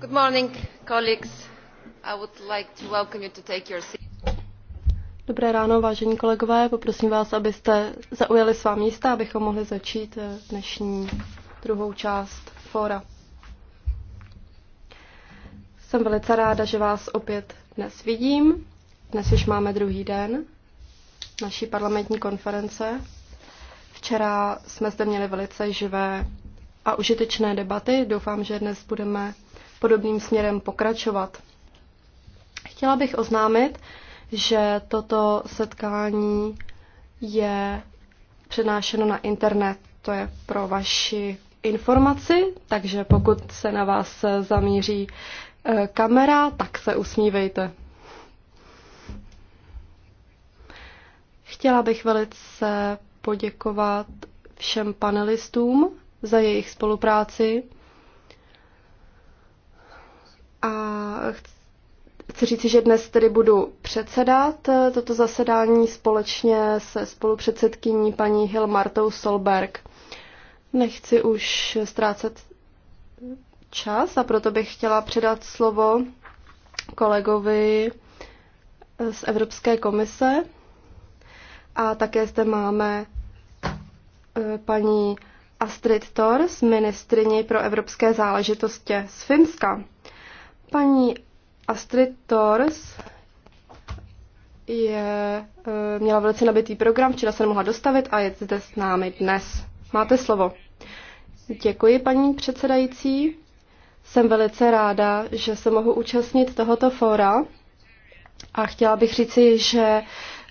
Good morning, colleagues. I would like to welcome you to take your seat. Dobré ráno, vážení kolegové. Poprosím vás, abyste zaujali svá místa, abychom mohli začít eh, dnešní druhou část fora. Jsem velice ráda, že vás opět dnes vidím. Dnes již máme druhý den naší parlamentní konference. Včera jsme zde měli velice živé a užitečné debaty. Doufám, že dnes budeme podobným směrem pokračovat. Chtěla bych oznámit, že toto setkání je přenášeno na internet. To je pro vaši informaci, takže pokud se na vás zamíří eh, kamera, tak se usmívejte. Chtěla bych velice poděkovat všem panelistům za jejich spolupráci. A chci říci, že dnes tedy budu předsedat eh, toto zasedání společně se spolupředsedkyní paní Hilmartou Solberg. Nechci už ztrácet čas a proto bych chtěla předat slovo kolegovi eh, z Evropské komise. A také zde máme eh, paní Astrid Tors, ministrině pro evropské záležitosti z Finska. Paní Astrid Thor je, eh, měla velice nabitý program, včera se nemohla dostavit a je zde s námi dnes. Máte slovo. Děkuji, paní předsedající. Jsem velice ráda, že se mohu účastnit tohoto fóra a chtěla bych říci, že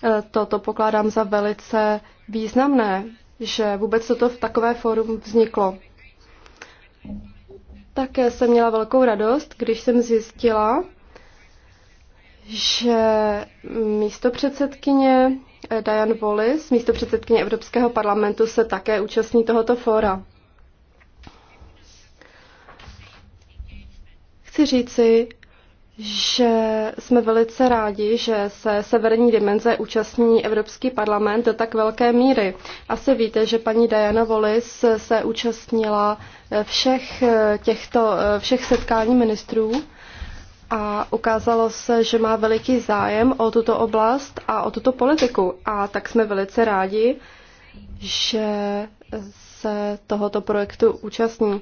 eh, toto pokládám za velice významné že vůbec toto v takové fórum vzniklo. Také jsem měla velkou radost, když jsem zjistila, že místo předsedkyně Diane Wallis, místo předsedkyně Evropského parlamentu, se také účastní tohoto fóra. Chci říci, že jsme velice rádi, že se severní dimenze účastní Evropský parlament do tak velké míry. Asi víte, že paní Diana Wallis se účastnila eh, všech, eh, těchto, eh, všech setkání ministrů a ukázalo se, že má veliký zájem o tuto oblast a o tuto politiku. A tak jsme velice rádi, že se tohoto projektu účastní.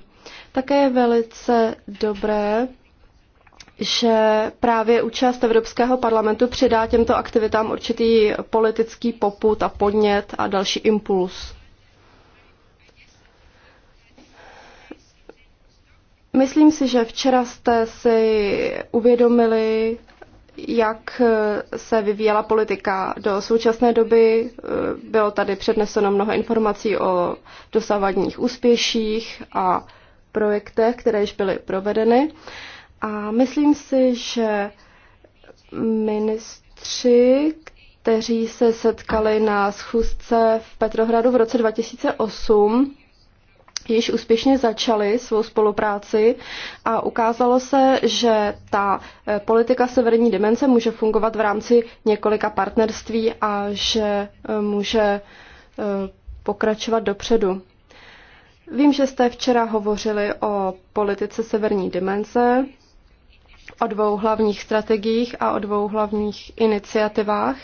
Také je velice dobré, že právě účast Evropského parlamentu přidá těmto aktivitám určitý politický poput a podnět a další impuls. Myslím si, že včera jste si uvědomili, jak se vyvíjela politika do současné doby. Eh, bylo tady předneseno mnoho informací o dosavadních úspěších a projektech, které již byly provedeny. A myslím si, že ministři, kteří se setkali na schůzce v Petrohradu v roce 2008, již úspěšně začali svou spolupráci a ukázalo se, že ta eh, politika severní dimenze může fungovat v rámci několika partnerství a že eh, může eh, pokračovat dopředu. Vím, že jste včera hovořili o politice severní dimenze o dvou hlavních strategiích a o dvou hlavních iniciativách,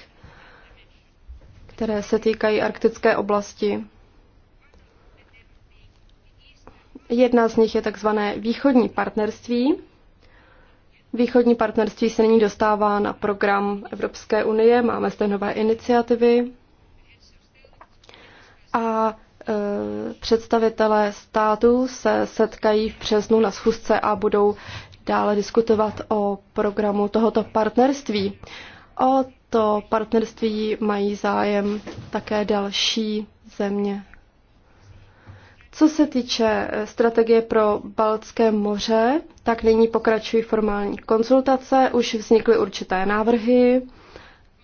které se týkají arktické oblasti. Jedna z nich je takzvané východní partnerství. Východní partnerství se nyní dostává na program Evropské unie, máme zde nové iniciativy a e, představitelé států se setkají v březnu na schůzce a budou dále diskutovat o programu tohoto partnerství. O to partnerství mají zájem také další země. Co se týče eh, strategie pro Baltské moře, tak nyní pokračují formální konzultace, už vznikly určité návrhy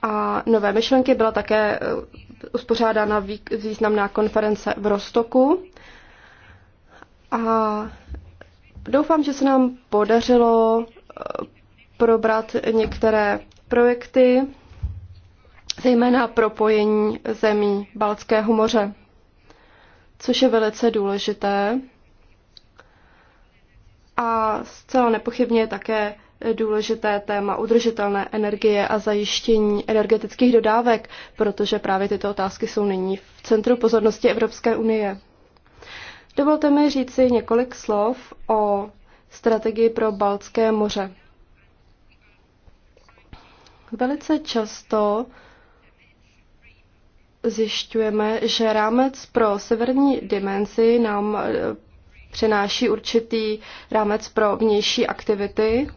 a nové myšlenky. Byla také eh, uspořádána významná konference v Rostoku. A Doufám, že se nám podařilo eh, probrat některé projekty, zejména propojení zemí Balckého moře, což je velice důležité. A zcela nepochybně je také důležité téma udržitelné energie a zajištění energetických dodávek, protože právě tyto otázky jsou nyní v centru pozornosti Evropské unie. Dovolte mi říci několik slov o strategii pro Baltské moře. Velice často zjišťujeme, že rámec pro severní dimenzi nám eh, přináší určitý rámec pro vnější aktivity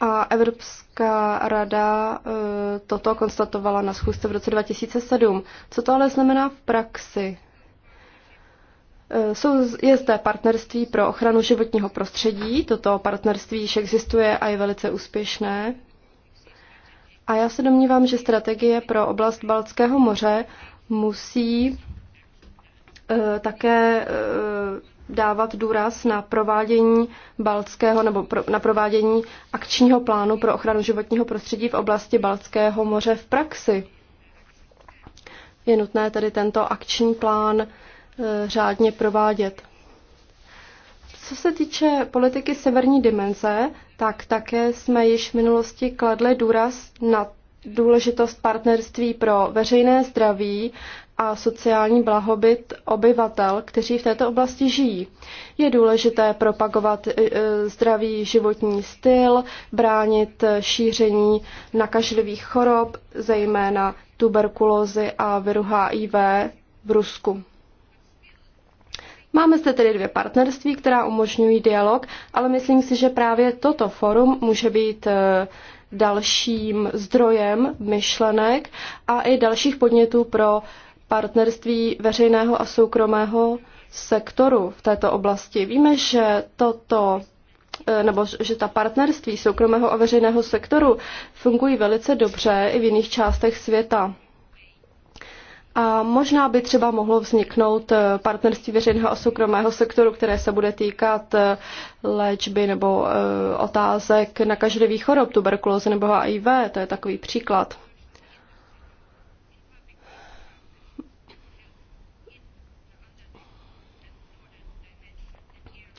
A Evropská rada e, toto konstatovala na schůzce v roce 2007. Co to ale znamená v praxi? E, jsou, je zde partnerství pro ochranu životního prostředí. Toto partnerství již existuje a je velice úspěšné. A já se domnívám, že strategie pro oblast Baltského moře musí e, také dávat důraz na provádění baltského nebo pro, na provádění akčního plánu pro ochranu životního prostředí v oblasti Baltského moře v praxi. Je nutné tedy tento akční plán e, řádně provádět. Co se týče politiky severní dimenze, tak také jsme již v minulosti kladli důraz na důležitost partnerství pro veřejné zdraví a sociální blahobyt obyvatel, kteří v této oblasti žijí. Je důležité propagovat e, e, zdravý životní styl, bránit šíření nakažlivých chorob, zejména tuberkulózy a viru HIV v Rusku. Máme zde tedy dvě partnerství, která umožňují dialog, ale myslím si, že právě toto forum může být e, dalším zdrojem myšlenek a i dalších podnětů pro uh, partnerství veřejného a soukromého sektoru v této oblasti. Víme, že toto e, nebo že ta partnerství soukromého a veřejného sektoru fungují velice dobře i v jiných částech světa. A možná by třeba mohlo vzniknout e, partnerství veřejného a soukromého sektoru, které se bude týkat e, léčby nebo otázek nakažlivých chorob, tuberkulózy nebo HIV, to je takový příklad.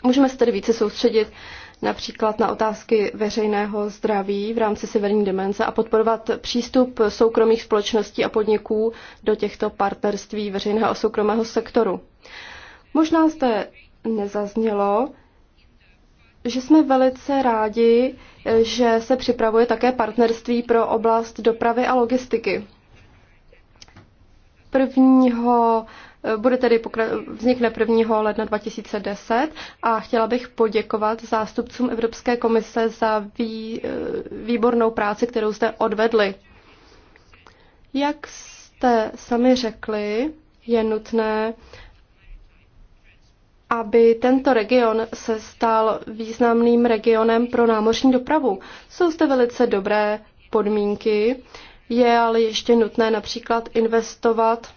Můžeme se tedy více soustředit například na otázky veřejného zdraví v rámci severní dimenze a podporovat přístup soukromých společností a podniků do těchto partnerství veřejného a soukromého sektoru. Možná zde nezaznělo, že jsme velice rádi, že se připravuje také partnerství pro oblast dopravy a logistiky. 1 bude tedy pokra- vznikne 1. ledna 2010 a chtěla bych poděkovat zástupcům Evropské komise za vý- eh, výbornou práci, kterou jste odvedli. Jak jste sami řekli, je nutné, aby tento region se stal významným regionem pro námořní dopravu. Jsou zde velice dobré podmínky, je ale ještě nutné například investovat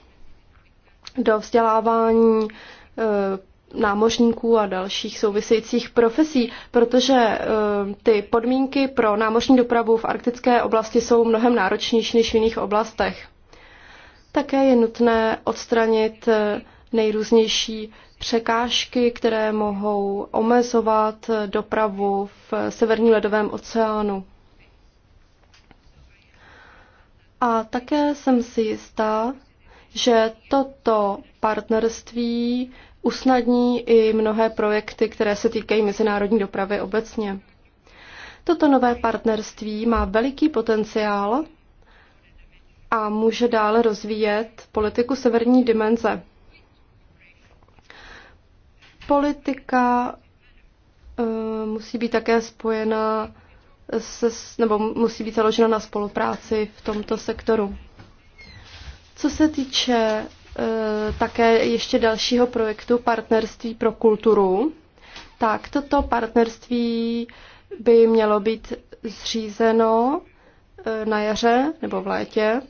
do vzdělávání e, námořníků a dalších souvisejících profesí, protože e, ty podmínky pro námořní dopravu v arktické oblasti jsou mnohem náročnější než v jiných oblastech. Také je nutné odstranit e, nejrůznější překážky, které mohou omezovat dopravu v severním ledovém oceánu. A také jsem si jistá, že toto partnerství usnadní i mnohé projekty, které se týkají mezinárodní dopravy obecně. Toto nové partnerství má veliký potenciál a může dále rozvíjet politiku severní dimenze. Politika eh, musí být také spojena se, nebo musí být založena na spolupráci v tomto sektoru. Co se týče eh, také ještě dalšího projektu Partnerství pro kulturu, tak toto partnerství by mělo být zřízeno eh, na jaře nebo v létě.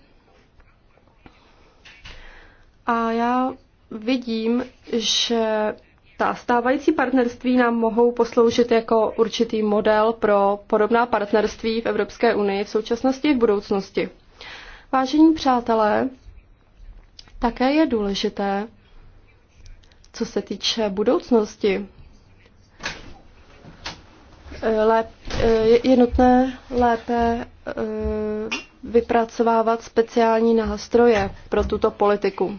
A já vidím, že ta stávající partnerství nám mohou posloužit jako určitý model pro podobná partnerství v Evropské unii v současnosti i v budoucnosti. Vážení přátelé, také je důležité, co se týče budoucnosti, eh, eh, je nutné lépe eh, vypracovávat speciální nástroje pro tuto politiku.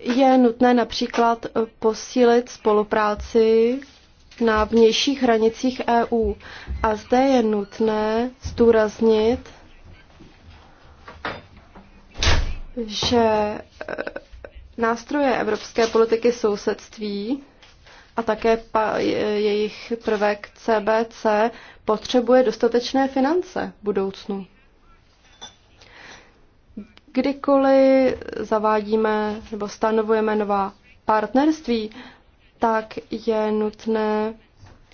Je nutné například posílit spolupráci na vnějších hranicích EU. A zde je nutné zdůraznit že eh, nástroje evropské politiky sousedství a také jejich prvek CBC potřebuje dostatečné finance v budoucnu. Kdykoliv zavádíme nebo stanovujeme nová partnerství, tak je nutné,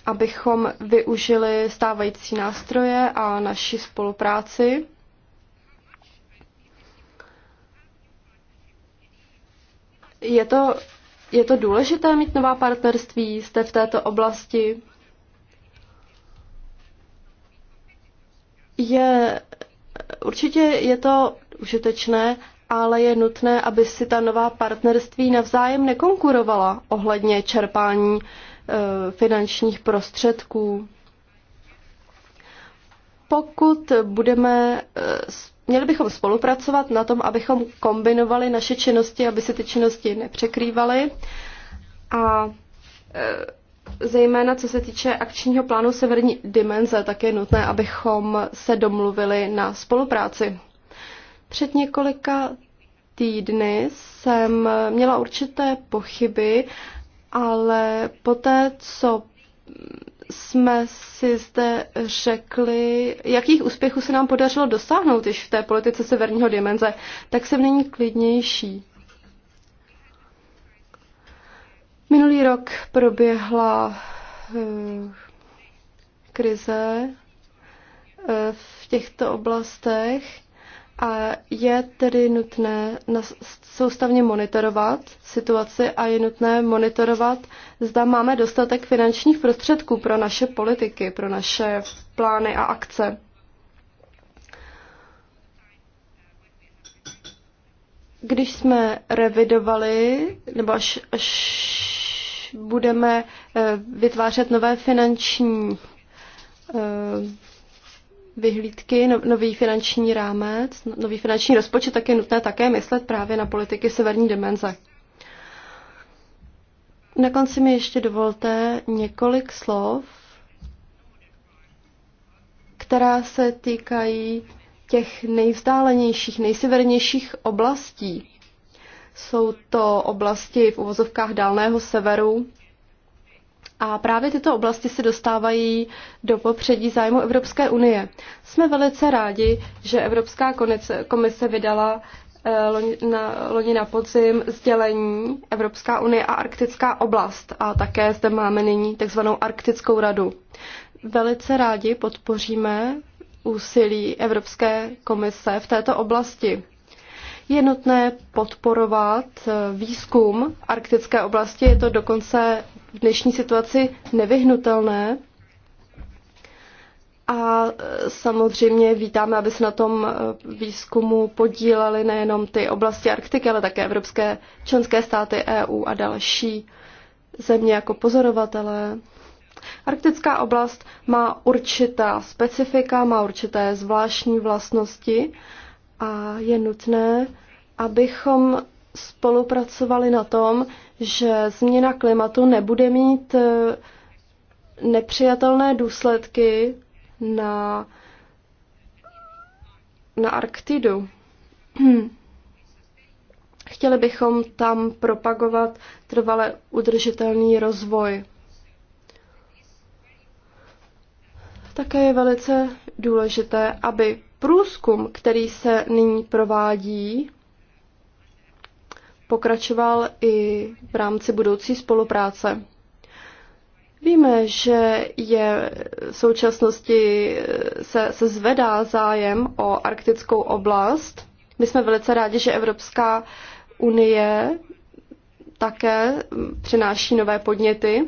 abychom využili stávající nástroje a naši spolupráci Je to, je to důležité mít nová partnerství? Jste v této oblasti? Je, určitě je to užitečné, ale je nutné, aby si ta nová partnerství navzájem nekonkurovala ohledně čerpání e, finančních prostředků pokud budeme, eh, měli bychom spolupracovat na tom, abychom kombinovali naše činnosti, aby se ty činnosti nepřekrývaly. A eh, zejména co se týče akčního plánu Severní dimenze, tak je nutné, abychom se domluvili na spolupráci. Před několika týdny jsem měla určité pochyby, ale poté, co jsme si zde řekli, jakých úspěchů se nám podařilo dosáhnout již v té politice severního dimenze, tak jsem není klidnější. Minulý rok proběhla eh, krize eh, v těchto oblastech a je tedy nutné soustavně monitorovat situaci a je nutné monitorovat, zda máme dostatek finančních prostředků pro naše politiky, pro naše plány a akce. Když jsme revidovali, nebo až, až budeme eh, vytvářet nové finanční eh, vyhlídky, no, nový finanční rámec, no, nový finanční rozpočet, tak je nutné také myslet právě na politiky severní dimenze. Na konci mi ještě dovolte několik slov, která se týkají těch nejvzdálenějších, nejsevernějších oblastí. Jsou to oblasti v uvozovkách dálného severu, a právě tyto oblasti se dostávají do popředí zájmu Evropské unie. Jsme velice rádi, že Evropská komise vydala eh, na, loni na podzim sdělení Evropská unie a arktická oblast a také zde máme nyní takzvanou arktickou radu. Velice rádi podpoříme úsilí Evropské komise v této oblasti. Je nutné podporovat eh, výzkum arktické oblasti, je to dokonce v dnešní situaci nevyhnutelné. A eh, samozřejmě vítáme, aby se na tom eh, výzkumu podílely nejenom ty oblasti Arktiky, ale také evropské členské státy EU a další země jako pozorovatelé. Arktická oblast má určitá specifika, má určité zvláštní vlastnosti a je nutné, abychom spolupracovali na tom, že změna klimatu nebude mít e, nepřijatelné důsledky na, na Arktidu. Chtěli bychom tam propagovat trvale udržitelný rozvoj. Také je velice důležité, aby Průzkum, který se nyní provádí, pokračoval i v rámci budoucí spolupráce. Víme, že je v současnosti se, se zvedá zájem o arktickou oblast. My jsme velice rádi, že Evropská unie také přináší nové podněty.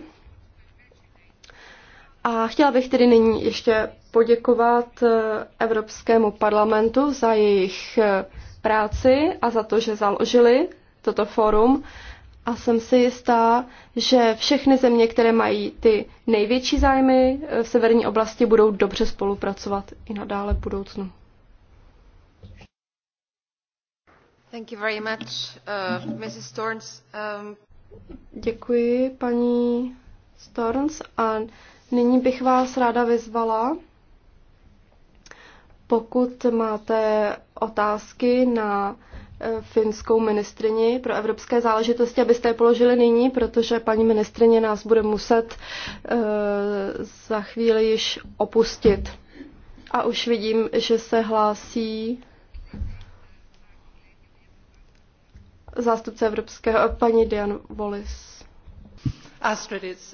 A chtěla bych tedy nyní ještě poděkovat eh, Evropskému parlamentu za jejich eh, práci a za to, že založili toto fórum. A jsem si jistá, že všechny země, které mají ty největší zájmy eh, v severní oblasti, budou dobře spolupracovat i nadále v budoucnu. Thank you very much, uh, Mrs. Storns. Um... Děkuji, paní Storns. A nyní bych vás ráda vyzvala, pokud máte otázky na e, finskou ministrini pro evropské záležitosti, abyste je položili nyní, protože paní ministrině nás bude muset e, za chvíli již opustit. A už vidím, že se hlásí zástupce evropského paní Dian Wallis. Astrid,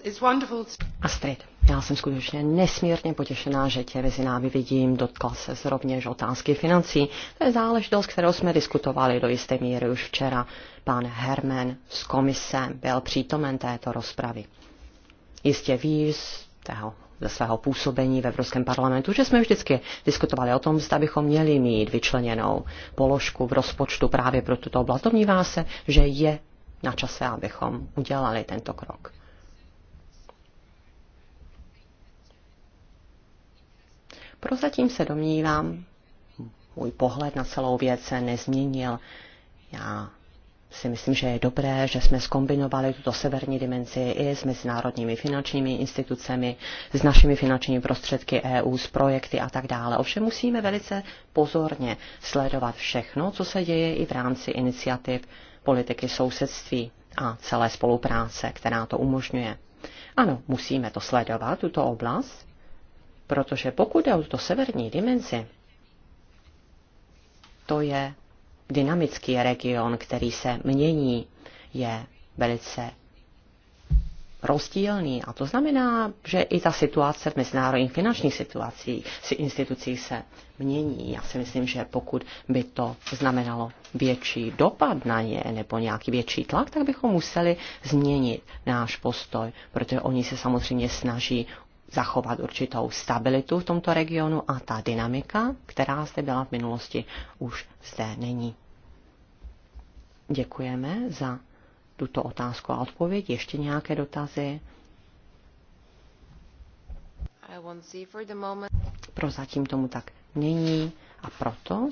já jsem skutečně nesmírně potěšená, že tě mezi námi vidím. Dotkla se rovněž otázky financí. To je záležitost, kterou jsme diskutovali do jisté míry už včera. Pan Herman z komise byl přítomen této rozpravy. Jistě víš tého ze svého působení ve Evropském parlamentu, že jsme vždycky diskutovali o tom, zda bychom měli mít vyčleněnou položku v rozpočtu právě pro tuto oblast. Domnívá se, že je na čase, abychom udělali tento krok. Prozatím se domnívám, můj pohled na celou věc se nezměnil. Já si myslím, že je dobré, že jsme skombinovali tuto severní dimenzi i s mezinárodními finančními institucemi, s našimi finančními prostředky EU, s projekty a tak dále. Ovšem musíme velice pozorně sledovat všechno, co se děje i v rámci iniciativ politiky sousedství a celé spolupráce, která to umožňuje. Ano, musíme to sledovat, tuto oblast, Protože pokud jde o tuto severní dimenzi, to je dynamický region, který se mění, je velice rozdílný. A to znamená, že i ta situace v mezinárodních finančních situacích, institucích se mění. Já si myslím, že pokud by to znamenalo větší dopad na ně nebo nějaký větší tlak, tak bychom museli změnit náš postoj, protože oni se samozřejmě snaží zachovat určitou stabilitu v tomto regionu a ta dynamika, která zde byla v minulosti, už zde není. Děkujeme za tuto otázku a odpověď. Ještě nějaké dotazy? Pro zatím tomu tak není a proto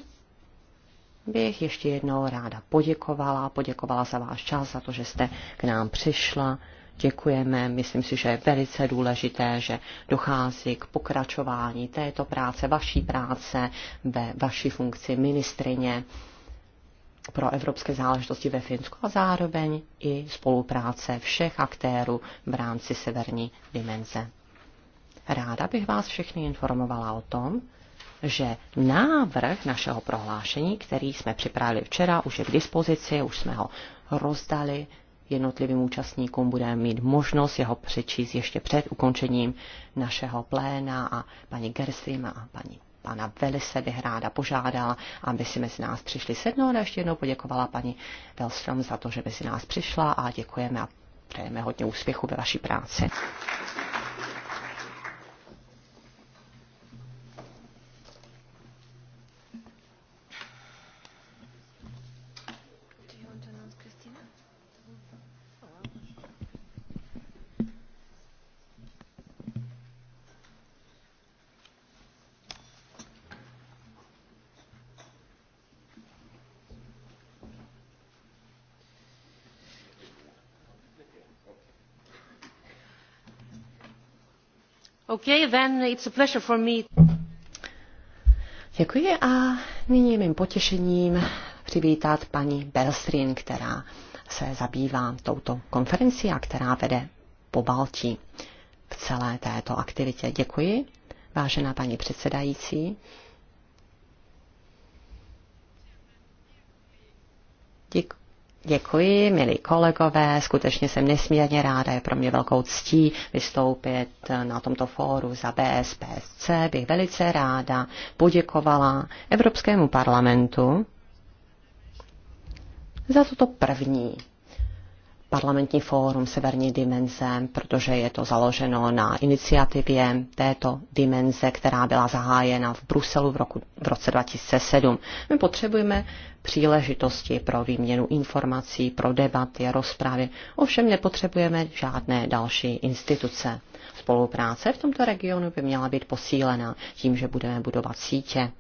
bych ještě jednou ráda poděkovala, poděkovala za váš čas, za to, že jste k nám přišla děkujeme. Myslím si, že je velice důležité, že dochází k pokračování této práce, vaší práce ve vaší funkci ministrině pro evropské záležitosti ve Finsku a zároveň i spolupráce všech aktérů v rámci severní dimenze. Ráda bych vás všechny informovala o tom, že návrh našeho prohlášení, který jsme připravili včera, už je k dispozici, už jsme ho rozdali jednotlivým účastníkům budeme mít možnost jeho přečíst ještě před ukončením našeho pléna a paní Gersim a paní pana Velise bych ráda požádala, aby si mezi nás přišli sednout a ještě jednou poděkovala paní Velstrom za to, že mezi nás přišla a děkujeme a přejeme hodně úspěchu ve vaší práci. Děkuji a nyní je mým potěšením přivítat paní Belstrin, která se zabývá touto konferenci a která vede po Baltí v celé této aktivitě. Děkuji, vážená paní předsedající. Děkuji. Děkuji, milí kolegové, skutečně jsem nesmírně ráda, je pro mě velkou ctí vystoupit na tomto fóru za BSPSC. Bych velice ráda poděkovala Evropskému parlamentu za toto první parlamentní fórum Severní dimenze, protože je to založeno na iniciativě této dimenze, která byla zahájena v Bruselu v, roku, v roce 2007. My potřebujeme příležitosti pro výměnu informací, pro debaty, a rozprávy. ovšem nepotřebujeme žádné další instituce. Spolupráce v tomto regionu by měla být posílena tím, že budeme budovat sítě.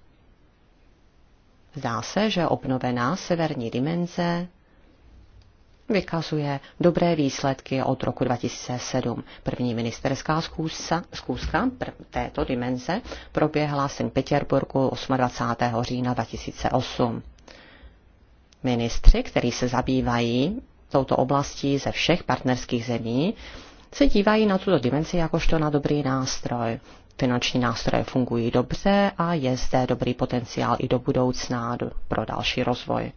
Zdá se, že obnovená severní dimenze vykazuje dobré výsledky od roku 2007. První ministerská zkůzka, zkůzka této dimenze proběhla v St. Petersburgu 28. října 2008. Ministři, kteří se zabývají touto oblastí ze všech partnerských zemí, se dívají na tuto dimenzi jakožto na dobrý nástroj. Finanční nástroje fungují dobře a je zde dobrý potenciál i do budoucna pro další rozvoj.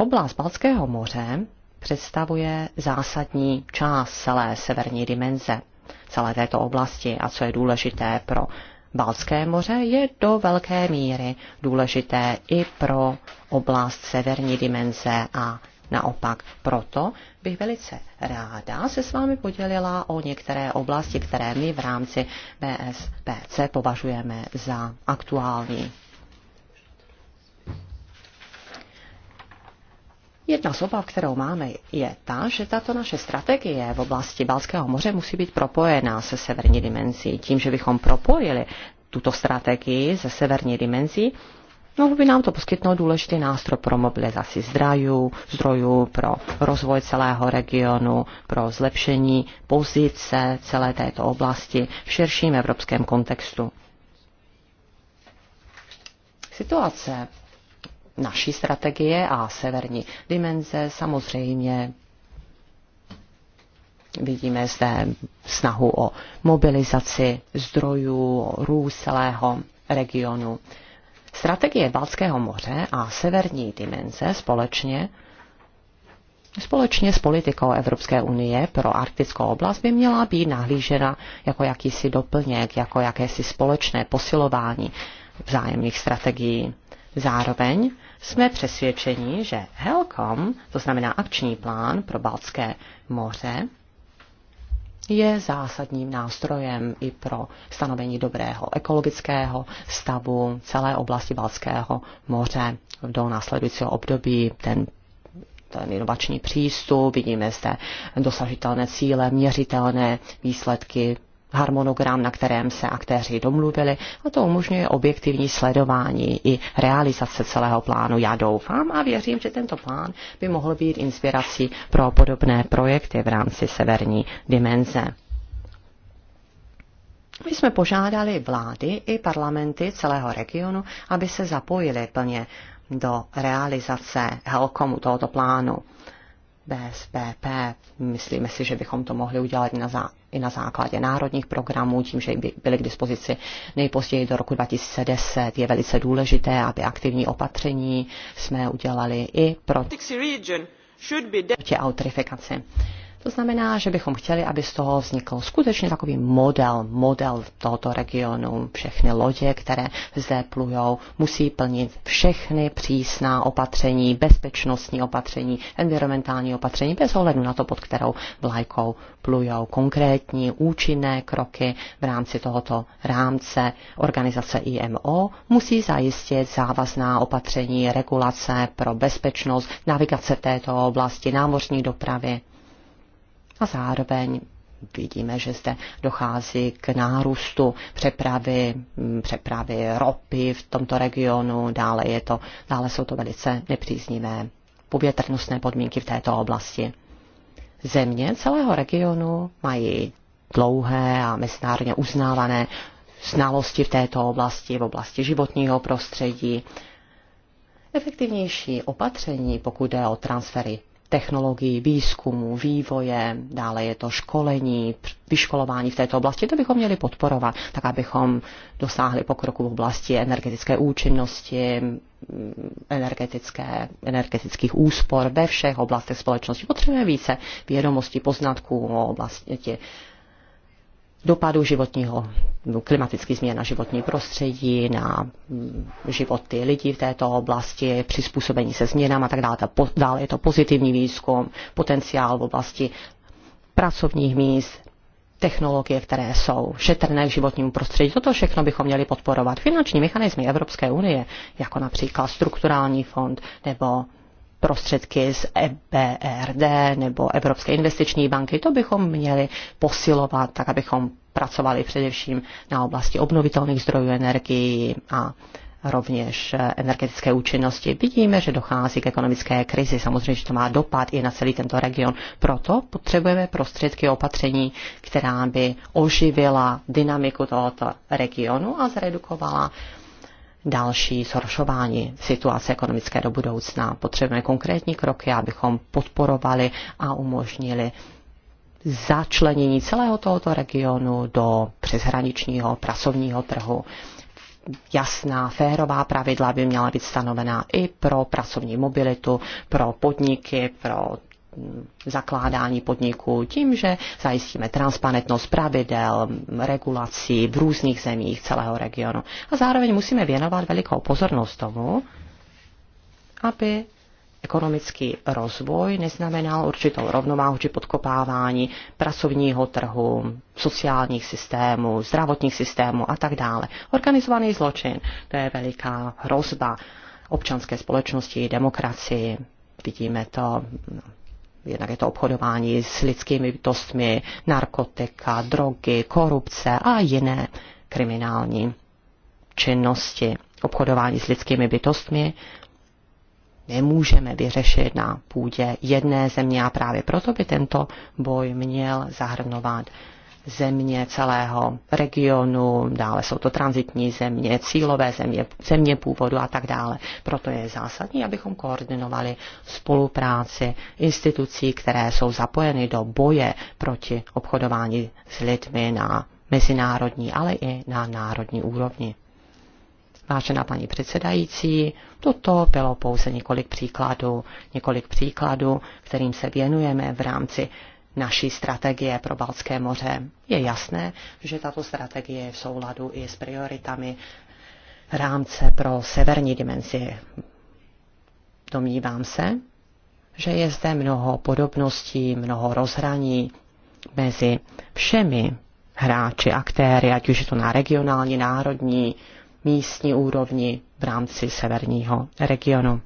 Oblast Balckého moře představuje zásadní část celé severní dimenze, celé této oblasti a co je důležité pro Balské moře je do velké míry důležité i pro oblast severní dimenze a naopak. Proto bych velice ráda se s vámi podělila o některé oblasti, které my v rámci BSPC považujeme za aktuální. Jedna z obav, kterou máme, je ta, že tato naše strategie v oblasti Balského moře musí být propojená se severní dimenzí. Tím, že bychom propojili tuto strategii ze severní dimenzí, mohlo by nám to poskytnout důležitý nástroj pro mobilizaci zdrojů, zdrojů pro rozvoj celého regionu, pro zlepšení pozice celé této oblasti v širším evropském kontextu. Situace naší strategie a severní dimenze samozřejmě Vidíme zde snahu o mobilizaci zdrojů, o růst celého regionu. Strategie Balckého moře a severní dimenze společně Společně s politikou Evropské unie pro arktickou oblast by měla být nahlížena jako jakýsi doplněk, jako jakési společné posilování vzájemných strategií. Zároveň jsme přesvědčeni, že HELCOM, to znamená akční plán pro Baltské moře, je zásadním nástrojem i pro stanovení dobrého ekologického stavu celé oblasti Balckého moře do následujícího období. Ten ten inovační přístup, vidíme zde dosažitelné cíle, měřitelné výsledky, harmonogram, na kterém se aktéři domluvili a to umožňuje objektivní sledování i realizace celého plánu. Já doufám a věřím, že tento plán by mohl být inspirací pro podobné projekty v rámci severní dimenze. My jsme požádali vlády i parlamenty celého regionu, aby se zapojili plně do realizace Helkomu tohoto plánu. BSPP. Myslíme si, že bychom to mohli udělat na, zá- i na základě národních programů, tím, že byly k dispozici nejpozději do roku 2010. Je velice důležité, aby aktivní opatření jsme udělali i pro autrifikaci. To znamená, že bychom chtěli, aby z toho vznikl skutečně takový model, model tohoto regionu. Všechny lodě, které zde plujou, musí plnit všechny přísná opatření, bezpečnostní opatření, environmentální opatření, bez ohledu na to, pod kterou vlajkou plujou. Konkrétní účinné kroky v rámci tohoto rámce organizace IMO musí zajistit závazná opatření regulace pro bezpečnost, navigace této oblasti, námořní dopravy a zároveň vidíme, že zde dochází k nárůstu přepravy, mm, přepravy ropy v tomto regionu, dále, je to, dále jsou to velice nepříznivé povětrnostné podmínky v této oblasti. Země celého regionu mají dlouhé a mezinárodně uznávané znalosti v této oblasti, v oblasti životního prostředí. Efektivnější opatření, pokud jde o transfery technologií, výzkumu, vývoje, dále je to školení, vyškolování v této oblasti. To bychom měli podporovat, tak abychom dosáhli pokroku v oblasti energetické účinnosti, energetické, energetických úspor ve všech oblastech společnosti. Potřebujeme více vědomostí, poznatků o oblasti dopadu životního, no, klimatických změn na životní prostředí, na mm, životy lidí v této oblasti, přizpůsobení se změnám a tak dále. Dále je to pozitivní výzkum, potenciál v oblasti pracovních míst, technologie, které jsou šetrné k životnímu prostředí. Toto všechno bychom měli podporovat. Finanční mechanismy Evropské unie, jako například strukturální fond nebo prostředky z EBRD nebo Evropské investiční banky. To bychom měli posilovat, tak abychom pracovali především na oblasti obnovitelných zdrojů energii a rovněž energetické účinnosti. Vidíme, že dochází k ekonomické krizi, samozřejmě, že to má dopad i na celý tento region. Proto potřebujeme prostředky opatření, která by oživila dynamiku tohoto regionu a zredukovala další zhoršování situace ekonomické do budoucna. Potřebujeme konkrétní kroky, abychom podporovali a umožnili začlenění celého tohoto regionu do přeshraničního pracovního trhu. Jasná, férová pravidla by měla být stanovená i pro pracovní mobilitu, pro podniky, pro zakládání podniků tím, že zajistíme transparentnost pravidel, regulací v různých zemích celého regionu. A zároveň musíme věnovat velikou pozornost tomu, aby ekonomický rozvoj neznamenal určitou rovnováhu či podkopávání pracovního trhu, sociálních systémů, zdravotních systémů a tak dále. Organizovaný zločin, to je veliká hrozba občanské společnosti, demokracii, vidíme to jednak je to obchodování s lidskými bytostmi, narkotika, drogy, korupce a jiné kriminální činnosti. Obchodování s lidskými bytostmi nemůžeme vyřešit na půdě jedné země a právě proto by tento boj měl zahrnovat země celého regionu, dále jsou to transitní země, cílové země, země původu a tak dále. Proto je zásadní, abychom koordinovali spolupráci institucí, které jsou zapojeny do boje proti obchodování s lidmi na mezinárodní, ale i na národní úrovni. Vážená paní předsedající, toto bylo pouze několik příkladů, několik příkladů, kterým se věnujeme v rámci naší strategie pro Balské moře. Je jasné, že tato strategie je v souladu i s prioritami rámce pro severní dimenzi. Domnívám se, že je zde mnoho podobností, mnoho rozhraní mezi všemi hráči, aktéry, ať už je to na regionální, národní, místní úrovni v rámci severního regionu.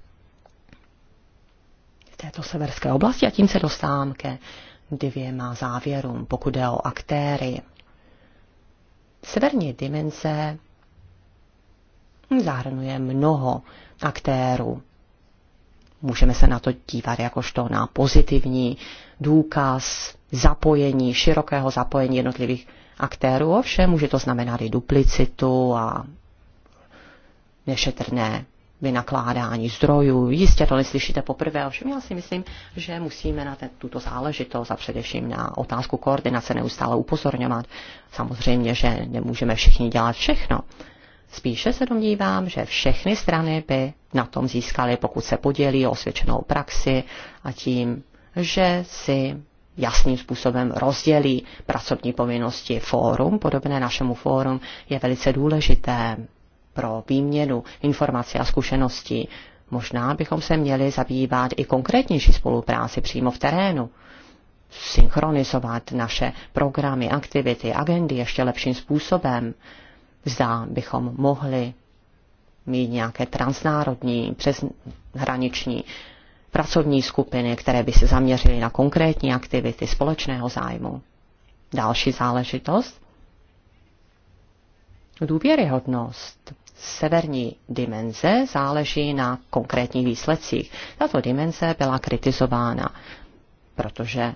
V této severské oblasti a tím se dostávám ke dvěma závěrům, pokud jde o aktéry. Severní dimenze zahrnuje mnoho aktérů. Můžeme se na to dívat jakožto na pozitivní důkaz zapojení, širokého zapojení jednotlivých aktérů. Ovšem může to znamenat i duplicitu a nešetrné vynakládání zdrojů. Jistě to neslyšíte poprvé, ovšem já si myslím, že musíme na ten, tuto záležitost a především na otázku koordinace neustále upozorňovat. Samozřejmě, že nemůžeme všichni dělat všechno. Spíše se domnívám, že všechny strany by na tom získaly, pokud se podělí o osvědčenou praxi a tím, že si jasným způsobem rozdělí pracovní povinnosti. Fórum, podobné našemu fórum, je velice důležité pro výměnu informací a zkušeností. Možná bychom se měli zabývat i konkrétnější spolupráci přímo v terénu synchronizovat naše programy, aktivity, agendy ještě lepším způsobem. Zda bychom mohli mít nějaké transnárodní, přeshraniční pracovní skupiny, které by se zaměřily na konkrétní aktivity společného zájmu. Další záležitost? Důvěryhodnost severní dimenze záleží na konkrétních výsledcích. Tato dimenze byla kritizována, protože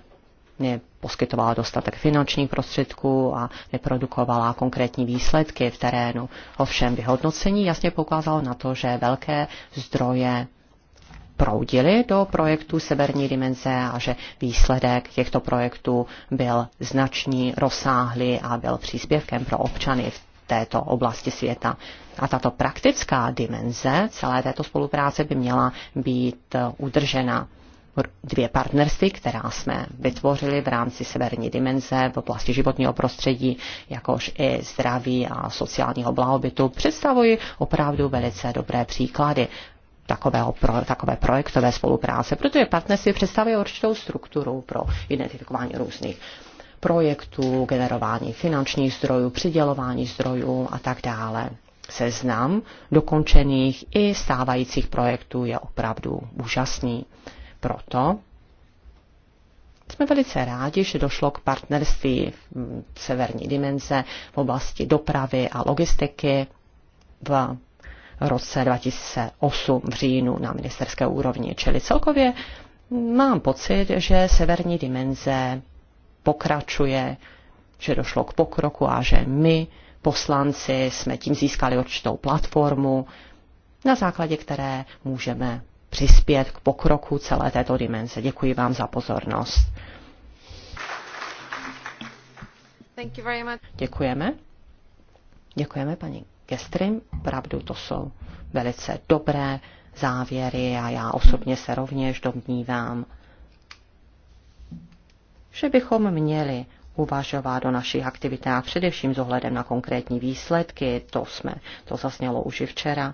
neposkytovala dostatek finančních prostředků a neprodukovala konkrétní výsledky v terénu. Ovšem vyhodnocení jasně poukázalo na to, že velké zdroje proudily do projektu Severní dimenze a že výsledek těchto projektů byl značný, rozsáhlý a byl příspěvkem pro občany v této oblasti světa. A tato praktická dimenze celé této spolupráce by měla být udržena. Dvě partnerství, která jsme vytvořili v rámci severní dimenze v oblasti životního prostředí, jakož i zdraví a sociálního blahobytu, představují opravdu velice dobré příklady takového pro, takové projektové spolupráce, protože partnerství představuje určitou strukturu pro identifikování různých projektů, generování finančních zdrojů, přidělování zdrojů a tak dále. Seznam dokončených i stávajících projektů je opravdu úžasný. Proto jsme velice rádi, že došlo k partnerství v severní dimenze v oblasti dopravy a logistiky v roce 2008 v říjnu na ministerské úrovni. Čili celkově mám pocit, že severní dimenze pokračuje, že došlo k pokroku a že my, poslanci, jsme tím získali určitou platformu, na základě které můžeme přispět k pokroku celé této dimenze. Děkuji vám za pozornost. Děkujeme. Děkujeme paní Gestrim. Pravdu to jsou velice dobré závěry a já osobně se rovněž domnívám, že bychom měli uvažovat o našich aktivitách, především s ohledem na konkrétní výsledky, to jsme, to zasnělo už i včera.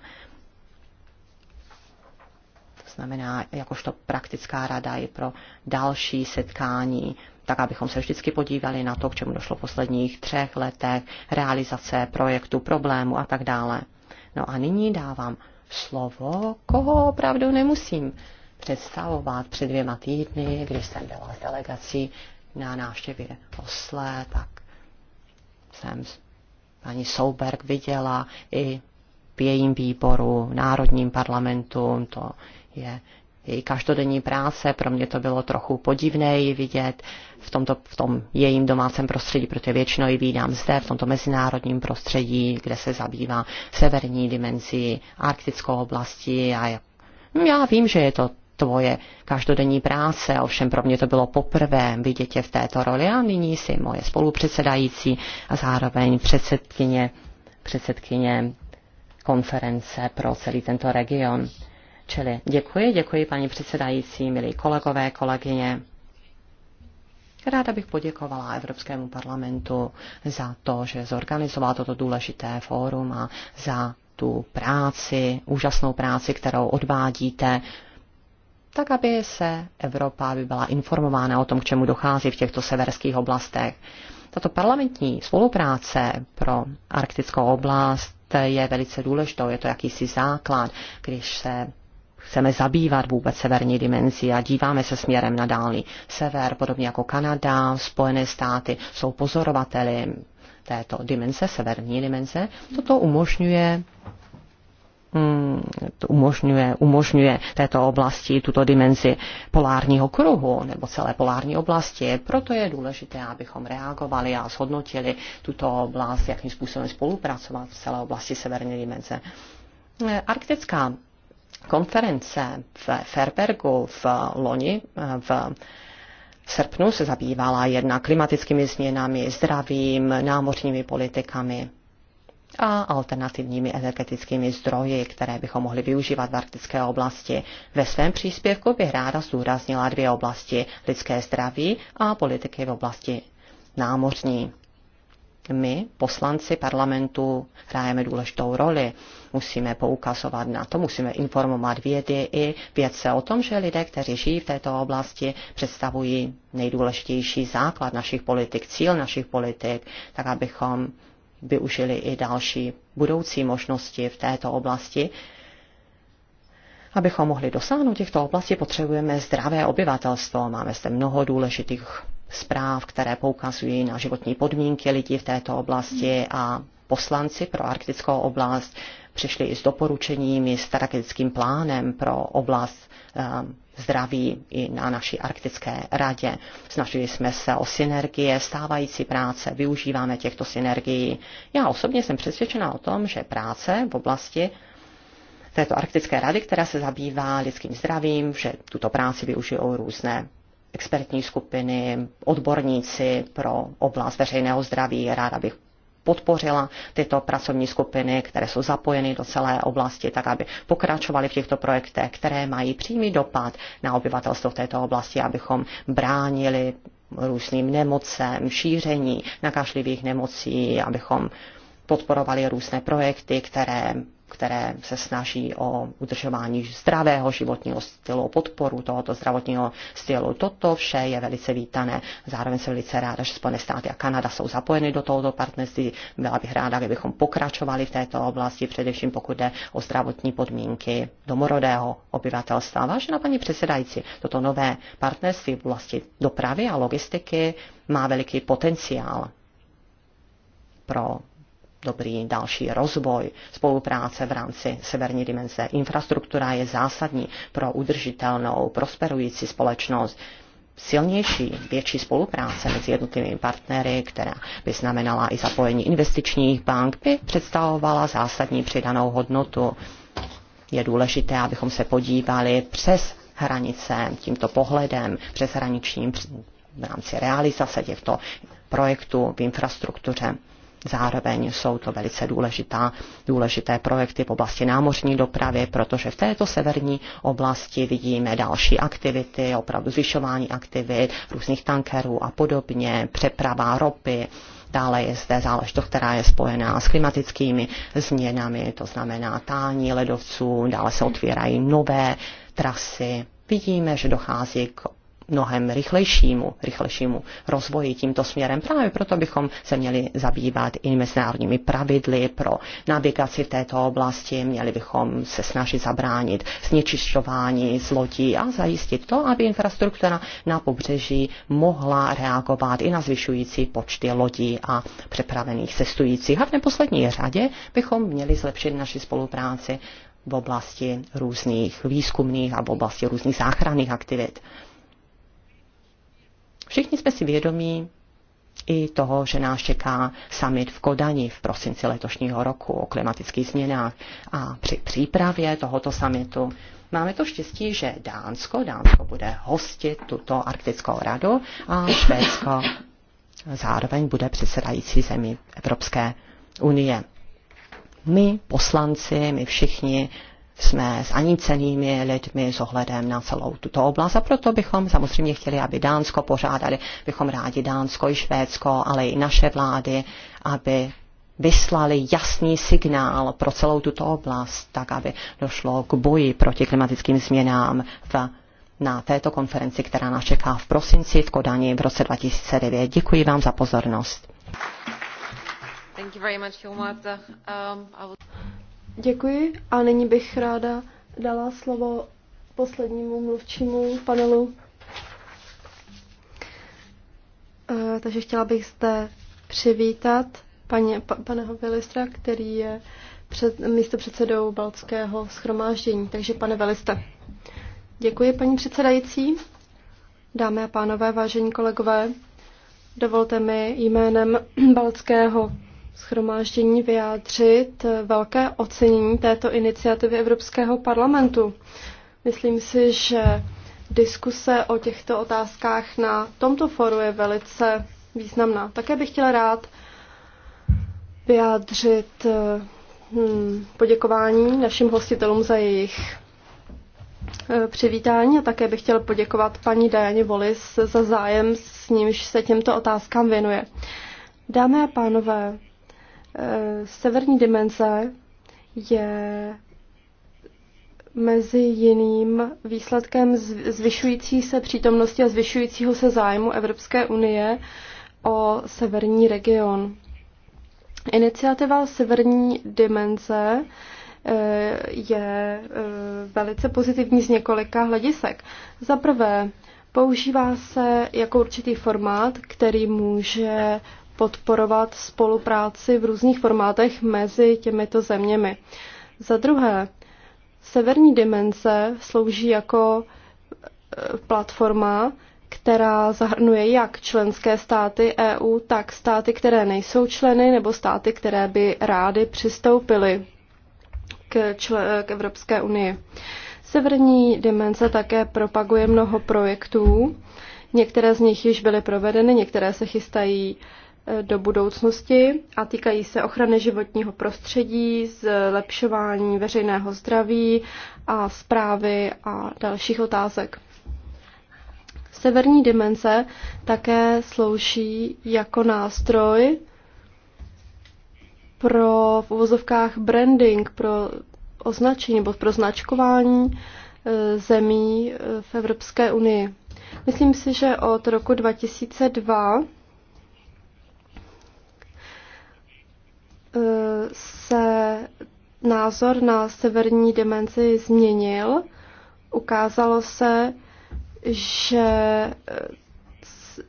To znamená, jakožto praktická rada i pro další setkání, tak abychom se vždycky podívali na to, k čemu došlo v posledních třech letech, realizace projektu, problému a tak dále. No a nyní dávám slovo, koho opravdu nemusím představovat před dvěma týdny, když jsem byla s delegací na návštěvě Osle, tak jsem paní Souberg viděla i v jejím výboru, v Národním parlamentu, to je její každodenní práce, pro mě to bylo trochu podivné ji vidět v, tomto, v tom jejím domácím prostředí, protože většinou ji vídám zde, v tomto mezinárodním prostředí, kde se zabývá severní dimenzí, arktickou oblasti, a já vím, že je to tvoje každodenní práce. Ovšem pro mě to bylo poprvé vidět tě v této roli a nyní jsi moje spolupředsedající a zároveň předsedkyně, předsedkyně konference pro celý tento region. Čili děkuji, děkuji paní předsedající, milí kolegové, kolegyně. Ráda bych poděkovala Evropskému parlamentu za to, že zorganizoval toto důležité fórum a za tu práci, úžasnou práci, kterou odvádíte tak aby se Evropa by byla informována o tom, k čemu dochází v těchto severských oblastech. Tato parlamentní spolupráce pro arktickou oblast je velice důležitou, je to jakýsi základ, když se chceme zabývat vůbec severní dimenzi a díváme se směrem na dálný sever, podobně jako Kanada, Spojené státy jsou pozorovateli této dimenze, severní dimenze. Toto umožňuje Hmm, umožňuje, umožňuje této oblasti tuto dimenzi polárního kruhu nebo celé polární oblasti. Proto je důležité, abychom reagovali a zhodnotili tuto oblast, jakým způsobem spolupracovat v celé oblasti severní dimenze. Arktická konference v Ferbergu v loni v v srpnu se zabývala jedna klimatickými změnami, zdravím, námořními politikami a alternativními energetickými zdroji, které bychom mohli využívat v arktické oblasti. Ve svém příspěvku bych ráda zdůraznila dvě oblasti lidské zdraví a politiky v oblasti námořní. My, poslanci parlamentu, hrajeme důležitou roli. Musíme poukazovat na to, musíme informovat vědy i vědce o tom, že lidé, kteří žijí v této oblasti, představují nejdůležitější základ našich politik, cíl našich politik, tak abychom využili i další budoucí možnosti v této oblasti. Abychom mohli dosáhnout těchto oblastí, potřebujeme zdravé obyvatelstvo. Máme zde mnoho důležitých zpráv, které poukazují na životní podmínky lidí v této oblasti a poslanci pro arktickou oblast přišli i s doporučeními, strategickým plánem pro oblast eh, zdraví i na naší arktické radě. Snažili jsme se o synergie, stávající práce, využíváme těchto synergií. Já osobně jsem přesvědčena o tom, že práce v oblasti této arktické rady, která se zabývá lidským zdravím, že tuto práci využijou různé expertní skupiny, odborníci pro oblast veřejného zdraví. Ráda bych podpořila tyto pracovní skupiny, které jsou zapojeny do celé oblasti, tak aby pokračovali v těchto projektech, které mají přímý dopad na obyvatelstvo v této oblasti, abychom bránili různým nemocem, šíření nakažlivých nemocí, abychom podporovali různé projekty, které které se snaží o udržování zdravého životního stylu, o podporu tohoto zdravotního stylu. Toto vše je velice vítané. Zároveň jsem velice ráda, že Spojené státy a Kanada jsou zapojeny do tohoto partnerství. Byla bych ráda, kdybychom pokračovali v této oblasti, především pokud jde o zdravotní podmínky domorodého obyvatelstva. Vážená paní předsedající, toto nové partnerství v oblasti dopravy a logistiky má veliký potenciál pro dobrý další rozvoj spolupráce v rámci severní dimenze. Infrastruktura je zásadní pro udržitelnou, prosperující společnost silnější, větší spolupráce mezi jednotlivými partnery, která by znamenala i zapojení investičních bank, by představovala zásadní přidanou hodnotu. Je důležité, abychom se podívali přes hranice tímto pohledem, přes hraničním v rámci realizace těchto projektů v infrastruktuře. Zároveň jsou to velice důležitá, důležité projekty v oblasti námořní dopravy, protože v této severní oblasti vidíme další aktivity, opravdu zvyšování aktivit různých tankerů a podobně, přeprava ropy, Dále je zde záležitost, která je spojená s klimatickými změnami, to znamená tání ledovců, dále se otvírají nové trasy. Vidíme, že dochází k mnohem rychlejšímu, rychlejšímu rozvoji tímto směrem. Právě proto bychom se měli zabývat i mezinárodními pravidly pro navigaci v této oblasti. Měli bychom se snažit zabránit znečišťování z lodí a zajistit to, aby infrastruktura na pobřeží mohla reagovat i na zvyšující počty lodí a přepravených cestujících. A v neposlední řadě bychom měli zlepšit naši spolupráci v oblasti různých výzkumných a v oblasti různých záchranných aktivit. Všichni jsme si vědomí i toho, že nás čeká summit v Kodani v prosinci letošního roku o klimatických změnách. A při přípravě tohoto summitu máme to štěstí, že Dánsko, Dánsko bude hostit tuto arktickou radu a Švédsko zároveň bude předsedající zemi Evropské unie. My, poslanci, my všichni jsme cenými lidmi s ohledem na celou tuto oblast a proto bychom samozřejmě chtěli, aby Dánsko pořádali, bychom rádi Dánsko i Švédsko, ale i naše vlády, aby vyslali jasný signál pro celou tuto oblast, tak aby došlo k boji proti klimatickým změnám v, na této konferenci, která nás čeká v prosinci v Kodani v roce 2009. Děkuji vám za pozornost. Thank you very much, Děkuji a nyní bych ráda dala slovo poslednímu mluvčímu panelu. Eh, takže chtěla bych zde přivítat paně, pa, paneho Velistra, který je před, místo předsedou Balckého schromáždění. Takže pane Veliste. Děkuji, paní předsedající. Dámy a pánové, vážení kolegové, dovolte mi jménem Balckého schromáždění vyjádřit velké ocenění této iniciativy Evropského parlamentu. Myslím si, že diskuse o těchto otázkách na tomto foru je velice významná. Také bych chtěla rád vyjádřit eh, hmm, poděkování našim hostitelům za jejich eh, přivítání a také bych chtěl poděkovat paní Dajaně Volis za zájem, s nímž se těmto otázkám věnuje. Dámy a pánové, Eh, severní dimenze je mezi jiným výsledkem zvyšující se přítomnosti a zvyšujícího se zájmu Evropské unie o severní region. Iniciativa Severní dimenze eh, je eh, velice pozitivní z několika hledisek. Za prvé, používá se jako určitý formát, který může podporovat spolupráci v různých formátech mezi těmito zeměmi. Za druhé, severní dimenze slouží jako eh, platforma, která zahrnuje jak členské státy EU, tak státy, které nejsou členy, nebo státy, které by rády přistoupily k, k Evropské unii. Severní dimenze také propaguje mnoho projektů. Některé z nich již byly provedeny, některé se chystají do budoucnosti a týkají se ochrany životního prostředí, zlepšování veřejného zdraví a zprávy a dalších otázek. Severní dimenze také slouží jako nástroj pro v uvozovkách branding, pro označení nebo pro značkování e, zemí e, v Evropské unii. Myslím si, že od roku 2002 Eh, se názor na severní demenci změnil. Ukázalo se, že, eh,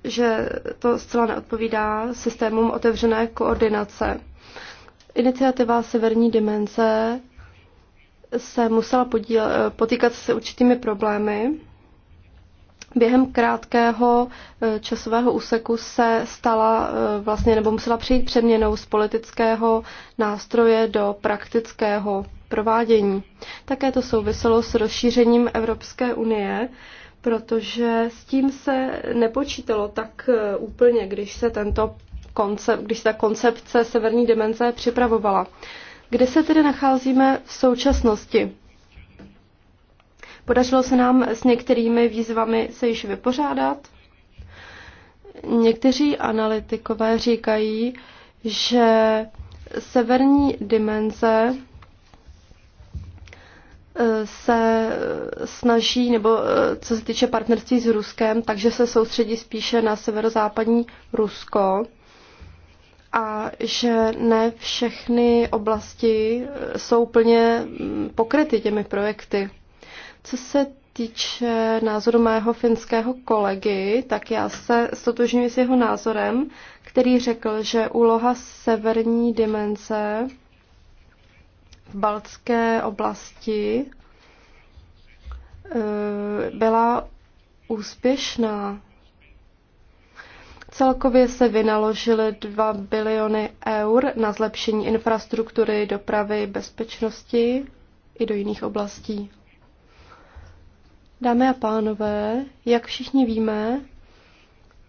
že to zcela neodpovídá systémům otevřené koordinace. Iniciativa severní demence se musela podíle, eh, potýkat se určitými problémy, během krátkého eh, časového úseku se stala eh, vlastně nebo musela přijít přeměnou z politického nástroje do praktického provádění. Také to souviselo s rozšířením Evropské unie, protože s tím se nepočítalo tak eh, úplně, když se tento koncept, když ta koncepce severní dimenze připravovala. Kde se tedy nacházíme v současnosti? Podařilo se nám s některými výzvami se již vypořádat? Někteří analytikové říkají, že severní dimenze eh, se snaží, nebo eh, co se týče partnerství s Ruskem, takže se soustředí spíše na severozápadní Rusko a že ne všechny oblasti eh, jsou plně mm, pokryty těmi projekty. Co se týče názoru mého finského kolegy, tak já se stotožňuji s jeho názorem, který řekl, že úloha severní dimenze v baltské oblasti eh, byla úspěšná. Celkově se vynaložily 2 biliony eur na zlepšení infrastruktury, dopravy, bezpečnosti i do jiných oblastí. Dámy a pánové, jak všichni víme,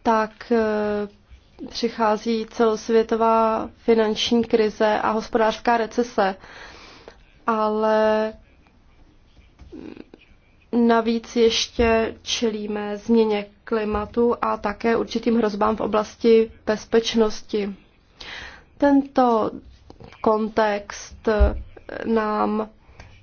tak e, přichází celosvětová finanční krize a hospodářská recese. Ale navíc ještě čelíme změně klimatu a také určitým hrozbám v oblasti bezpečnosti. Tento kontext e, nám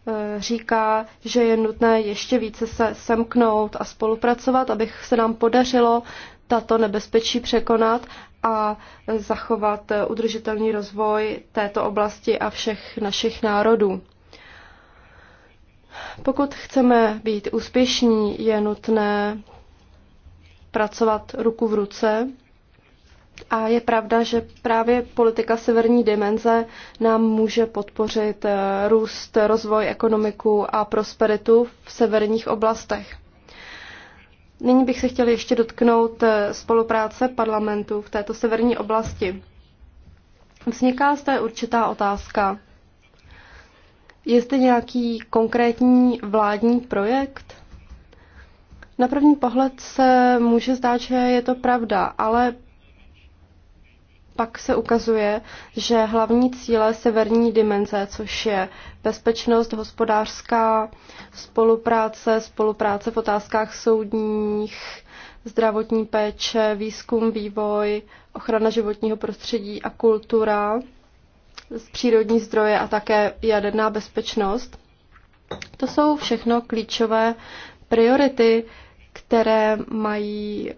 Eh, říká, že je nutné ještě více se semknout a spolupracovat, abych se nám podařilo tato nebezpečí překonat a zachovat eh, udržitelný rozvoj této oblasti a všech našich národů. Pokud chceme být úspěšní, je nutné pracovat ruku v ruce a je pravda, že právě politika severní dimenze nám může podpořit eh, růst, rozvoj ekonomiku a prosperitu v severních oblastech. Nyní bych se chtěla ještě dotknout eh, spolupráce parlamentu v této severní oblasti. Vzniká zde určitá otázka. Je zde nějaký konkrétní vládní projekt? Na první pohled se může zdát, že je to pravda, ale pak se ukazuje, že hlavní cíle severní dimenze, což je bezpečnost, hospodářská spolupráce, spolupráce v otázkách soudních, zdravotní péče, výzkum, vývoj, ochrana životního prostředí a kultura, přírodní zdroje a také jaderná bezpečnost. To jsou všechno klíčové priority, které, mají, eh,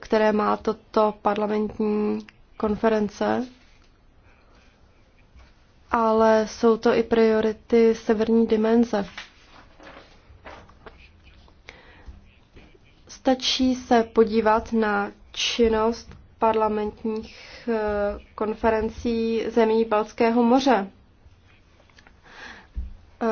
které má toto parlamentní konference, ale jsou to i priority severní dimenze. Stačí se podívat na činnost parlamentních eh, konferencí zemí Balckého moře.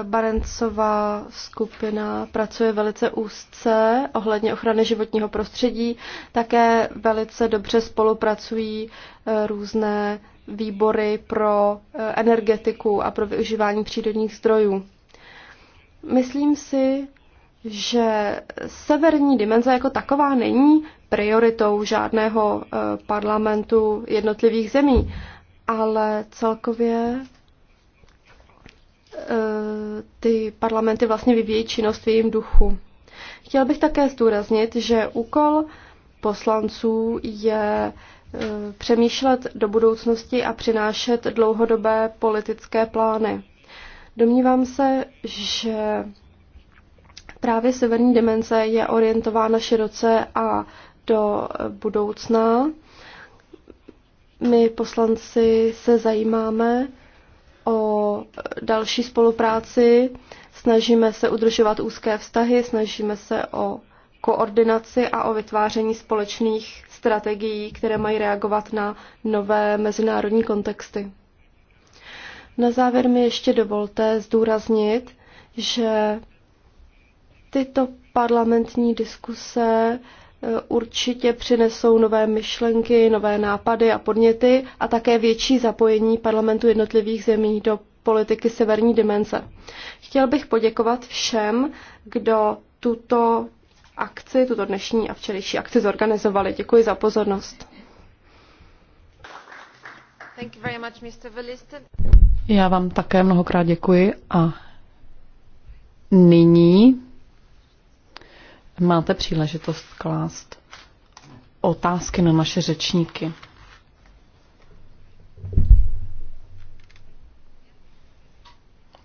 Barencová skupina pracuje velice úzce ohledně ochrany životního prostředí. Také velice dobře spolupracují eh, různé výbory pro eh, energetiku a pro využívání přírodních zdrojů. Myslím si, že severní dimenze jako taková není prioritou žádného eh, parlamentu jednotlivých zemí, ale celkově E, ty parlamenty vlastně vyvíjí činnost v jejím duchu. Chtěl bych také zdůraznit, že úkol poslanců je e, přemýšlet do budoucnosti a přinášet dlouhodobé politické plány. Domnívám se, že právě severní dimenze je orientována široce a do budoucna. My poslanci se zajímáme o další spolupráci, snažíme se udržovat úzké vztahy, snažíme se o koordinaci a o vytváření společných strategií, které mají reagovat na nové mezinárodní kontexty. Na závěr mi ještě dovolte zdůraznit, že tyto parlamentní diskuse E, určitě přinesou nové myšlenky, nové nápady a podněty a také větší zapojení parlamentu jednotlivých zemí do politiky severní dimenze. Chtěl bych poděkovat všem, kdo tuto akci, tuto dnešní a včerejší akci zorganizovali. Děkuji za pozornost. Já vám také mnohokrát děkuji a nyní Máte příležitost klást otázky na naše řečníky.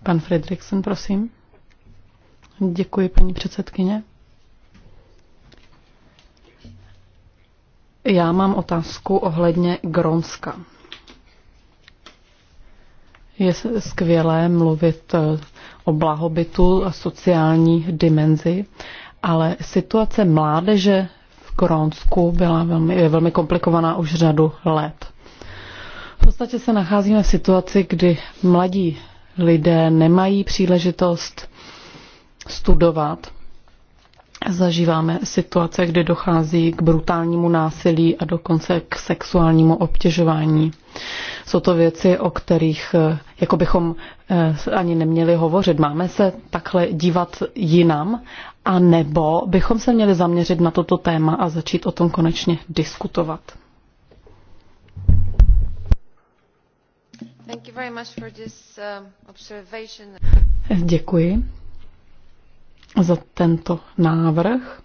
Pan Fredriksen, prosím. Děkuji, paní předsedkyně. Já mám otázku ohledně Gronska. Je skvělé mluvit o blahobytu a sociální dimenzi, ale situace mládeže v Krónsku byla velmi, velmi komplikovaná už řadu let. V podstatě se nacházíme v situaci, kdy mladí lidé nemají příležitost studovat. Zažíváme situace, kdy dochází k brutálnímu násilí a dokonce k sexuálnímu obtěžování. Jsou to věci, o kterých eh, jako bychom eh, ani neměli hovořit. Máme se takhle dívat jinam a nebo bychom se měli zaměřit na toto téma a začít o tom konečně diskutovat. Um, Děkuji za tento návrh.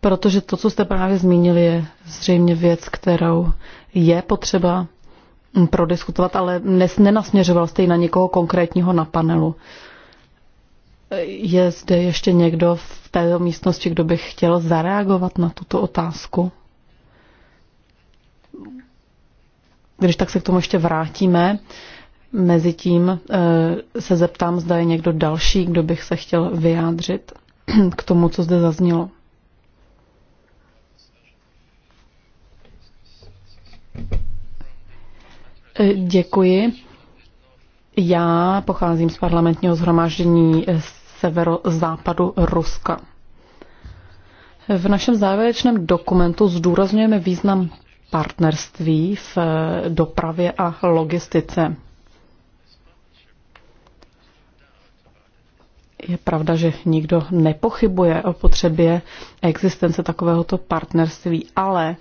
Protože to, co jste právě zmínili, je zřejmě věc, kterou je potřeba prodiskutovat, ale nes, nenasměřoval jste ji na někoho konkrétního na panelu. Je zde ještě někdo v této místnosti, kdo by chtěl zareagovat na tuto otázku? Když tak se k tomu ještě vrátíme, mezitím e, se zeptám, zda je někdo další, kdo bych se chtěl vyjádřit k tomu, co zde zaznělo. Děkuji. Já pocházím z parlamentního zhromáždění severozápadu Ruska. V našem závěrečném dokumentu zdůrazňujeme význam partnerství v dopravě a logistice. Je pravda, že nikdo nepochybuje o potřebě existence takovéhoto partnerství, ale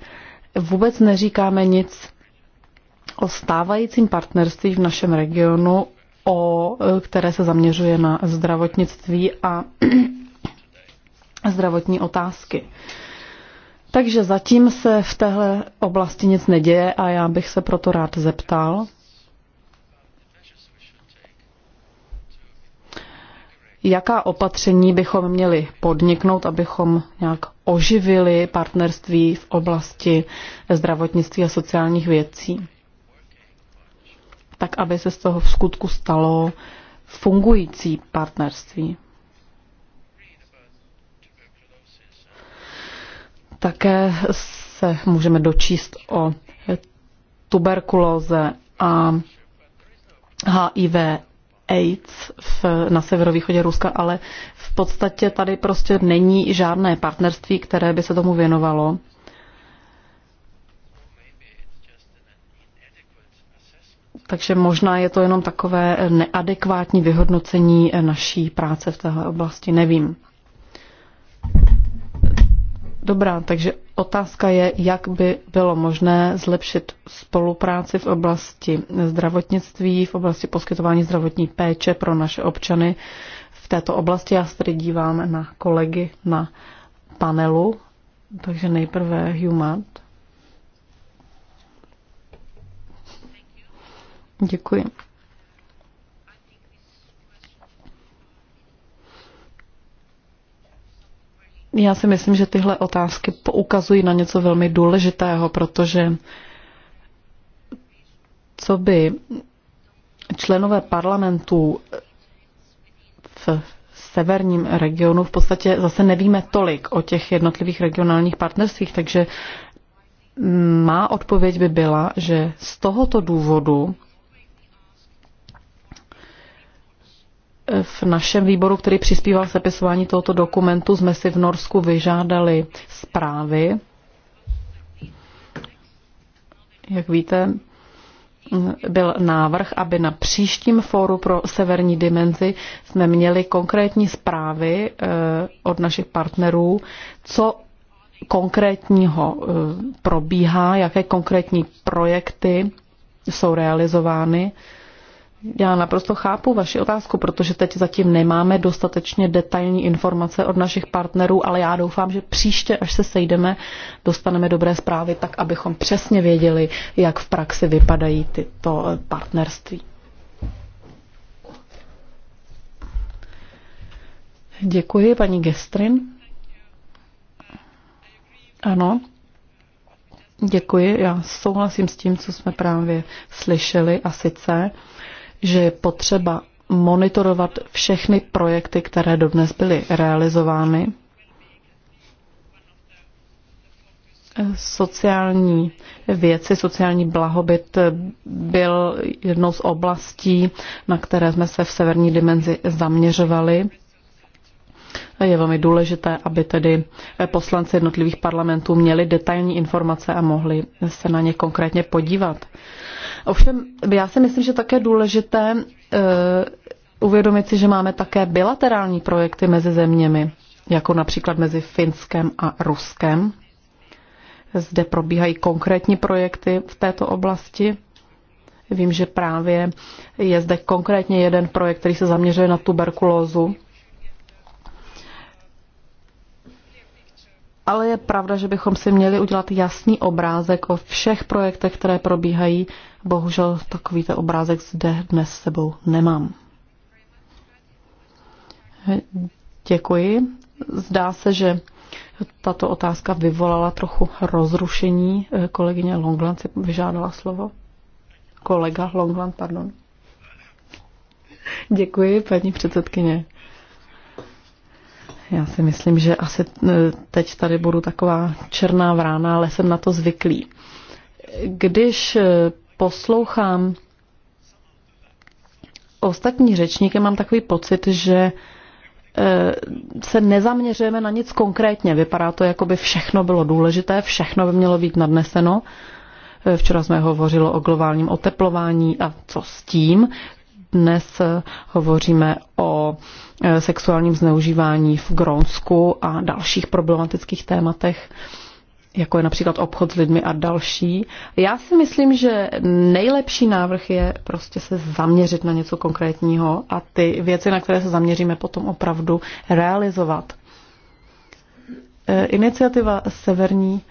vůbec neříkáme nic o stávajícím partnerství v našem regionu, o, e, které se zaměřuje na zdravotnictví a zdravotní otázky. Takže zatím se v téhle oblasti nic neděje a já bych se proto rád zeptal, jaká opatření bychom měli podniknout, abychom nějak oživili partnerství v oblasti zdravotnictví a sociálních věcí tak aby se z toho v skutku stalo fungující partnerství. Také se můžeme dočíst o tuberkulóze a HIV AIDS v, na severovýchodě Ruska, ale v podstatě tady prostě není žádné partnerství, které by se tomu věnovalo. Takže možná je to jenom takové neadekvátní vyhodnocení eh, naší práce v této oblasti, nevím. Dobrá, takže otázka je, jak by bylo možné zlepšit spolupráci v oblasti zdravotnictví, v oblasti poskytování zdravotní péče pro naše občany v této oblasti. Já se tedy dívám na kolegy na panelu, takže nejprve Humat. Děkuji. Já si myslím, že tyhle otázky poukazují na něco velmi důležitého, protože co by členové parlamentů v severním regionu v podstatě zase nevíme tolik o těch jednotlivých regionálních partnerstvích, takže má odpověď by byla, že z tohoto důvodu v našem výboru, který přispíval k sepisování tohoto dokumentu, jsme si v Norsku vyžádali zprávy. Jak víte, byl návrh, aby na příštím fóru pro severní dimenzi jsme měli konkrétní zprávy eh, od našich partnerů, co konkrétního eh, probíhá, jaké konkrétní projekty jsou realizovány. Já naprosto chápu vaši otázku, protože teď zatím nemáme dostatečně detailní informace od našich partnerů, ale já doufám, že příště, až se sejdeme, dostaneme dobré zprávy, tak abychom přesně věděli, jak v praxi vypadají tyto eh, partnerství. Děkuji, paní Gestrin. Ano. Děkuji, já souhlasím s tím, co jsme právě slyšeli a sice, že je potřeba monitorovat všechny projekty, které dodnes byly realizovány. Sociální věci, sociální blahobyt byl jednou z oblastí, na které jsme se v severní dimenzi zaměřovali. Je velmi důležité, aby tedy poslanci jednotlivých parlamentů měli detailní informace a mohli se na ně konkrétně podívat. Ovšem, já si myslím, že také důležité eh, uvědomit si, že máme také bilaterální projekty mezi zeměmi, jako například mezi Finskem a Ruskem. Zde probíhají konkrétní projekty v této oblasti. Vím, že právě je zde konkrétně jeden projekt, který se zaměřuje na tuberkulózu. ale je pravda, že bychom si měli udělat jasný obrázek o všech projektech, které probíhají. Bohužel ten obrázek zde dnes s sebou nemám. Děkuji. Zdá se, že tato otázka vyvolala trochu rozrušení. Kolegyně Longland si vyžádala slovo. Kolega Longland, pardon. Děkuji, paní předsedkyně. Já si myslím, že asi e, teď tady budu taková černá vrána, ale jsem na to zvyklý. Když e, poslouchám ostatní řečníky, mám takový pocit, že e, se nezaměřujeme na nic konkrétně. Vypadá to, jako by všechno bylo důležité, všechno by mělo být nadneseno. Včera jsme hovořilo o globálním oteplování a co s tím. Dnes eh, hovoříme o eh, sexuálním zneužívání v Grónsku a dalších problematických tématech, jako je například obchod s lidmi a další. Já si myslím, že nejlepší návrh je prostě se zaměřit na něco konkrétního a ty věci, na které se zaměříme, potom opravdu realizovat. Eh, iniciativa Severní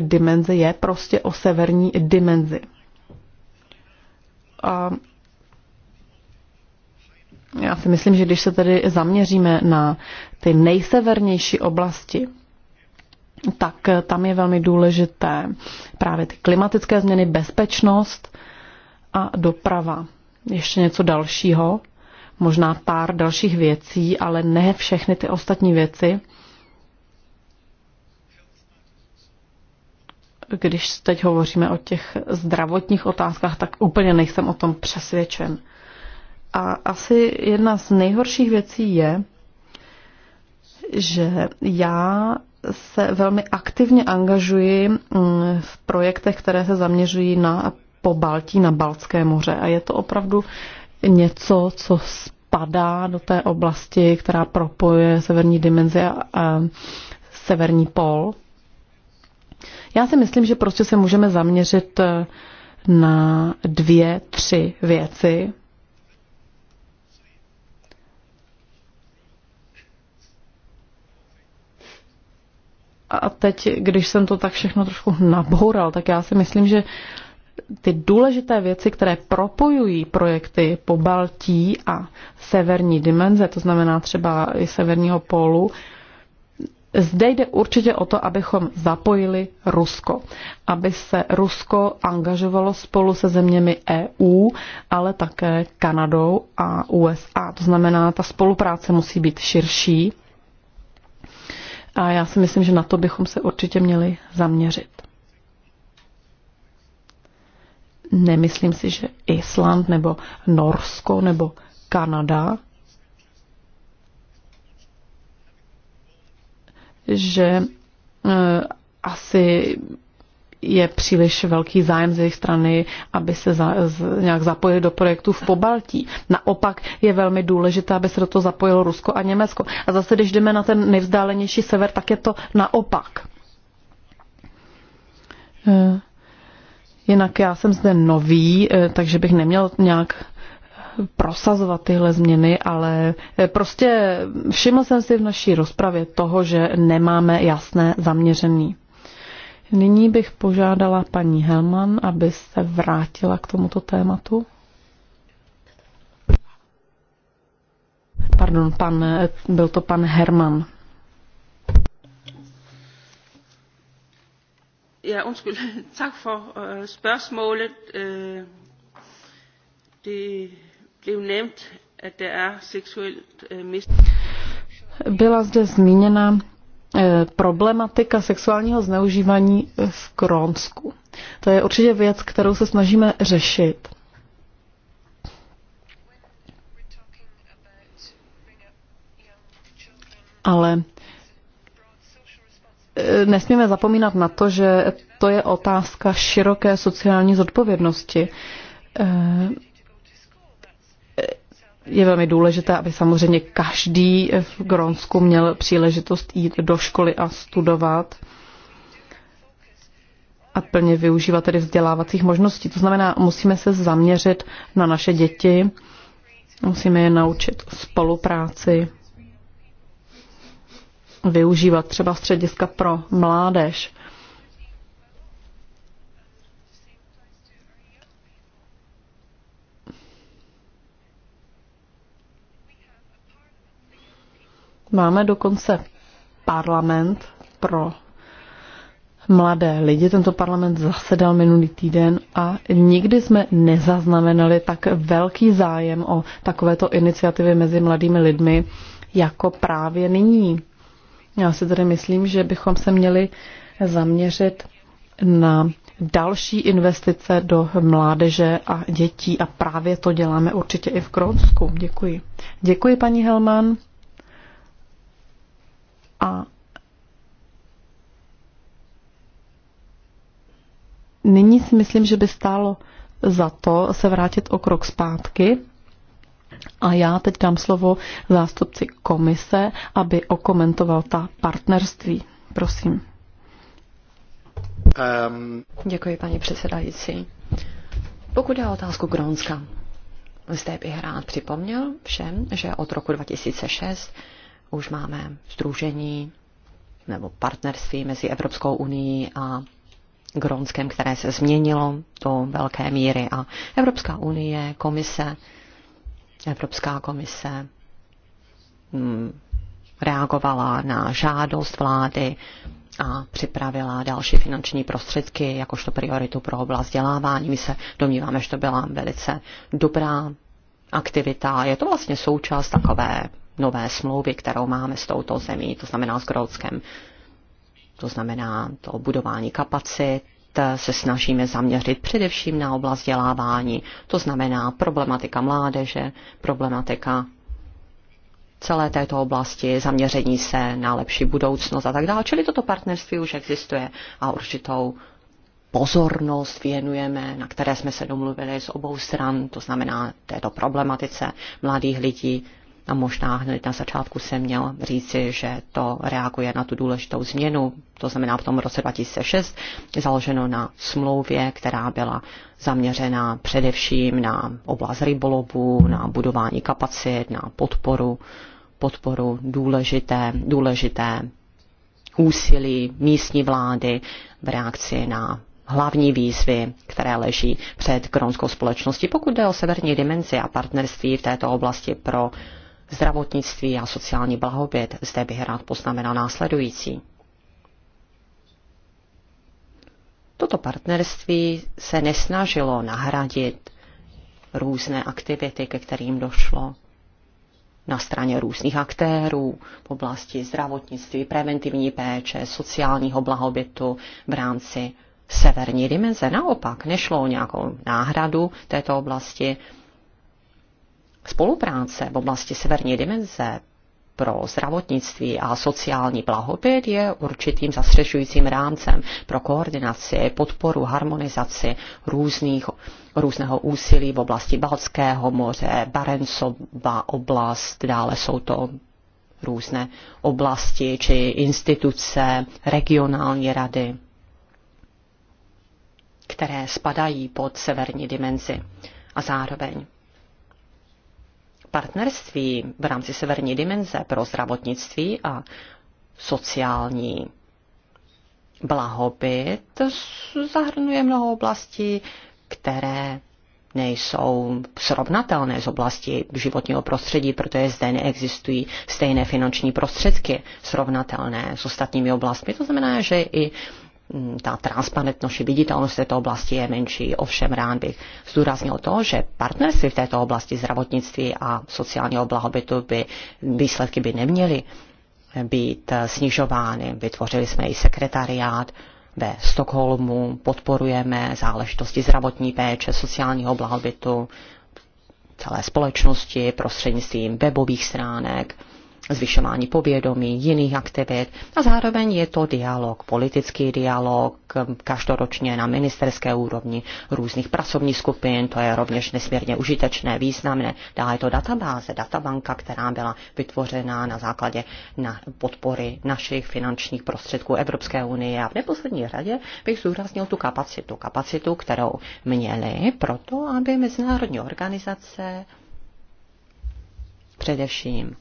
dimenze je prostě o severní dimenzi. A já si myslím, že když se tedy zaměříme na ty nejsevernější oblasti, tak tam je velmi důležité právě ty klimatické změny, bezpečnost a doprava. Ještě něco dalšího, možná pár dalších věcí, ale ne všechny ty ostatní věci. Když teď hovoříme o těch zdravotních otázkách, tak úplně nejsem o tom přesvědčen. A asi jedna z nejhorších věcí je, že já se velmi aktivně angažuji mm, v projektech, které se zaměřují na po Baltí, na Baltské moře. A je to opravdu něco, co spadá do té oblasti, která propojuje severní dimenzi a severní pol. Já si myslím, že prostě se můžeme zaměřit eh, na dvě, tři věci, A teď, když jsem to tak všechno trošku naboural, tak já si myslím, že ty důležité věci, které propojují projekty po Baltí a severní dimenze, to znamená třeba i severního pólu, zde jde určitě o to, abychom zapojili Rusko, aby se Rusko angažovalo spolu se zeměmi EU, ale také Kanadou a USA. To znamená, ta spolupráce musí být širší a já si myslím, že na to bychom se určitě měli zaměřit. Nemyslím si, že Island nebo Norsko nebo Kanada, že eh, asi je příliš velký zájem z jejich strany, aby se za, z, nějak zapojili do projektů v Pobaltí. Naopak je velmi důležité, aby se do toho zapojilo Rusko a Německo. A zase, když jdeme na ten nejvzdálenější sever, tak je to naopak. Eh, jinak já jsem zde nový, eh, takže bych neměl nějak prosazovat tyhle změny, ale eh, prostě všiml jsem si v naší rozpravě toho, že nemáme jasné zaměření. Nyní bych požádala paní Helman, aby se vrátila k tomuto tématu. Pardon, pan, byl to pan Herman. Ja, undskyld. Tak for uh, spørgsmålet. Uh, det blev nævnt, at der er seksuelt uh, øh, misbrug. Byla zde zmíněna Eh, problematika sexuálního zneužívání v Krónsku. To je určitě věc, kterou se snažíme řešit. Ale eh, nesmíme zapomínat na to, že to je otázka široké sociální zodpovědnosti. Eh, je velmi důležité, aby samozřejmě každý v Gronsku měl příležitost jít do školy a studovat a plně využívat tedy vzdělávacích možností. To znamená, musíme se zaměřit na naše děti, musíme je naučit spolupráci, využívat třeba střediska pro mládež. Máme dokonce parlament pro mladé lidi. Tento parlament zasedal minulý týden a nikdy jsme nezaznamenali tak velký zájem o takovéto iniciativy mezi mladými lidmi jako právě nyní. Já si tedy myslím, že bychom se měli zaměřit na další investice do mládeže a dětí a právě to děláme určitě i v Kronsku. Děkuji. Děkuji, paní Helman. A nyní si myslím, že by stálo za to se vrátit o krok zpátky. A já teď dám slovo zástupci komise, aby okomentoval ta partnerství. Prosím. Um... Děkuji, paní předsedající. Pokud je o otázku Grónska, zde bych rád připomněl všem, že od roku 2006 už máme združení nebo partnerství mezi Evropskou unii a Gronskem, které se změnilo do velké míry. A Evropská unie, komise, Evropská komise hmm, reagovala na žádost vlády a připravila další finanční prostředky jakožto prioritu pro oblast vzdělávání. My se domníváme, že to byla velice dobrá aktivita. Je to vlastně součást takové nové smlouvy, kterou máme s touto zemí, to znamená s Grodskem. To znamená to budování kapacit, se snažíme zaměřit především na oblast vzdělávání, to znamená problematika mládeže, problematika celé této oblasti, zaměření se na lepší budoucnost a tak dále. Čili toto partnerství už existuje a určitou pozornost věnujeme, na které jsme se domluvili z obou stran, to znamená této problematice mladých lidí, a možná hned na začátku jsem měl říci, že to reaguje na tu důležitou změnu, to znamená v tom roce 2006, založeno na smlouvě, která byla zaměřená především na oblast rybolovu, na budování kapacit, na podporu, podporu důležité, důležité úsilí místní vlády v reakci na hlavní výzvy, které leží před kronskou společností. Pokud jde o severní dimenzi a partnerství v této oblasti pro zdravotnictví a sociální blahobyt, zde bych rád poznamenal následující. Toto partnerství se nesnažilo nahradit různé aktivity, ke kterým došlo na straně různých aktérů v oblasti zdravotnictví, preventivní péče, sociálního blahobytu v rámci severní dimenze. Naopak nešlo o nějakou náhradu této oblasti, spolupráce v oblasti severní dimenze pro zdravotnictví a sociální blahobyt je určitým zastřešujícím rámcem pro koordinaci, podporu, harmonizaci různých, různého úsilí v oblasti Balckého moře, Barencova oblast, dále jsou to různé oblasti či instituce, regionální rady, které spadají pod severní dimenzi a zároveň partnerství v rámci severní dimenze pro zdravotnictví a sociální blahobyt zahrnuje mnoho oblastí, které nejsou srovnatelné z oblasti životního prostředí, protože zde neexistují stejné finanční prostředky srovnatelné s ostatními oblastmi. To znamená, že i Mm, ta transparentnost či viditelnost v této oblasti je menší. Ovšem rád bych zdůraznil to, že partnerství v této oblasti zdravotnictví a sociálního blahobytu by výsledky by neměly být snižovány. Vytvořili jsme i sekretariát ve Stockholmu, podporujeme záležitosti zdravotní péče, sociálního blahobytu, celé společnosti prostřednictvím webových stránek zvyšování povědomí, jiných aktivit a zároveň je to dialog, politický dialog, každoročně na ministerské úrovni různých pracovních skupin, to je rovněž nesmírně užitečné, významné. Dále je to databáze, databanka, která byla vytvořena na základě na podpory našich finančních prostředků Evropské unie a v neposlední řadě bych zúraznil tu kapacitu, kapacitu, kterou měli proto, aby mezinárodní organizace především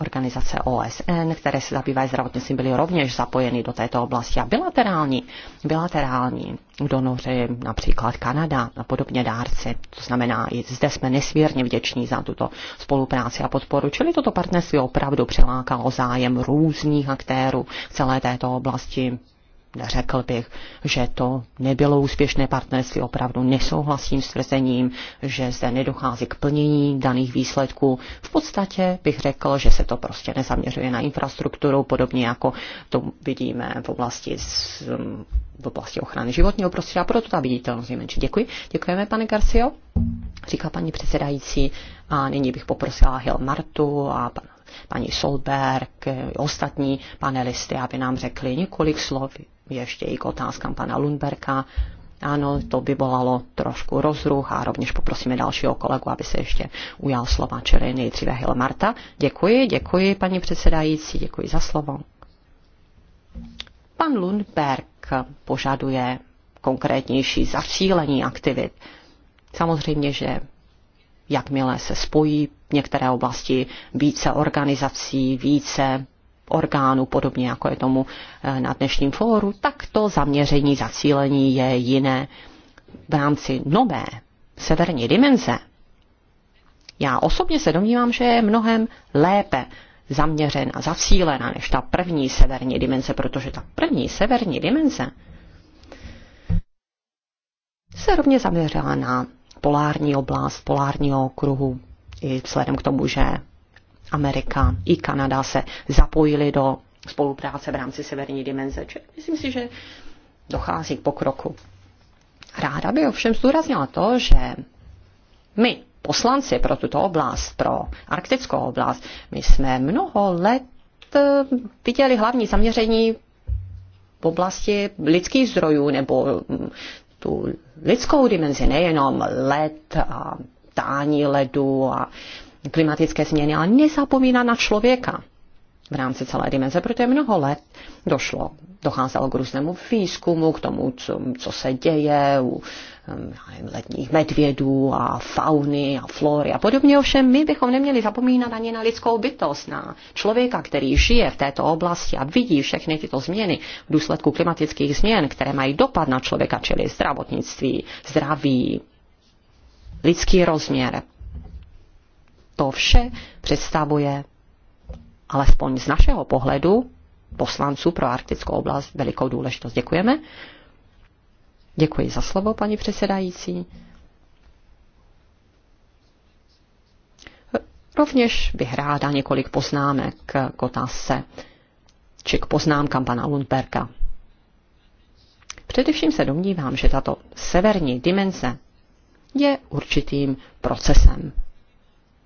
organizace OSN, které se zabývají zdravotnictvím, byly rovněž zapojeny do této oblasti a bilaterální, bilaterální donoři, například Kanada a podobně dárci. To znamená, i zde jsme nesmírně vděční za tuto spolupráci a podporu. Čili toto partnerství opravdu přilákalo zájem různých aktérů celé této oblasti Řekl bych, že to nebylo úspěšné partnerství. Opravdu nesouhlasím s tvrzením, že zde nedochází k plnění daných výsledků. V podstatě bych řekl, že se to prostě nezaměřuje na infrastrukturu, podobně jako to vidíme v oblasti, v oblasti ochrany životního prostředí. A proto ta viditelnost je menší. Děkuji. Děkujeme, pane Garcio, říká paní předsedající. A nyní bych poprosila Hil Martu a pana paní Solberg, eh, ostatní panelisty, aby nám řekli několik slov ještě i k otázkám pana Lundberka. Ano, to by volalo trošku rozruch a rovněž poprosíme dalšího kolegu, aby se ještě ujal slova, čili nejdříve Hil Marta. Děkuji, děkuji paní předsedající, děkuji za slovo. Pan Lundberg požaduje konkrétnější zacílení aktivit. Samozřejmě, že jakmile se spojí některé oblasti více organizací, více orgánů, podobně jako je tomu eh, na dnešním fóru, tak to zaměření, zacílení je jiné. V rámci nové severní dimenze já osobně se domnívám, že je mnohem lépe zaměřena, zacílena než ta první severní dimenze, protože ta první severní dimenze se rovně zaměřila na polární oblast, polárního okruhu, i vzhledem k tomu, že Amerika i Kanada se zapojili do spolupráce v rámci severní dimenze. Čili myslím si, že dochází k pokroku. Ráda by ovšem zdůraznila to, že my, poslanci pro tuto oblast, pro arktickou oblast, my jsme mnoho let eh, viděli hlavní zaměření v oblasti lidských zdrojů nebo mm, tu lidskou dimenzi, nejenom let a stání ledu a klimatické změny, ale nezapomíná na člověka v rámci celé dimenze, protože mnoho let došlo, docházelo k různému výzkumu, k tomu, co, co se děje u um, nevím, letních medvědů a fauny a flory a podobně. Ovšem my bychom neměli zapomínat ani na lidskou bytost, na člověka, který žije v této oblasti a vidí všechny tyto změny v důsledku klimatických změn, které mají dopad na člověka, čili zdravotnictví, zdraví, lidský rozměr. To vše představuje, alespoň z našeho pohledu, poslanců pro arktickou oblast velikou důležitost. Děkujeme. Děkuji za slovo, paní předsedající. Rovněž bych ráda několik poznámek k otázce či k poznámkám pana Lundberga. Především se domnívám, že tato severní dimenze je určitým procesem.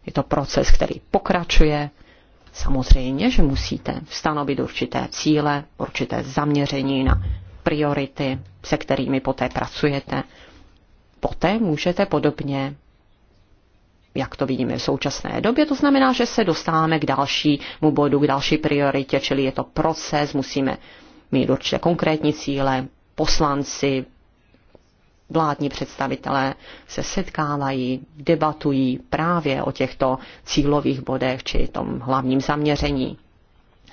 Je to proces, který pokračuje. Samozřejmě, že musíte stanovit určité cíle, určité zaměření na priority, se kterými poté pracujete. Poté můžete podobně, jak to vidíme v současné době, to znamená, že se dostáváme k dalšímu bodu, k další prioritě, čili je to proces, musíme mít určité konkrétní cíle, poslanci, vládní představitelé se setkávají, debatují právě o těchto cílových bodech či tom hlavním zaměření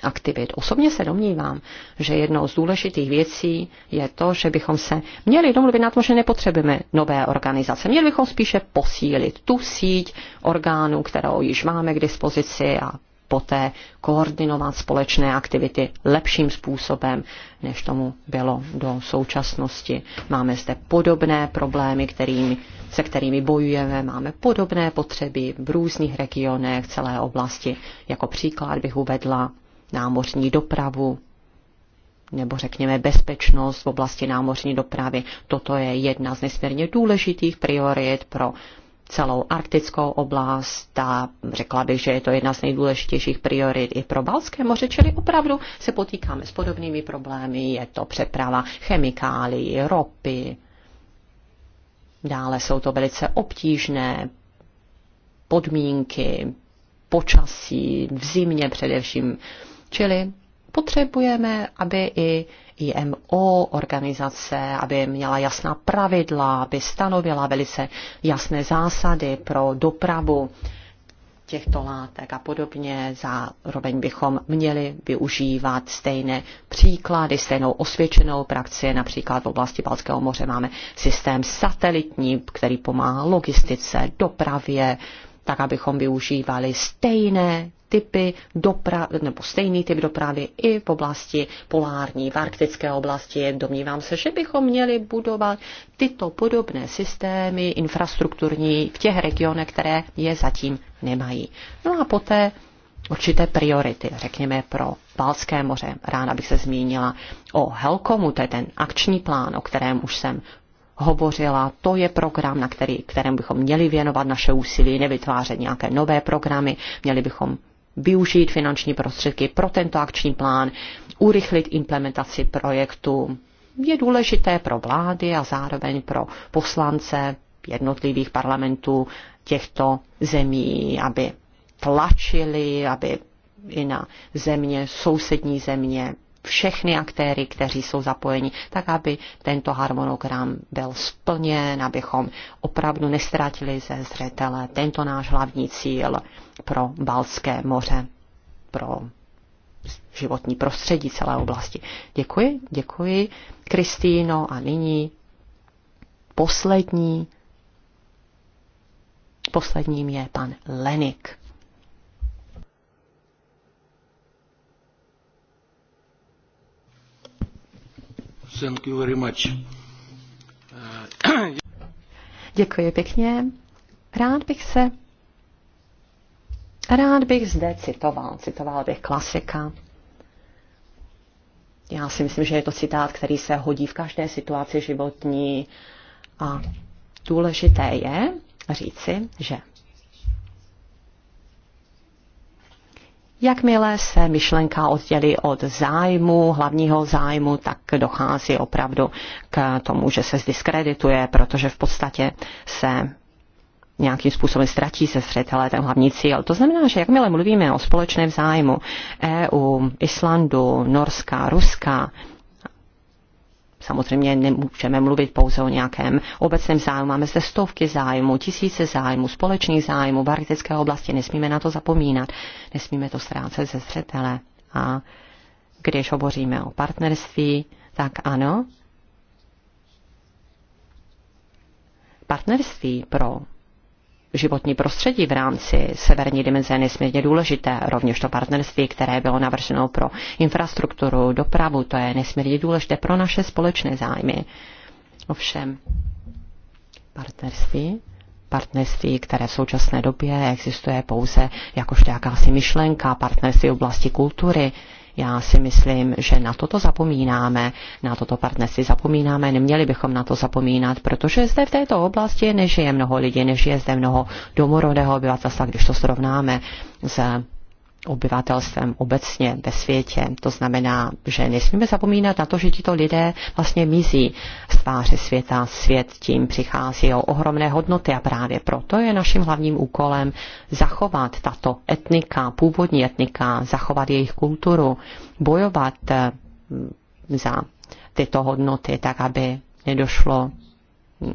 aktivit. Osobně se domnívám, že jednou z důležitých věcí je to, že bychom se měli domluvit na tom, že nepotřebujeme nové organizace. Měli bychom spíše posílit tu síť orgánů, kterou již máme k dispozici a poté koordinovat společné aktivity lepším způsobem, než tomu bylo do současnosti. Máme zde podobné problémy, kterými, se kterými bojujeme, máme podobné potřeby v různých regionech celé oblasti. Jako příklad bych uvedla námořní dopravu, nebo řekněme bezpečnost v oblasti námořní dopravy. Toto je jedna z nesmírně důležitých priorit pro celou arktickou oblast a řekla bych, že je to jedna z nejdůležitějších priorit i pro Balské moře, čili opravdu se potýkáme s podobnými problémy, je to přeprava chemikálií, ropy, dále jsou to velice obtížné podmínky, počasí, v zimě především, čili potřebujeme, aby i IMO organizace, aby měla jasná pravidla, aby stanovila velice jasné zásady pro dopravu těchto látek a podobně. Zároveň bychom měli využívat stejné příklady, stejnou osvědčenou praxi. Například v oblasti Balského moře máme systém satelitní, který pomáhá logistice, dopravě, tak abychom využívali stejné typy dopravy, nebo stejný typ dopravy i v oblasti polární, v arktické oblasti. Domnívám se, že bychom měli budovat tyto podobné systémy infrastrukturní v těch regionech, které je zatím nemají. No a poté určité priority, řekněme, pro Balské moře. Ráda bych se zmínila o Helkomu, to je ten akční plán, o kterém už jsem hovořila, to je program, na který, kterém bychom měli věnovat naše úsilí, nevytvářet nějaké nové programy, měli bychom využít finanční prostředky pro tento akční plán, urychlit implementaci projektu. Je důležité pro vlády a zároveň pro poslance jednotlivých parlamentů těchto zemí, aby tlačili, aby i na země, sousední země všechny aktéry, kteří jsou zapojeni, tak aby tento harmonogram byl splněn, abychom opravdu nestratili ze zřetele tento náš hlavní cíl pro Balské moře, pro životní prostředí celé oblasti. Děkuji, děkuji, Kristýno. A nyní poslední, posledním je pan Lenik. Thank you very much. Eh, Děkuji pěkně. Rád bych se Rád bych zde citoval, citoval bych klasika. Já si myslím, že je to citát, který se hodí v každé situaci životní a důležité je říci, že Jakmile se myšlenka oddělí od zájmu, hlavního zájmu, tak dochází opravdu k tomu, že se zdiskredituje, protože v podstatě se nějakým způsobem ztratí se zřetele ten hlavní cíl. To znamená, že jakmile mluvíme o společném zájmu EU, Islandu, Norska, Ruska, samozřejmě nemůžeme mluvit pouze o nějakém obecném zájmu. Máme zde stovky zájmů, tisíce zájmů, společných zájmů v arktické oblasti. Nesmíme na to zapomínat, nesmíme to ztrácet ze zřetele. A když hovoříme o partnerství, tak ano, partnerství pro životní prostředí v rámci severní dimenze je nesmírně důležité. Rovněž to partnerství, které bylo navrženo pro infrastrukturu, dopravu, to je nesmírně důležité pro naše společné zájmy. Ovšem, partnerství, partnerství, které v současné době existuje pouze jakožto jakási myšlenka, partnerství v oblasti kultury, já si myslím, že na toto zapomínáme, na toto partnerství zapomínáme, neměli bychom na to zapomínat, protože zde v této oblasti nežije mnoho lidí, nežije zde mnoho domorodého obyvatelstva, když to srovnáme s obyvatelstvem obecně ve světě. To znamená, že nesmíme zapomínat na to, že tito lidé vlastně mizí z tváře světa. Svět tím přichází o ohromné hodnoty a právě proto je naším hlavním úkolem zachovat tato etnika, původní etnika, zachovat jejich kulturu, bojovat eh, za tyto hodnoty, tak aby nedošlo mm,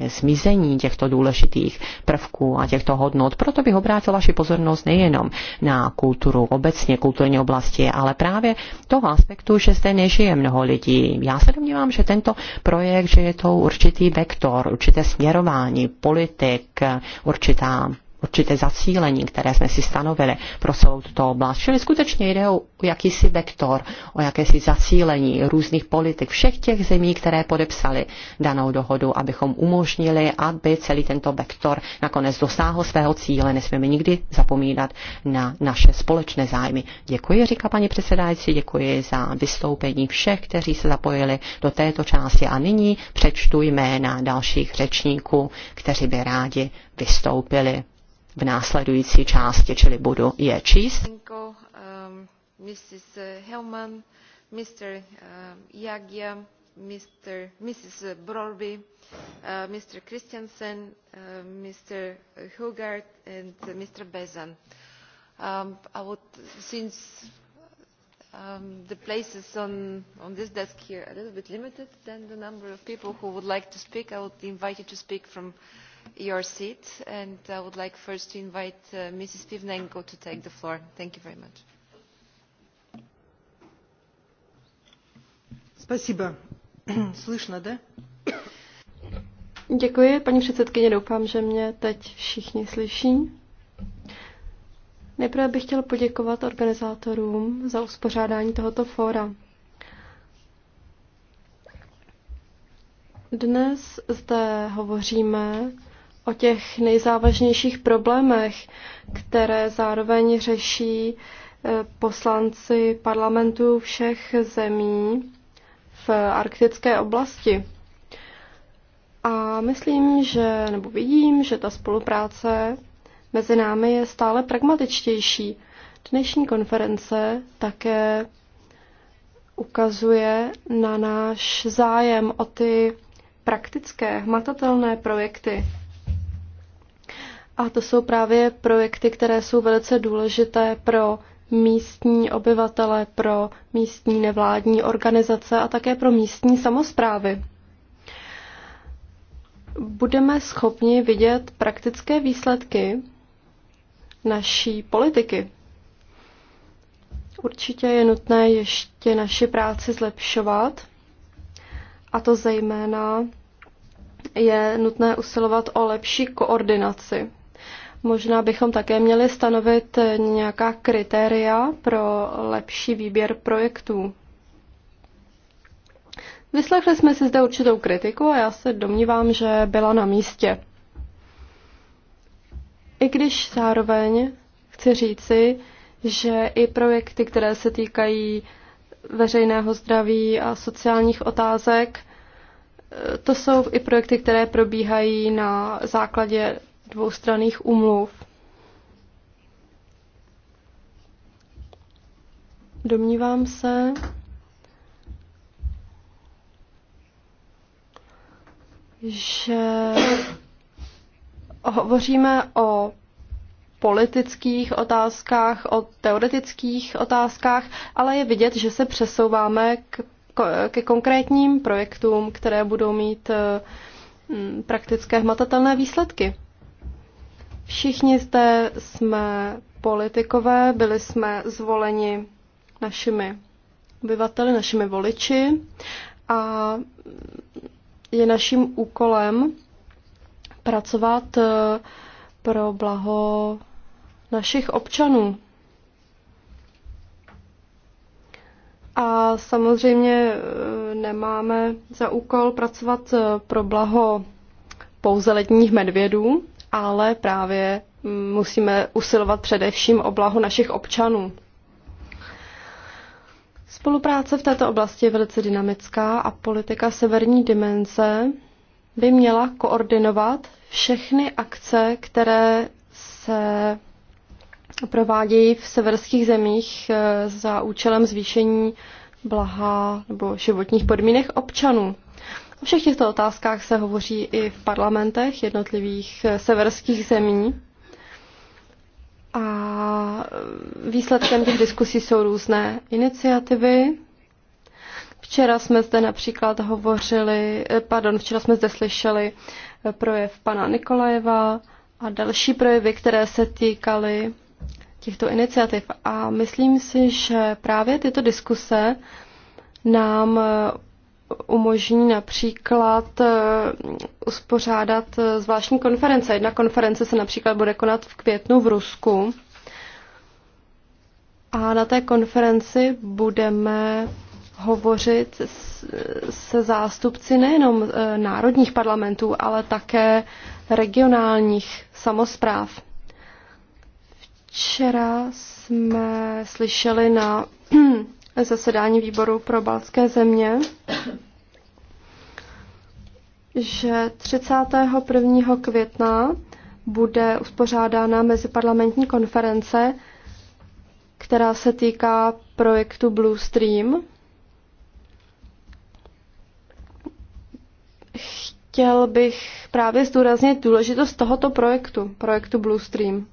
nějaké vlastně smízení těchto důležitých prvků a těchto hodnot. Proto bych obrátil vaši pozornost nejenom na kulturu obecně, kulturní oblasti, ale právě toho aspektu, že zde nežije mnoho lidí. Já se domnívám, že tento projekt, že je to určitý vektor, určité směrování, politik, určitá určité zacílení, které jsme si stanovili pro celou tuto oblast. Čili skutečně jde o jakýsi vektor, o jakési zacílení různých politik všech těch zemí, které podepsali danou dohodu, abychom umožnili, aby celý tento vektor nakonec dosáhl svého cíle. Nesmíme nikdy zapomínat na naše společné zájmy. Děkuji, říká paní předsedající, děkuji za vystoupení všech, kteří se zapojili do této části. A nyní přečtu jména dalších řečníků, kteří by rádi vystoupili v následující části, čili budu je číst. Um, the places on, on this desk here are a little bit limited, then the number of people who would like to speak, I would invite you to speak from uh, your seat and I would like first to invite uh, Mrs. Pivnenko to take the floor. Thank you very much. Спасибо. Слышно, да? Děkuji, paní předsedkyně, doufám, že mě teď všichni slyší. Nejprve bych chtěla poděkovat organizátorům za uspořádání tohoto fóra. Dnes zde hovoříme o těch nejzávažnějších problémech, které zároveň řeší eh, poslanci parlamentů všech zemí v arktické oblasti. A myslím, že, nebo vidím, že ta spolupráce mezi námi je stále pragmatičtější. Dnešní konference také ukazuje na náš zájem o ty praktické, hmatatelné projekty, a to jsou právě projekty, které jsou velice důležité pro místní obyvatele, pro místní nevládní organizace a také pro místní samozprávy. Budeme schopni vidět praktické výsledky naší politiky. Určitě je nutné ještě naši práci zlepšovat, a to zejména je nutné usilovat o lepší koordinaci Možná bychom také měli stanovit nějaká kritéria pro lepší výběr projektů. Vyslechli jsme si zde určitou kritiku a já se domnívám, že byla na místě. I když zároveň chci říci, že i projekty, které se týkají veřejného zdraví a sociálních otázek, to jsou i projekty, které probíhají na základě dvoustranných umluv. Domnívám se, že hovoříme o politických otázkách, o teoretických otázkách, ale je vidět, že se přesouváme k, ke konkrétním projektům, které budou mít eh, praktické hmatatelné výsledky. Všichni zde jsme politikové, byli jsme zvoleni našimi obyvateli, našimi voliči a je naším úkolem pracovat eh, pro blaho našich občanů. A samozřejmě eh, nemáme za úkol pracovat eh, pro blaho pouze ledních medvědů, ale právě mm, musíme usilovat především o blahu našich občanů. Spolupráce v této oblasti je velice dynamická a politika severní dimenze by měla koordinovat všechny akce, které se provádějí v severských zemích eh, za účelem zvýšení blaha nebo životních podmínek občanů. O všech těchto otázkách se hovoří i v parlamentech jednotlivých eh, severských zemí. A výsledkem těch diskusí jsou různé iniciativy. Včera jsme zde například hovořili, eh, pardon, včera jsme zde slyšeli eh, projev pana Nikolajeva a další projevy, které se týkaly těchto iniciativ. A myslím si, že právě tyto diskuse nám umožní například eh, uspořádat eh, zvláštní konference. Jedna konference se například bude konat v květnu v Rusku. A na té konferenci budeme hovořit se zástupci nejenom eh, národních parlamentů, ale také regionálních samozpráv. Včera jsme slyšeli na zasedání výboru pro balské země, že 31. května bude uspořádána meziparlamentní konference, která se týká projektu Blue Stream. Chtěl bych právě zdůraznit důležitost tohoto projektu, projektu Blue Stream.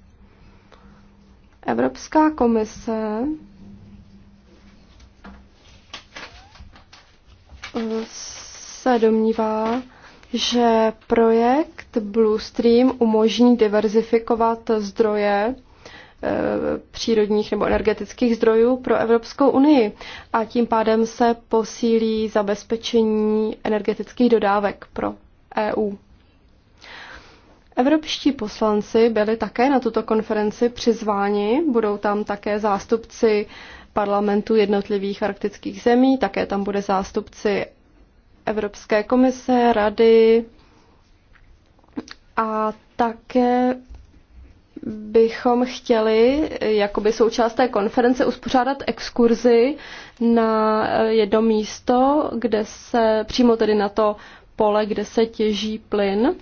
Evropská komise se domnívá, že projekt Blue Stream umožní diverzifikovat zdroje eh, přírodních nebo energetických zdrojů pro Evropskou unii a tím pádem se posílí zabezpečení energetických dodávek pro EU. Evropští poslanci byli také na tuto konferenci přizváni, budou tam také zástupci parlamentů jednotlivých arktických zemí, také tam bude zástupci Evropské komise, rady a také bychom chtěli jakoby součást té konference uspořádat exkurzi na jedno místo, kde se přímo tedy na to pole, kde se těží plyn.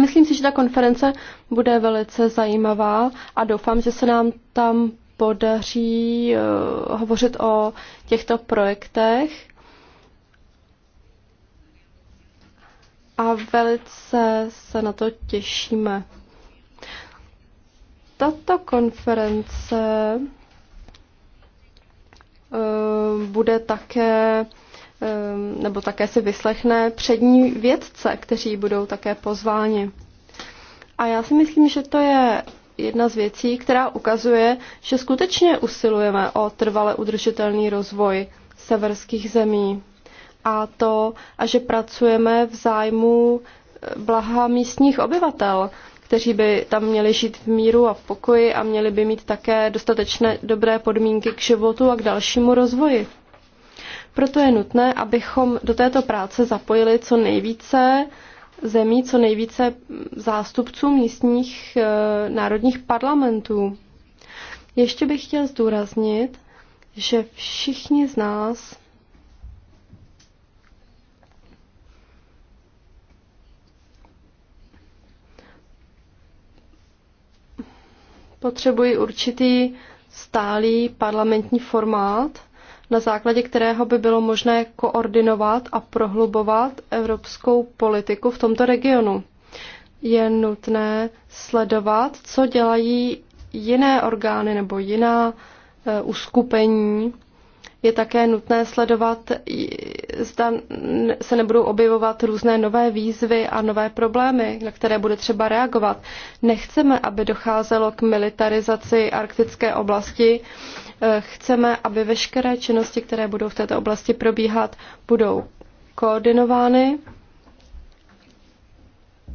Myslím si, že ta konference bude velice zajímavá a doufám, že se nám tam podaří eh, hovořit o těchto projektech. A velice se na to těšíme. Tato konference eh, bude také eh, nebo také si vyslechne přední vědce, kteří budou také pozváni. A já si myslím, že to je jedna z věcí, která ukazuje, že skutečně usilujeme o trvale udržitelný rozvoj severských zemí a to, a že pracujeme v zájmu eh, blaha místních obyvatel, kteří by tam měli žít v míru a v pokoji a měli by mít také dostatečné dobré podmínky k životu a k dalšímu rozvoji. Proto je nutné, abychom do této práce zapojili co nejvíce zemí co nejvíce zástupců místních eh, národních parlamentů. Ještě bych chtěl zdůraznit, že všichni z nás potřebují určitý stálý parlamentní formát, na základě kterého by bylo možné koordinovat a prohlubovat evropskou politiku v tomto regionu. Je nutné sledovat, co dělají jiné orgány nebo jiná eh, uskupení je také nutné sledovat, zda se nebudou objevovat různé nové výzvy a nové problémy, na které bude třeba reagovat. Nechceme, aby docházelo k militarizaci arktické oblasti. Eh, chceme, aby veškeré činnosti, které budou v této oblasti probíhat, budou koordinovány.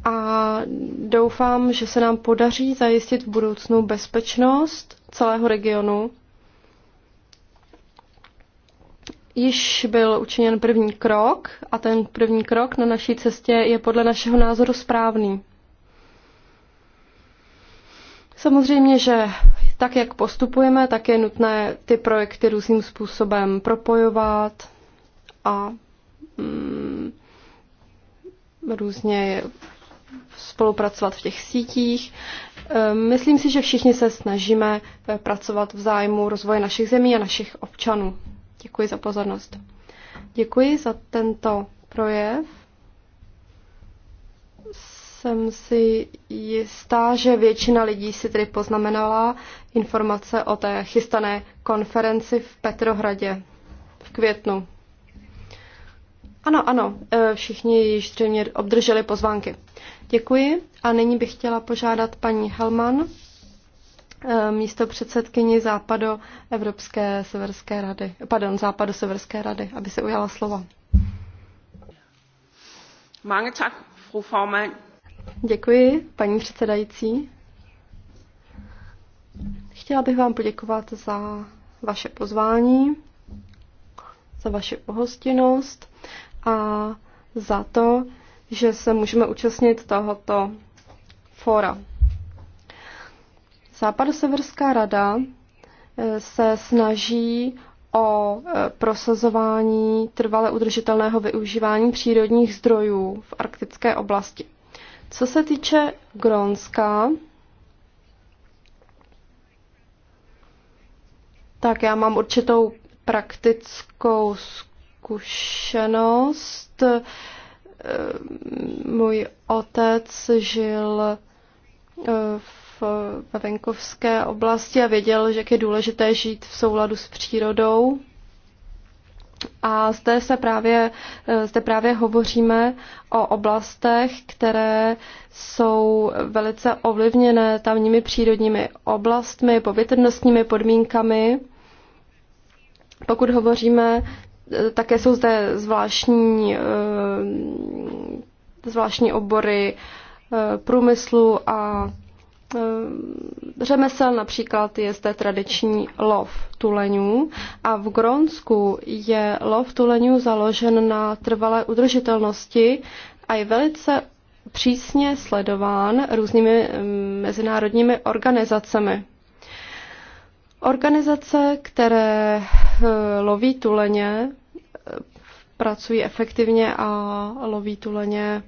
A doufám, že se nám podaří zajistit v budoucnu bezpečnost celého regionu již byl učiněn první krok a ten první krok na naší cestě je podle našeho názoru správný. Samozřejmě, že tak, jak postupujeme, tak je nutné ty projekty různým způsobem propojovat a mm, různě spolupracovat v těch sítích. Ehm, myslím si, že všichni se snažíme eh, pracovat v zájmu rozvoje našich zemí a našich občanů. Děkuji za pozornost. Děkuji za tento projev. Jsem si jistá, že většina lidí si tedy poznamenala informace o té chystané konferenci v Petrohradě v květnu. Ano, ano, e, všichni již zřejmě obdrželi pozvánky. Děkuji a nyní bych chtěla požádat paní Helman, Eh, místo předsedkyni Západo Evropské severské rady, pardon, Západo Severské rady, aby se ujala slova. Mange tak, fru Děkuji, paní předsedající. Chtěla bych vám poděkovat za vaše pozvání, za vaši pohostinnost a za to, že se můžeme účastnit tohoto fora. Západoseverská rada eh, se snaží o eh, prosazování trvale udržitelného využívání přírodních zdrojů v arktické oblasti. Co se týče Grónska, tak já mám určitou praktickou zkušenost. Eh, můj otec žil v ve venkovské oblasti a věděl, že je důležité žít v souladu s přírodou. A zde se právě, eh, zde právě hovoříme o oblastech, které jsou velice ovlivněné tamními přírodními oblastmi, povětrnostními podmínkami. Pokud hovoříme, eh, také jsou zde zvláštní, eh, zvláštní obory průmyslu a Eh, řemesel například je zde tradiční lov tuleňů a v Gronsku je lov tuleňů založen na trvalé udržitelnosti a je velice přísně sledován různými eh, mezinárodními organizacemi. Organizace, které eh, loví tuleně, pracují efektivně a loví tuleně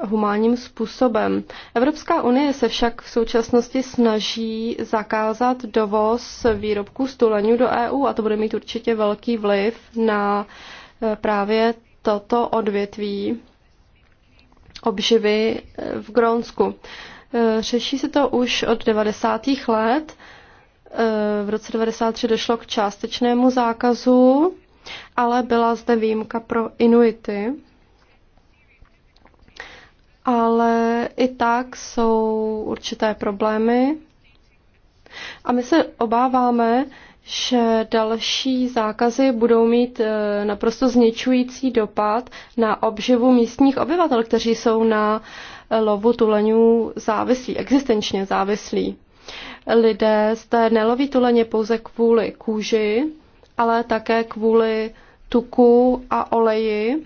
humánním způsobem. Evropská unie se však v současnosti snaží zakázat dovoz výrobků z tuleňů do EU a to bude mít určitě velký vliv na eh, právě toto odvětví obživy eh, v Grónsku. Eh, řeší se to už od 90. let. V roce 93 došlo k částečnému zákazu, ale byla zde výjimka pro Inuity ale i tak jsou určité problémy. A my se obáváme, že další zákazy budou mít e, naprosto zničující dopad na obživu místních obyvatel, kteří jsou na e, lovu tuleňů závislí, existenčně závislí. Lidé zde neloví tuleně pouze kvůli kůži, ale také kvůli tuku a oleji,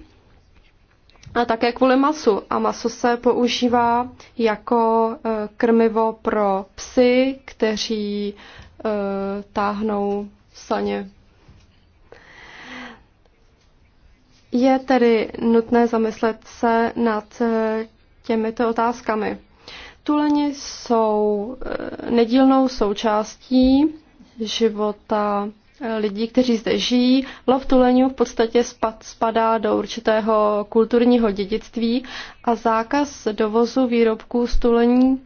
a také kvůli masu. A maso se používá jako eh, krmivo pro psy, kteří eh, táhnou saně. Je tedy nutné zamyslet se nad eh, těmito otázkami. Tuleni jsou nedílnou součástí života lidí, kteří zde žijí. Lov tuleňů v podstatě spad, spadá do určitého kulturního dědictví a zákaz dovozu výrobků z tulení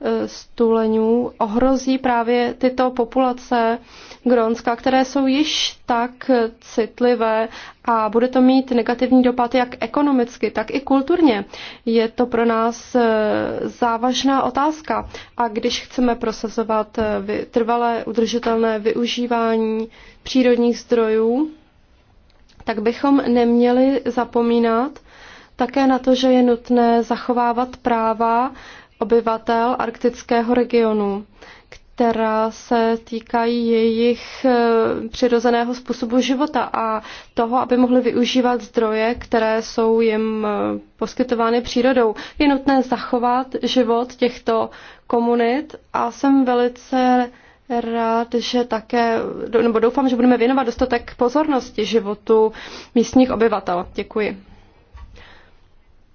Eh, stuleňů ohrozí právě tyto populace Grónska, které jsou již tak citlivé a bude to mít negativní dopad jak ekonomicky, tak i kulturně. Je to pro nás eh, závažná otázka a když chceme prosazovat eh, trvalé udržitelné využívání přírodních zdrojů, tak bychom neměli zapomínat také na to, že je nutné zachovávat práva obyvatel arktického regionu, která se týkají jejich eh, přirozeného způsobu života a toho, aby mohli využívat zdroje, které jsou jim eh, poskytovány přírodou. Je nutné zachovat život těchto komunit a jsem velice rád, že také, nebo doufám, že budeme věnovat dostatek pozornosti životu místních obyvatel. Děkuji.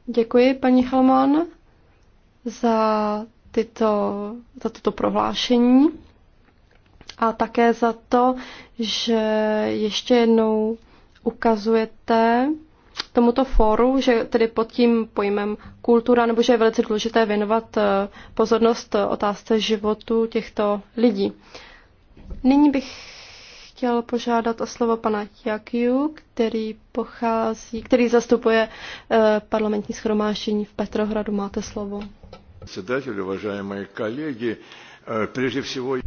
Děkuji, paní Helmon za, tyto, za toto prohlášení a také za to, že ještě jednou ukazujete tomuto fóru, že tedy pod tím pojmem kultura, nebo že je velice důležité věnovat eh, pozornost otázce životu těchto lidí. Nyní bych chtěl požádat o slovo pana Jakiu, který pochází, který zastupuje eh, parlamentní schromáždění v Petrohradu. Máte slovo. kolegy, eh, prежде eh,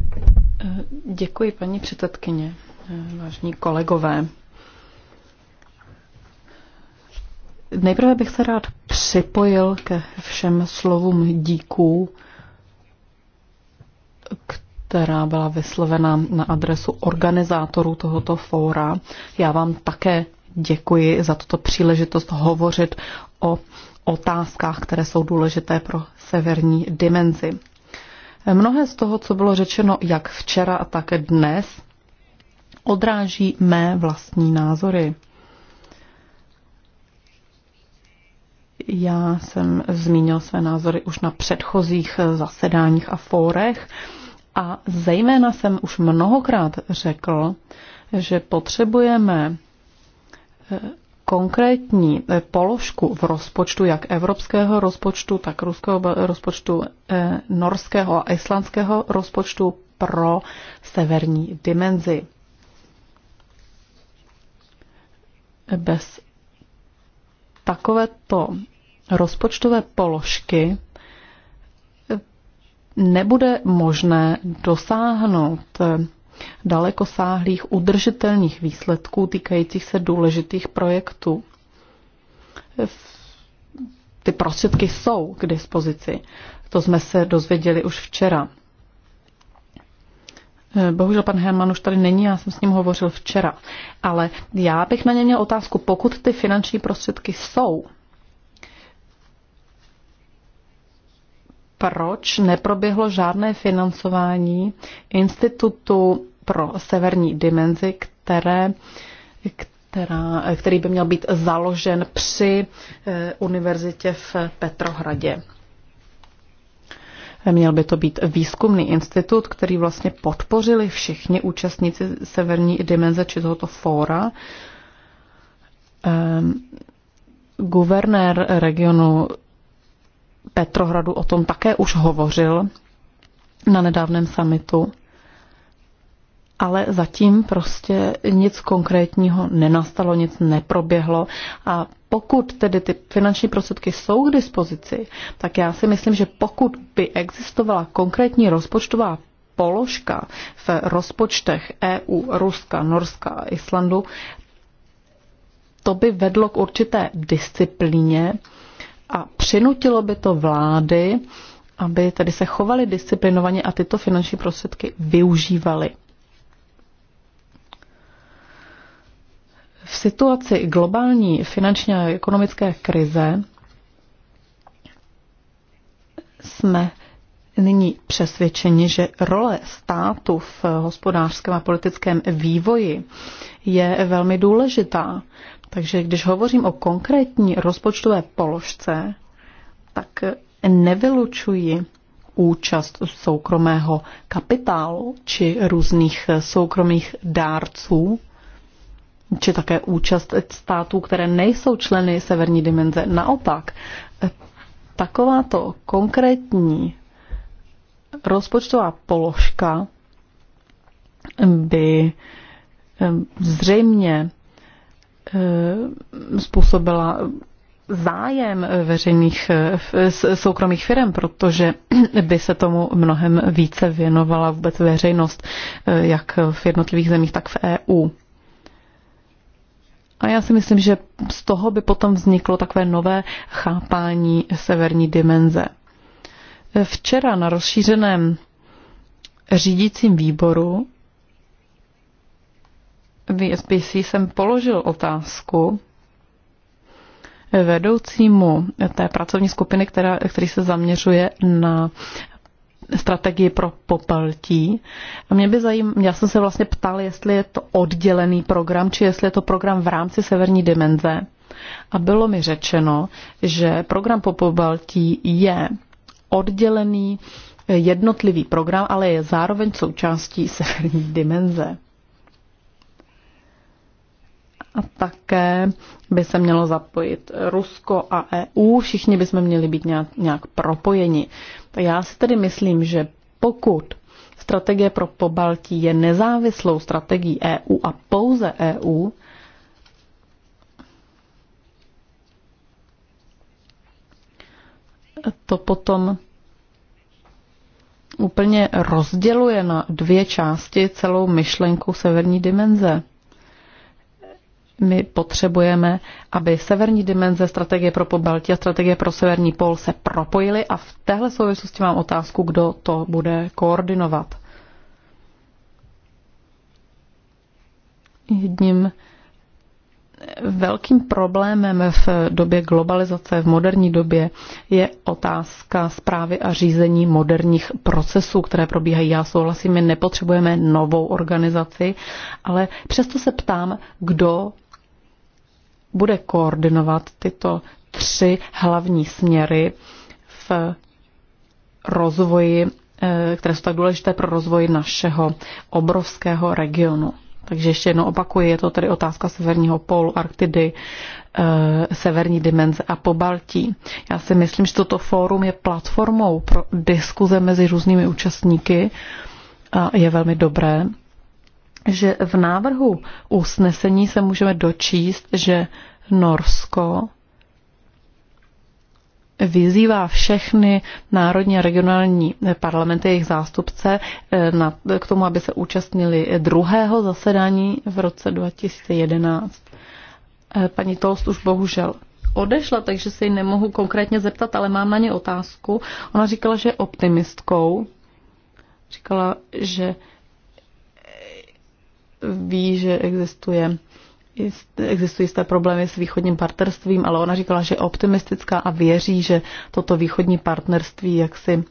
Děkuji, paní předsedkyně, vážní kolegové. Nejprve bych se rád připojil ke všem slovům díků, k která byla vyslovena na adresu organizátorů tohoto fóra. Já vám také děkuji za tuto příležitost hovořit o otázkách, které jsou důležité pro severní dimenzi. Mnohé z toho, co bylo řečeno jak včera, tak dnes, odráží mé vlastní názory. Já jsem zmínil své názory už na předchozích zasedáních a fórech a zejména jsem už mnohokrát řekl, že potřebujeme eh, konkrétní eh, položku v rozpočtu, jak evropského rozpočtu, tak ruského eh, rozpočtu, norského a islandského rozpočtu pro severní dimenzi. Bez takovéto rozpočtové položky nebude možné dosáhnout dalekosáhlých udržitelných výsledků týkajících se důležitých projektů. Ty prostředky jsou k dispozici. To jsme se dozvěděli už včera. Bohužel pan Herman už tady není, já jsem s ním hovořil včera. Ale já bych na ně měl otázku, pokud ty finanční prostředky jsou, proč neproběhlo žádné financování Institutu pro severní dimenzi, které, která, který by měl být založen při eh, univerzitě v Petrohradě. Měl by to být výzkumný institut, který vlastně podpořili všichni účastníci Severní dimenze či tohoto fóra. Ehm, guvernér regionu Petrohradu o tom také už hovořil na nedávném samitu, ale zatím prostě nic konkrétního nenastalo, nic neproběhlo a pokud tedy ty finanční prostředky jsou k dispozici, tak já si myslím, že pokud by existovala konkrétní rozpočtová položka v rozpočtech EU, Ruska, Norska a Islandu, to by vedlo k určité disciplíně a přinutilo by to vlády, aby tedy se chovali disciplinovaně a tyto finanční prostředky využívali. V situaci globální finanční a ekonomické krize jsme nyní přesvědčeni, že role státu v hospodářském a politickém vývoji je velmi důležitá takže když hovořím o konkrétní rozpočtové položce, tak nevylučuji účast soukromého kapitálu či různých soukromých dárců, či také účast států, které nejsou členy severní dimenze. Naopak, takováto konkrétní rozpočtová položka by zřejmě Eh, způsobila zájem veřejných eh, soukromých firm, protože by se tomu mnohem více věnovala vůbec veřejnost, eh, jak v jednotlivých zemích, tak v EU. A já si myslím, že z toho by potom vzniklo takové nové chápání severní dimenze. Včera na rozšířeném řídícím výboru SBC jsem položil otázku vedoucímu té pracovní skupiny, která, který se zaměřuje na strategii pro popeltí. A mě by zajím, já jsem se vlastně ptal, jestli je to oddělený program, či jestli je to program v rámci severní dimenze. A bylo mi řečeno, že program po popeltí je oddělený jednotlivý program, ale je zároveň součástí severní dimenze. A také by se mělo zapojit Rusko a EU, všichni bychom měli být nějak, nějak propojeni. Tak já si tedy myslím, že pokud strategie pro pobaltí je nezávislou strategií EU a pouze EU, to potom úplně rozděluje na dvě části celou myšlenku severní dimenze my potřebujeme, aby severní dimenze strategie pro Pobaltí a strategie pro severní pol se propojily a v téhle souvislosti mám otázku, kdo to bude koordinovat. Jedním velkým problémem v době globalizace, v moderní době, je otázka zprávy a řízení moderních procesů, které probíhají. Já souhlasím, my nepotřebujeme novou organizaci, ale přesto se ptám, kdo bude koordinovat tyto tři hlavní směry v rozvoji, eh, které jsou tak důležité pro rozvoj našeho obrovského regionu. Takže ještě jednou opakuji, je to tedy otázka severního polu, Arktidy, eh, severní dimenze a po Baltí. Já si myslím, že toto fórum je platformou pro diskuze mezi různými účastníky a je velmi dobré, že v návrhu usnesení se můžeme dočíst, že Norsko vyzývá všechny národní a regionální parlamenty, jejich zástupce, eh, na, k tomu, aby se účastnili druhého zasedání v roce 2011. Eh, paní Tolst už bohužel odešla, takže se ji nemohu konkrétně zeptat, ale mám na ně otázku. Ona říkala, že je optimistkou. Říkala, že ví, že existuje existují jisté problémy s východním partnerstvím, ale ona říkala, že je optimistická a věří, že toto východní partnerství jaksi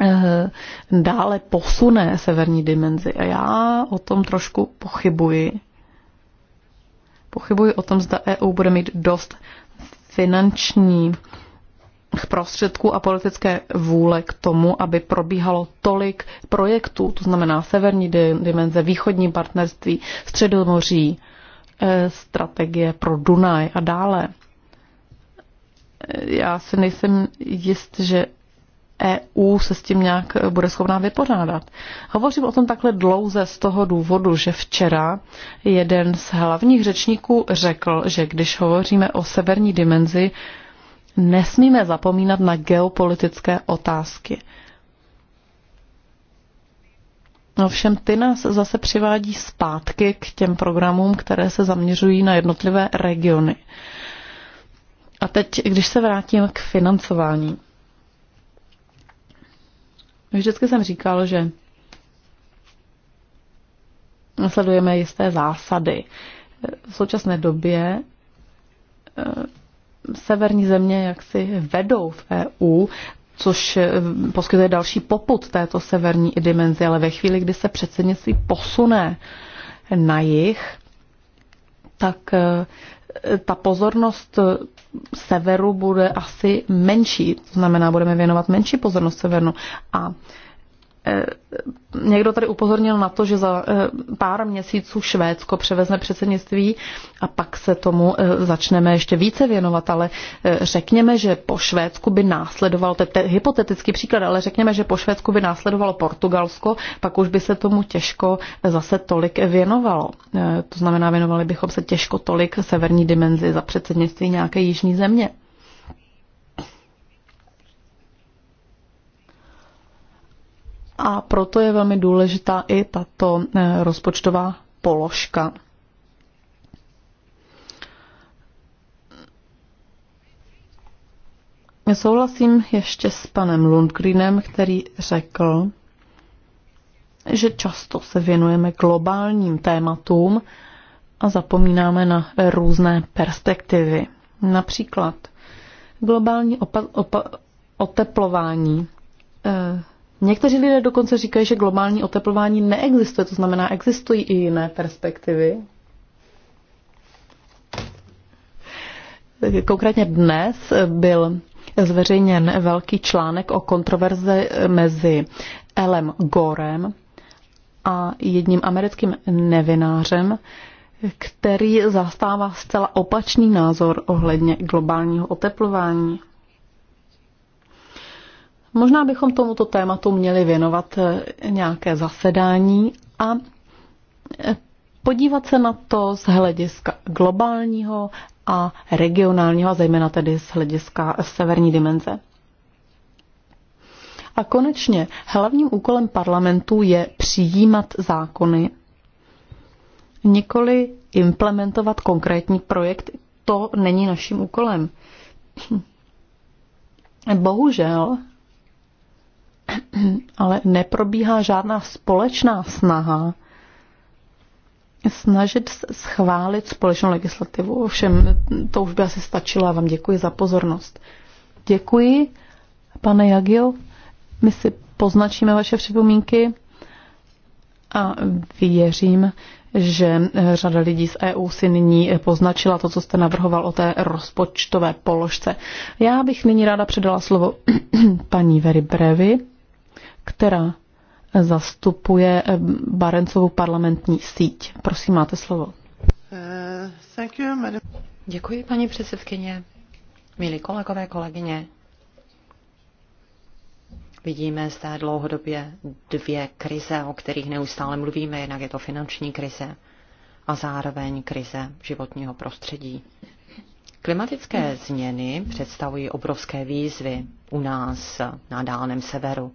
eh, dále posune severní dimenzi. A já o tom trošku pochybuji. Pochybuji o tom, zda EU bude mít dost finanční prostředků a politické vůle k tomu, aby probíhalo tolik projektů, to znamená severní dimenze, východní partnerství, středomoří, eh, strategie pro Dunaj a dále. Eh, já si nejsem jist, že EU se s tím nějak eh, bude schopná vypořádat. Hovořím o tom takhle dlouze z toho důvodu, že včera jeden z hlavních řečníků řekl, že když hovoříme o severní dimenzi, nesmíme zapomínat na geopolitické otázky. Ovšem ty nás zase přivádí zpátky k těm programům, které se zaměřují na jednotlivé regiony. A teď, když se vrátím k financování. Vždycky jsem říkal, že sledujeme jisté zásady. V současné době eh, severní země jaksi vedou v EU, což eh, poskytuje další poput této severní dimenzi, ale ve chvíli, kdy se předsednictví posune na jich, tak eh, ta pozornost severu bude asi menší, to znamená, budeme věnovat menší pozornost severnu. A Eh, někdo tady upozornil na to, že za eh, pár měsíců Švédsko převezme předsednictví a pak se tomu eh, začneme ještě více věnovat, ale řekněme, že po Švédsku by následoval, to je hypotetický příklad, ale řekněme, že po Švédsku by následovalo Portugalsko, pak už by se tomu těžko zase tolik věnovalo. To znamená, věnovali bychom se těžko tolik severní dimenzi za předsednictví nějaké jižní země. a proto je velmi důležitá i tato eh, rozpočtová položka. Souhlasím ještě s panem Lundgrenem, který řekl, že často se věnujeme globálním tématům a zapomínáme na různé perspektivy. Například globální opa- opa- oteplování, eh, Někteří lidé dokonce říkají, že globální oteplování neexistuje, to znamená, existují i jiné perspektivy. Konkrétně dnes byl zveřejněn velký článek o kontroverze mezi Elem Gorem a jedním americkým nevinářem, který zastává zcela opačný názor ohledně globálního oteplování. Možná bychom tomuto tématu měli věnovat eh, nějaké zasedání a eh, podívat se na to z hlediska globálního a regionálního, a zejména tedy z hlediska severní dimenze. A konečně hlavním úkolem parlamentu je přijímat zákony, nikoli implementovat konkrétní projekt. To není naším úkolem. Hm. Bohužel ale neprobíhá žádná společná snaha snažit schválit společnou legislativu. Ovšem, to už by asi stačilo a vám děkuji za pozornost. Děkuji, pane Jagil. My si poznačíme vaše připomínky a věřím, že řada lidí z EU si nyní poznačila to, co jste navrhoval o té rozpočtové položce. Já bych nyní ráda předala slovo paní Veri Brevi která zastupuje eh, Barencovou parlamentní síť. Prosím, máte slovo. Děkuji, paní předsedkyně. Milí kolegové, kolegyně, vidíme zde dlouhodobě dvě krize, o kterých neustále mluvíme. Jednak je to finanční krize a zároveň krize životního prostředí. Klimatické změny představují obrovské výzvy u nás na dálném severu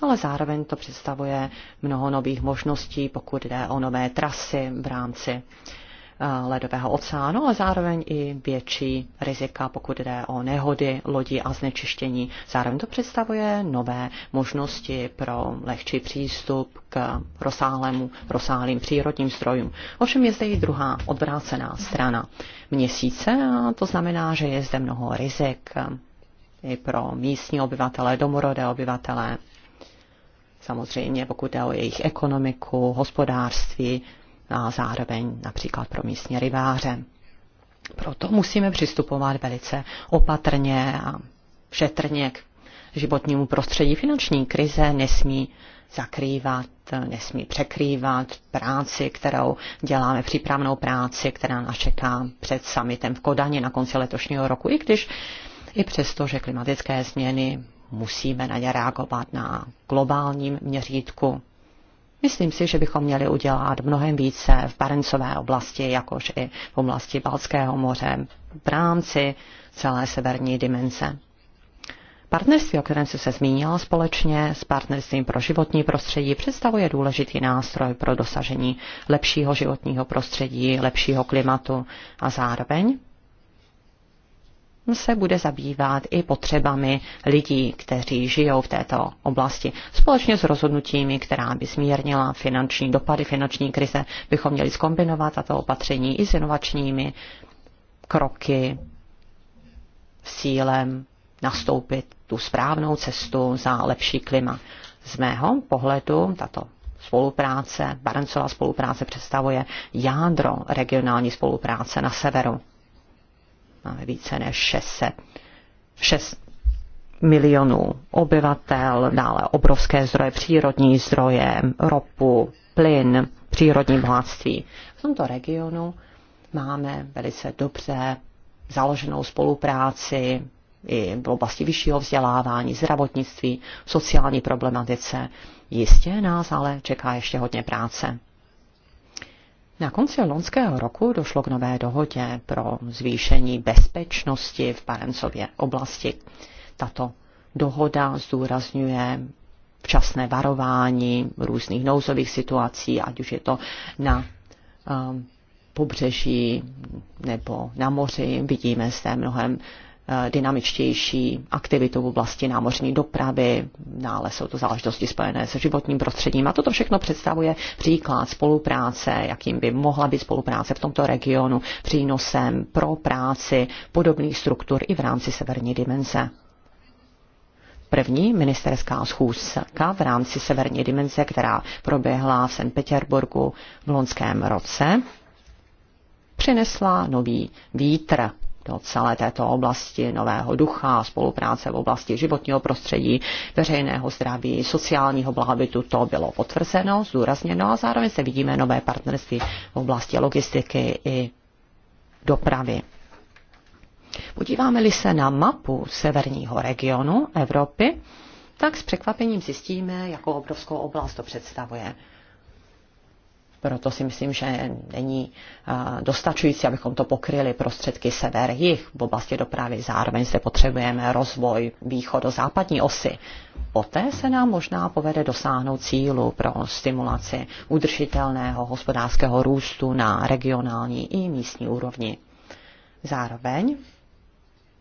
ale zároveň to představuje mnoho nových možností, pokud jde o nové trasy v rámci eh, ledového oceánu, ale zároveň i větší rizika, pokud jde o nehody lodí a znečištění. Zároveň to představuje nové možnosti pro lehčí přístup k rozsáhlému, rozsáhlým přírodním strojům. Ovšem je zde i druhá odvrácená strana měsíce a to znamená, že je zde mnoho rizik eh, i pro místní obyvatele, domorodé obyvatele, samozřejmě pokud jde o jejich ekonomiku, hospodářství a zároveň například pro místní rybáře. Proto musíme přistupovat velice opatrně a šetrně k životnímu prostředí. Finanční krize nesmí zakrývat, nesmí překrývat práci, kterou děláme, přípravnou práci, která nás čeká před summitem v Kodani na konci letošního roku, i když i přesto, že klimatické změny musíme na ně reagovat na globálním měřítku. Myslím si, že bychom měli udělat mnohem více v Barencové oblasti, jakož i v oblasti Balckého moře v rámci celé severní dimenze. Partnerství, o kterém jsem se zmínila společně s partnerstvím pro životní prostředí, představuje důležitý nástroj pro dosažení lepšího životního prostředí, lepšího klimatu a zároveň se bude zabývat i potřebami lidí, kteří žijou v této oblasti. Společně s rozhodnutími, která by smírnila finanční dopady finanční krize, bychom měli zkombinovat tato opatření i s inovačními kroky s cílem nastoupit tu správnou cestu za lepší klima. Z mého pohledu tato spolupráce, Barencová spolupráce představuje jádro regionální spolupráce na severu Máme více než 600, 6 milionů obyvatel, dále obrovské zdroje, přírodní zdroje, ropu, plyn, přírodní bohatství. V tomto regionu máme velice dobře založenou spolupráci i v oblasti vyššího vzdělávání, zdravotnictví, sociální problematice. Jistě nás ale čeká ještě hodně práce. Na konci loňského roku došlo k nové dohodě pro zvýšení bezpečnosti v Barencově oblasti. Tato dohoda zdůrazňuje včasné varování různých nouzových situací, ať už je to na um, pobřeží nebo na moři. Vidíme zde mnohem Eh, dynamičtější aktivitu v oblasti námořní dopravy, dále jsou to záležitosti spojené se životním prostředím a toto všechno představuje příklad spolupráce, jakým by mohla být spolupráce v tomto regionu přínosem pro práci podobných struktur i v rámci severní dimenze. První ministerská schůzka v rámci severní dimenze, která proběhla v St. Petersburgu v loňském roce, přinesla nový vítr do celé této oblasti nového ducha, spolupráce v oblasti životního prostředí, veřejného zdraví, sociálního blahobytu. To bylo potvrzeno, zdůrazněno a zároveň se vidíme nové partnerství v oblasti logistiky i dopravy. Podíváme-li se na mapu severního regionu Evropy, tak s překvapením zjistíme, jakou obrovskou oblast to představuje. Proto si myslím, že není dostačující, abychom to pokryli prostředky sever-jih v oblasti dopravy. Zároveň se potřebujeme rozvoj východo-západní osy. Poté se nám možná povede dosáhnout cílu pro stimulaci udržitelného hospodářského růstu na regionální i místní úrovni. Zároveň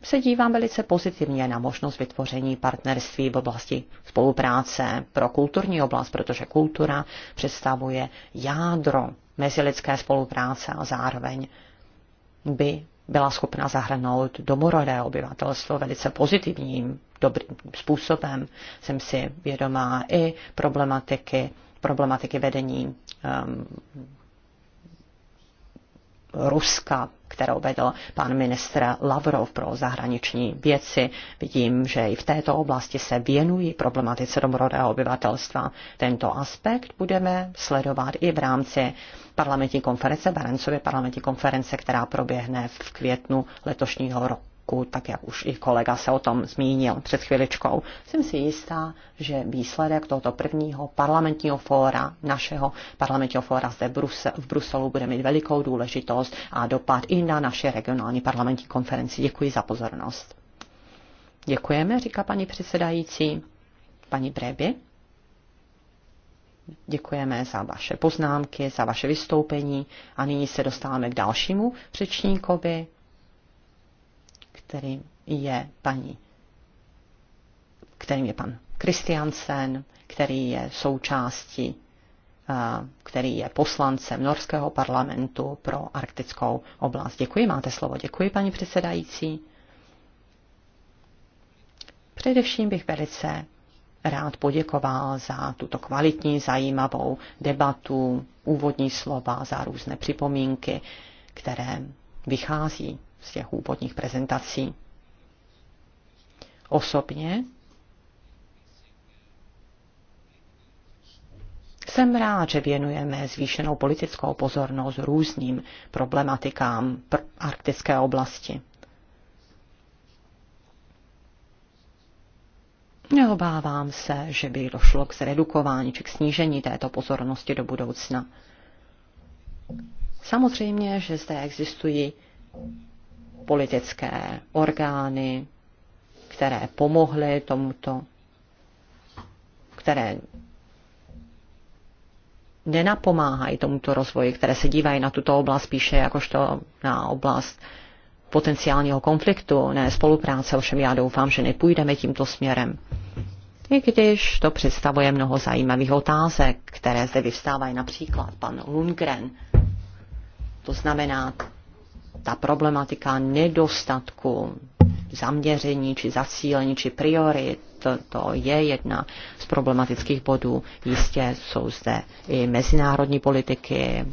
se dívám velice pozitivně na možnost vytvoření partnerství v oblasti spolupráce pro kulturní oblast, protože kultura představuje jádro mezilidské spolupráce a zároveň by byla schopna zahrnout domorodé obyvatelstvo velice pozitivním, dobrým způsobem. Jsem si vědomá i problematiky, problematiky vedení um, Ruska kterou vedl pan ministr Lavrov pro zahraniční věci. Vidím, že i v této oblasti se věnují problematice domorodého obyvatelstva. Tento aspekt budeme sledovat i v rámci parlamentní konference, Barencově parlamentní konference, která proběhne v květnu letošního roku výsledků, tak jak už i kolega se o tom zmínil před chviličkou. Jsem si jistá, že výsledek tohoto prvního parlamentního fóra, našeho parlamentního fóra zde v, v Bruselu, bude mít velikou důležitost a dopad i na naše regionální parlamentní konferenci. Děkuji za pozornost. Děkujeme, říká paní předsedající. Paní Breby. Děkujeme za vaše poznámky, za vaše vystoupení a nyní se dostáváme k dalšímu řečníkovi, kterým je paní, kterým je pan Kristiansen, který je součástí, eh, který je poslancem norského parlamentu pro arktickou oblast. Děkuji, máte slovo. Děkuji, paní předsedající. Především bych velice rád poděkoval za tuto kvalitní, zajímavou debatu, úvodní slova, za různé připomínky, které vychází z těch úvodních prezentací. Osobně Jsem rád, že věnujeme zvýšenou politickou pozornost různým problematikám pr- arktické oblasti. Neobávám se, že by došlo k zredukování či k snížení této pozornosti do budoucna. Samozřejmě, že zde existují politické orgány, které pomohly tomuto, které nenapomáhají tomuto rozvoji, které se dívají na tuto oblast spíše jakožto na oblast potenciálního konfliktu, ne spolupráce, ovšem já doufám, že nepůjdeme tímto směrem. I když to představuje mnoho zajímavých otázek, které zde vyvstávají například pan Lundgren, to znamená ta problematika nedostatku zaměření či zacílení či priorit, to, to je jedna z problematických bodů. Jistě jsou zde i mezinárodní politiky,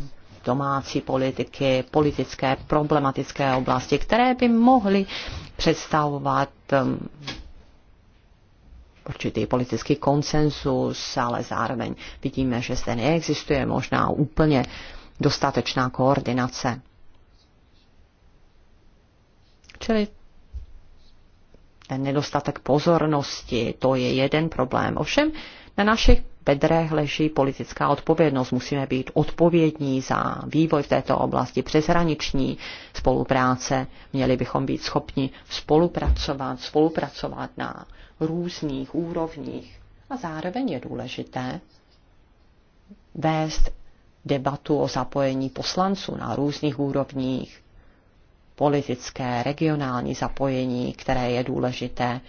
domácí politiky, politické problematické oblasti, které by mohly představovat um, určitý politický konsensus, ale zároveň vidíme, že zde neexistuje možná úplně dostatečná koordinace. Čili ten nedostatek pozornosti, to je jeden problém. Ovšem na našich bedrech leží politická odpovědnost. Musíme být odpovědní za vývoj v této oblasti přeshraniční spolupráce. Měli bychom být schopni spolupracovat, spolupracovat na různých úrovních. A zároveň je důležité vést debatu o zapojení poslanců na různých úrovních politické, regionální zapojení, které je důležité.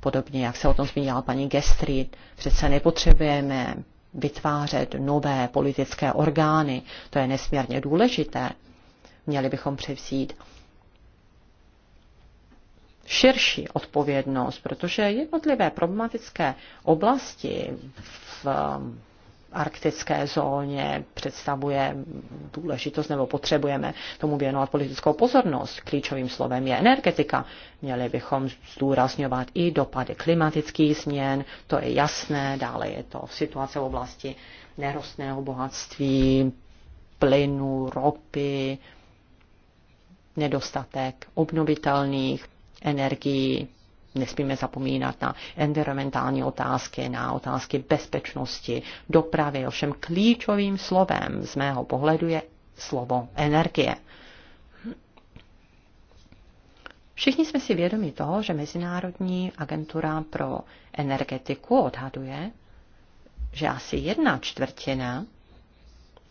Podobně, jak se o tom zmínila paní Gestrid, přece nepotřebujeme vytvářet nové politické orgány. To je nesmírně důležité. Měli bychom převzít širší odpovědnost, protože jednotlivé problematické oblasti v arktické zóně představuje důležitost nebo potřebujeme tomu věnovat politickou pozornost. Klíčovým slovem je energetika. Měli bychom zdůrazňovat i dopady klimatických změn, to je jasné, dále je to situace v oblasti nerostného bohatství, plynu, ropy, nedostatek obnovitelných energií, nesmíme zapomínat na environmentální otázky, na otázky bezpečnosti, dopravy. Ovšem klíčovým slovem z mého pohledu je slovo energie. Všichni jsme si vědomi toho, že Mezinárodní agentura pro energetiku odhaduje, že asi jedna čtvrtina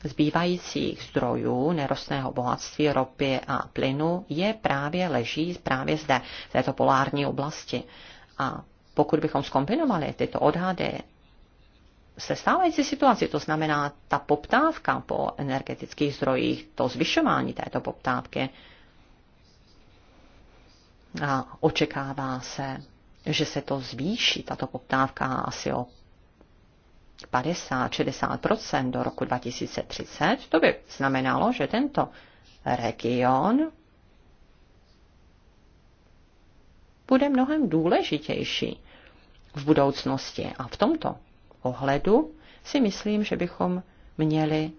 zbývajících zdrojů nerostného bohatství ropy a plynu je právě leží právě zde, v této polární oblasti. A pokud bychom zkombinovali tyto odhady se stávající situaci, to znamená ta poptávka po energetických zdrojích, to zvyšování této poptávky, a očekává se, že se to zvýší, tato poptávka asi o 50-60 do roku 2030, to by znamenalo, že tento region bude mnohem důležitější v budoucnosti. A v tomto ohledu si myslím, že bychom měli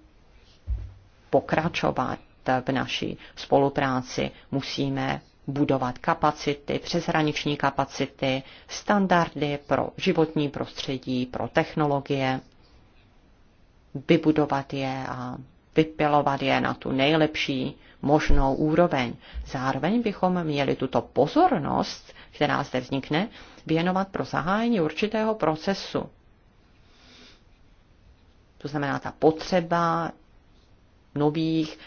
pokračovat v naší spolupráci. Musíme budovat kapacity, přeshraniční kapacity, standardy pro životní prostředí, pro technologie, vybudovat je a vypilovat je na tu nejlepší možnou úroveň. Zároveň bychom měli tuto pozornost, která zde vznikne, věnovat pro zahájení určitého procesu. To znamená ta potřeba nových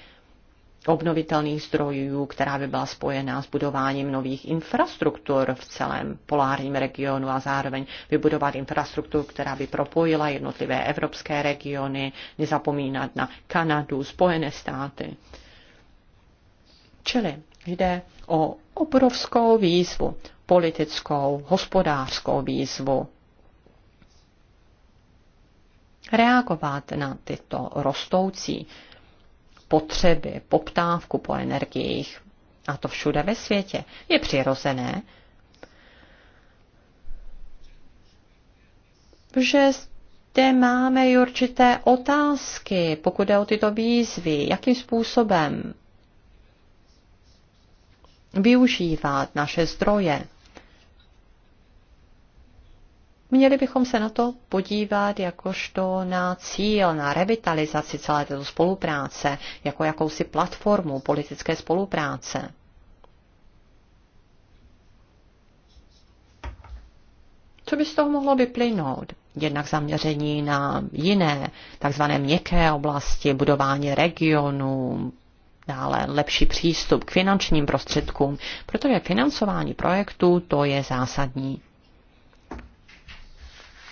obnovitelných zdrojů, která by byla spojená s budováním nových infrastruktur v celém polárním regionu a zároveň vybudovat infrastrukturu, která by propojila jednotlivé evropské regiony, nezapomínat na Kanadu, Spojené státy. Čili jde o obrovskou výzvu, politickou, hospodářskou výzvu, reagovat na tyto rostoucí potřeby, poptávku po energiích, a to všude ve světě, je přirozené, že zde máme i určité otázky, pokud jde o tyto výzvy, jakým způsobem využívat naše zdroje, Měli bychom se na to podívat jakožto na cíl, na revitalizaci celé této spolupráce, jako jakousi platformu politické spolupráce. Co by z toho mohlo vyplynout? Jednak zaměření na jiné, takzvané měkké oblasti, budování regionů, dále lepší přístup k finančním prostředkům, protože financování projektů to je zásadní.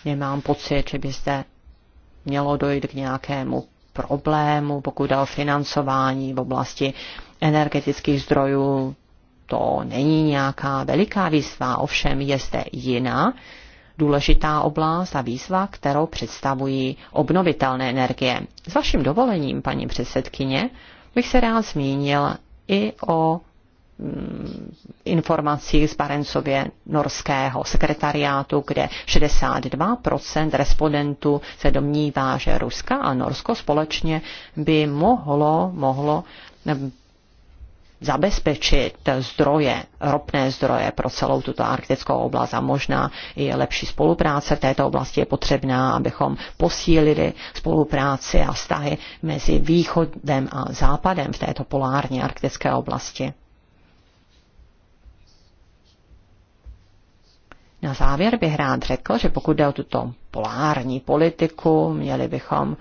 Nemám vlastně pocit, že by zde mělo dojít k nějakému problému, pokud jde o financování v oblasti energetických zdrojů. To není nějaká veliká výzva, ovšem je zde jiná důležitá oblast a výzva, kterou představují obnovitelné energie. S vaším dovolením, paní předsedkyně, bych se rád zmínil i o Mm, informací z Barencově norského sekretariátu, kde 62% respondentů se domnívá, že Ruska a Norsko společně by mohlo, mohlo mm, zabezpečit zdroje, ropné zdroje pro celou tuto arktickou oblast a možná i lepší spolupráce v této oblasti je potřebná, abychom posílili spolupráci a vztahy mezi východem a západem v této polární arktické oblasti. Na závěr bych rád řekl, že pokud jde o tuto polární politiku, měli bychom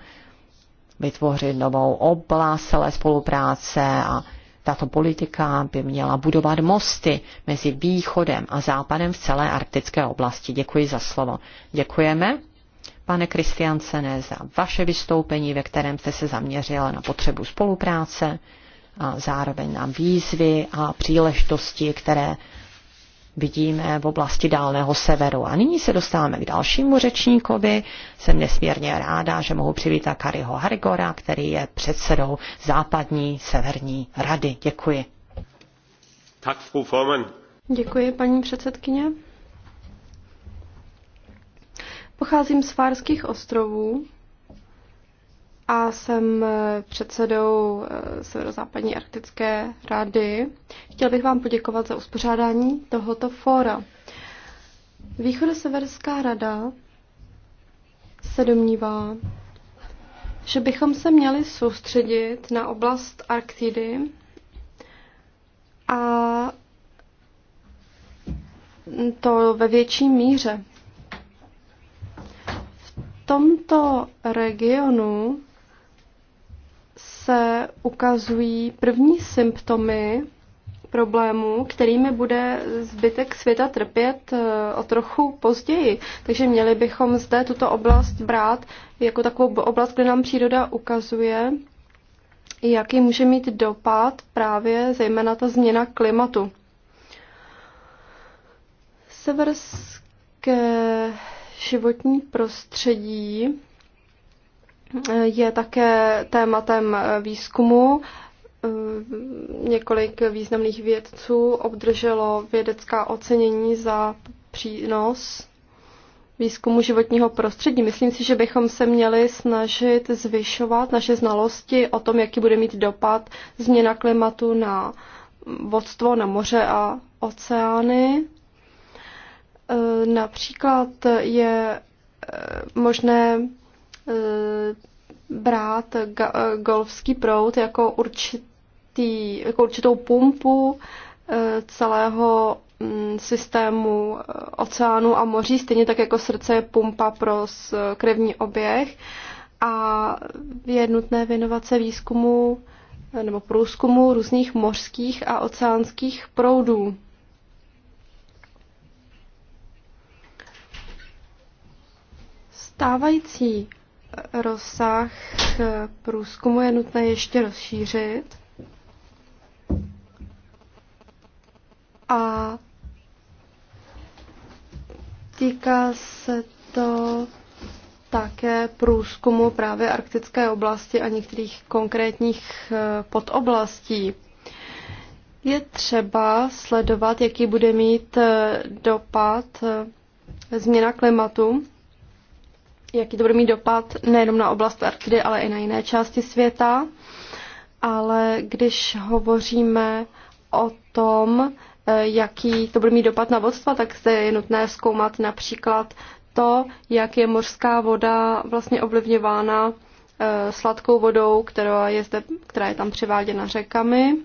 vytvořit novou oblast celé spolupráce a tato politika by měla budovat mosty mezi východem a západem v celé arktické oblasti. Děkuji za slovo. Děkujeme, pane Kristiansene, za vaše vystoupení, ve kterém jste se zaměřila na potřebu spolupráce a zároveň na výzvy a příležitosti, které vidíme v oblasti dálného severu. A nyní se dostáváme k dalšímu řečníkovi. Jsem nesmírně ráda, že mohu přivítat Kariho Harigora, který je předsedou Západní severní rady. Děkuji. Tak, Děkuji, paní předsedkyně. Pocházím z Fárských ostrovů, a jsem eh, předsedou eh, Severozápadní arktické rady. Chtěl bych vám poděkovat za uspořádání tohoto fóra. Východoseverská rada se domnívá, že bychom se měli soustředit na oblast Arktidy a to ve větší míře. V tomto regionu se ukazují první symptomy problémů, kterými bude zbytek světa trpět eh, o trochu později. Takže měli bychom zde tuto oblast brát jako takovou oblast, kde nám příroda ukazuje, jaký může mít dopad právě zejména ta změna klimatu. Severské životní prostředí je také tématem výzkumu. Několik významných vědců obdrželo vědecká ocenění za přínos výzkumu životního prostředí. Myslím si, že bychom se měli snažit zvyšovat naše znalosti o tom, jaký bude mít dopad změna klimatu na vodstvo, na moře a oceány. Například je eh, možné Eh, brát eh, golfský prout jako, určitý, jako určitou pumpu eh, celého mm, systému oceánu a moří, stejně tak jako srdce je pumpa pro krevní oběh. A je nutné věnovat se výzkumu nebo průzkumu různých mořských a oceánských proudů. Stávající rozsah eh, průzkumu je nutné ještě rozšířit. A týká se to také průzkumu právě arktické oblasti a některých konkrétních eh, podoblastí. Je třeba sledovat, jaký bude mít eh, dopad změna klimatu jaký to bude mít dopad nejenom na oblast Arktidy, ale i na jiné části světa. Ale když hovoříme o tom, eh, jaký to bude mít dopad na vodstva, tak se je nutné zkoumat například to, jak je mořská voda vlastně ovlivňována eh, sladkou vodou, která je, zde, která je tam převáděna řekami.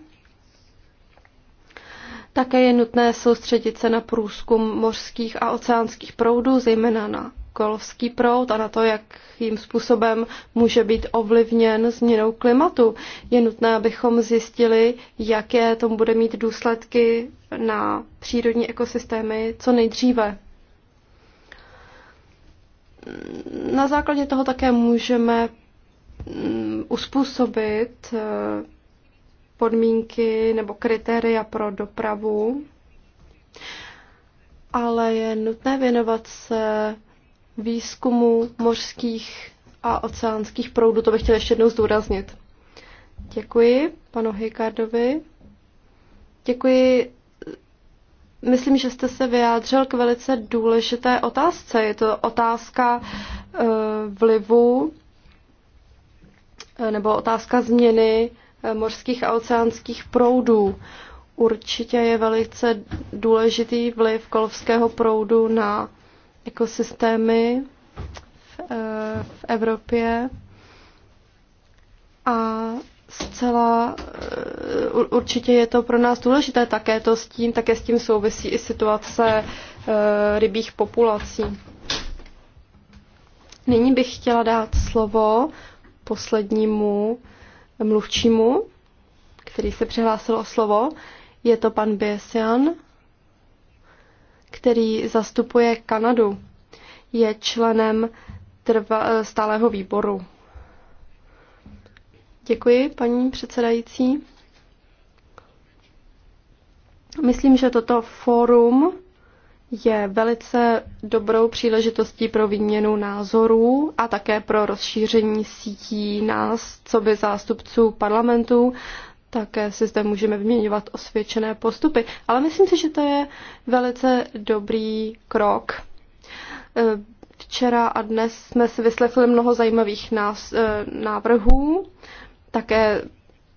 Také je nutné soustředit se na průzkum mořských a oceánských proudů, zejména na golfský proud a na to, jakým způsobem může být ovlivněn změnou klimatu. Je nutné, abychom zjistili, jaké tomu bude mít důsledky na přírodní ekosystémy co nejdříve. Na základě toho také můžeme mm, uspůsobit eh, podmínky nebo kritéria pro dopravu ale je nutné věnovat se výzkumu mořských a oceánských proudů. To bych chtěla ještě jednou zdůraznit. Děkuji panu Hikardovi. Děkuji. Myslím, že jste se vyjádřil k velice důležité otázce. Je to otázka eh, vlivu eh, nebo otázka změny eh, mořských a oceánských proudů. Určitě je velice důležitý vliv kolovského proudu na ekosystémy v, eh, v Evropě a zcela eh, určitě je to pro nás důležité, také to s tím, také s tím souvisí i situace eh, rybích populací. Nyní bych chtěla dát slovo poslednímu mluvčímu, který se přihlásil o slovo. Je to pan Biesian který zastupuje Kanadu. Je členem trva, stálého výboru. Děkuji, paní předsedající. Myslím, že toto fórum je velice dobrou příležitostí pro výměnu názorů a také pro rozšíření sítí nás, co by zástupců parlamentu. Také si zde můžeme vyměňovat osvědčené postupy. Ale myslím si, že to je velice dobrý krok. Eh, včera a dnes jsme si vyslechli mnoho zajímavých nás, eh, návrhů. Také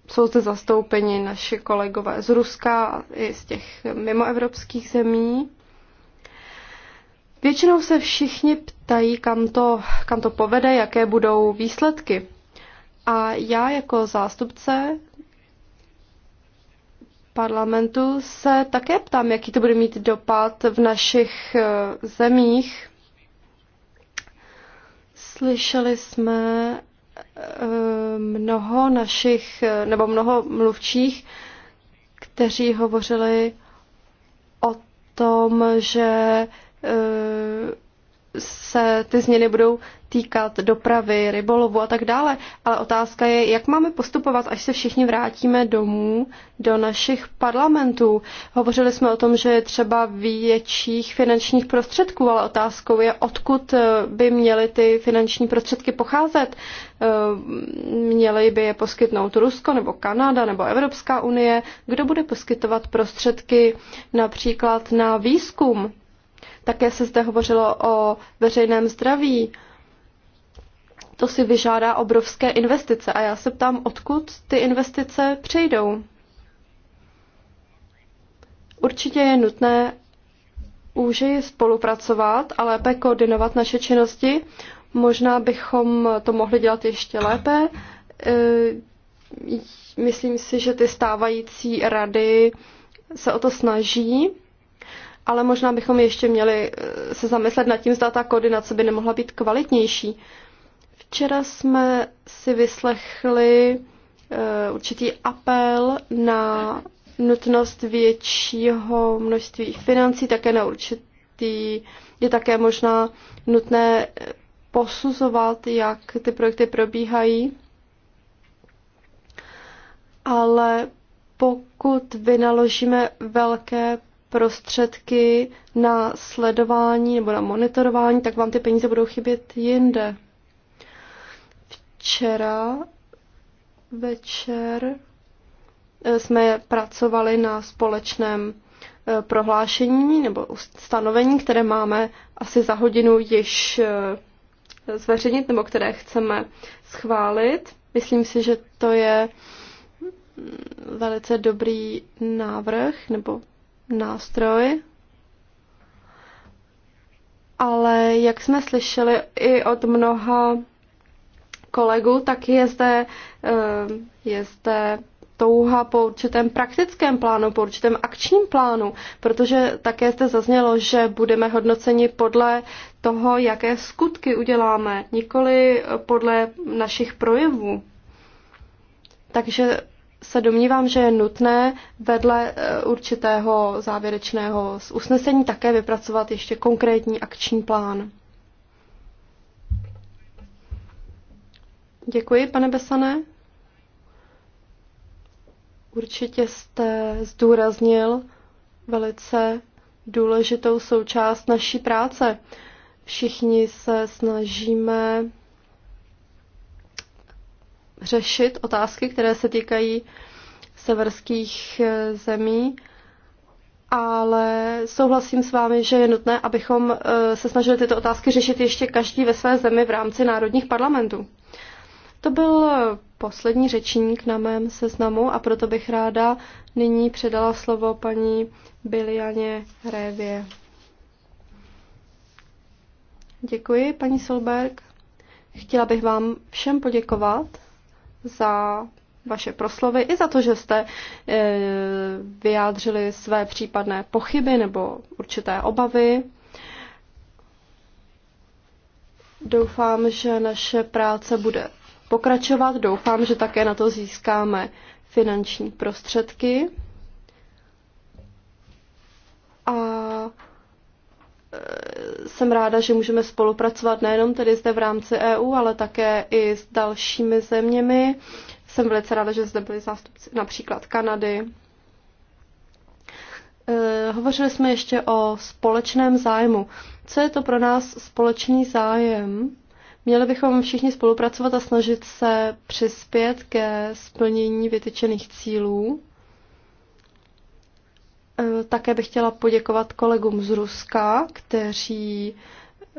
jsou zde zastoupeni naši kolegové z Ruska i z těch mimoevropských zemí. Většinou se všichni ptají, kam to, kam to povede, jaké budou výsledky. A já jako zástupce parlamentu se také ptám, jaký to bude mít dopad v našich eh, zemích. Slyšeli jsme eh, mnoho našich, eh, nebo mnoho mluvčích, kteří hovořili o tom, že se ty změny budou týkat dopravy, rybolovu a tak dále. Ale otázka je, jak máme postupovat, až se všichni vrátíme domů do našich parlamentů. Hovořili jsme o tom, že je třeba větších finančních prostředků, ale otázkou je, odkud eh, by měly ty finanční prostředky pocházet. Eh, měly by je poskytnout Rusko nebo Kanada nebo Evropská unie. Kdo bude poskytovat prostředky například na výzkum? Také se zde hovořilo o veřejném zdraví. To si vyžádá obrovské investice a já se ptám, odkud ty investice přejdou. Určitě je nutné úžeji spolupracovat a lépe koordinovat naše činnosti. Možná bychom to mohli dělat ještě lépe. E, myslím si, že ty stávající rady se o to snaží ale možná bychom ještě měli eh, se zamyslet nad tím, zda ta koordinace by nemohla být kvalitnější. Včera jsme si vyslechli eh, určitý apel na nutnost většího množství financí, také na určitý, je také možná nutné eh, posuzovat, jak ty projekty probíhají. Ale pokud vynaložíme velké prostředky na sledování nebo na monitorování, tak vám ty peníze budou chybět jinde. Včera večer eh, jsme pracovali na společném eh, prohlášení nebo stanovení, které máme asi za hodinu již eh, zveřejnit nebo které chceme schválit. Myslím si, že to je mm, velice dobrý návrh nebo nástroj, ale jak jsme slyšeli i od mnoha kolegů, tak je zde, eh, je zde touha po určitém praktickém plánu, po určitém akčním plánu, protože také zde zaznělo, že budeme hodnoceni podle toho, jaké skutky uděláme, nikoli podle našich projevů. Takže se domnívám, že je nutné vedle eh, určitého závěrečného usnesení také vypracovat ještě konkrétní akční plán. Děkuji, pane Besané. Určitě jste zdůraznil velice důležitou součást naší práce. Všichni se snažíme řešit otázky, které se týkají severských eh, zemí, ale souhlasím s vámi, že je nutné, abychom eh, se snažili tyto otázky řešit ještě každý ve své zemi v rámci národních parlamentů. To byl poslední řečník na mém seznamu a proto bych ráda nyní předala slovo paní Bilianě Révě. Děkuji, paní Solberg. Chtěla bych vám všem poděkovat za vaše proslovy i za to, že jste e, vyjádřili své případné pochyby nebo určité obavy. Doufám, že naše práce bude pokračovat. Doufám, že také na to získáme finanční prostředky. A jsem ráda, že můžeme spolupracovat nejenom tedy zde v rámci EU, ale také i s dalšími zeměmi. Jsem velice ráda, že zde byli zástupci například Kanady. E, hovořili jsme ještě o společném zájmu. Co je to pro nás společný zájem? Měli bychom všichni spolupracovat a snažit se přispět ke splnění vytyčených cílů Eh, také bych chtěla poděkovat kolegům z Ruska, kteří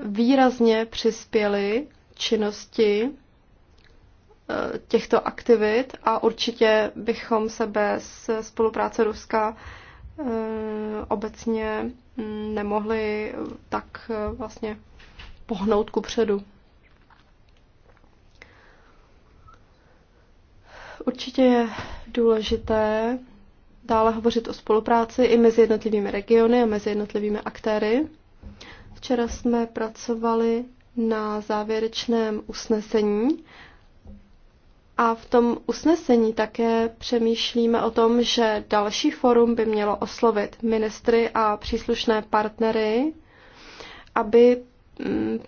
výrazně přispěli činnosti eh, těchto aktivit a určitě bychom se bez spolupráce Ruska eh, obecně mm, nemohli tak vlastně pohnout ku předu. Určitě je důležité dále hovořit o spolupráci i mezi jednotlivými regiony a mezi jednotlivými aktéry. Včera jsme pracovali na závěrečném usnesení a v tom usnesení také přemýšlíme o tom, že další forum by mělo oslovit ministry a příslušné partnery, aby mm,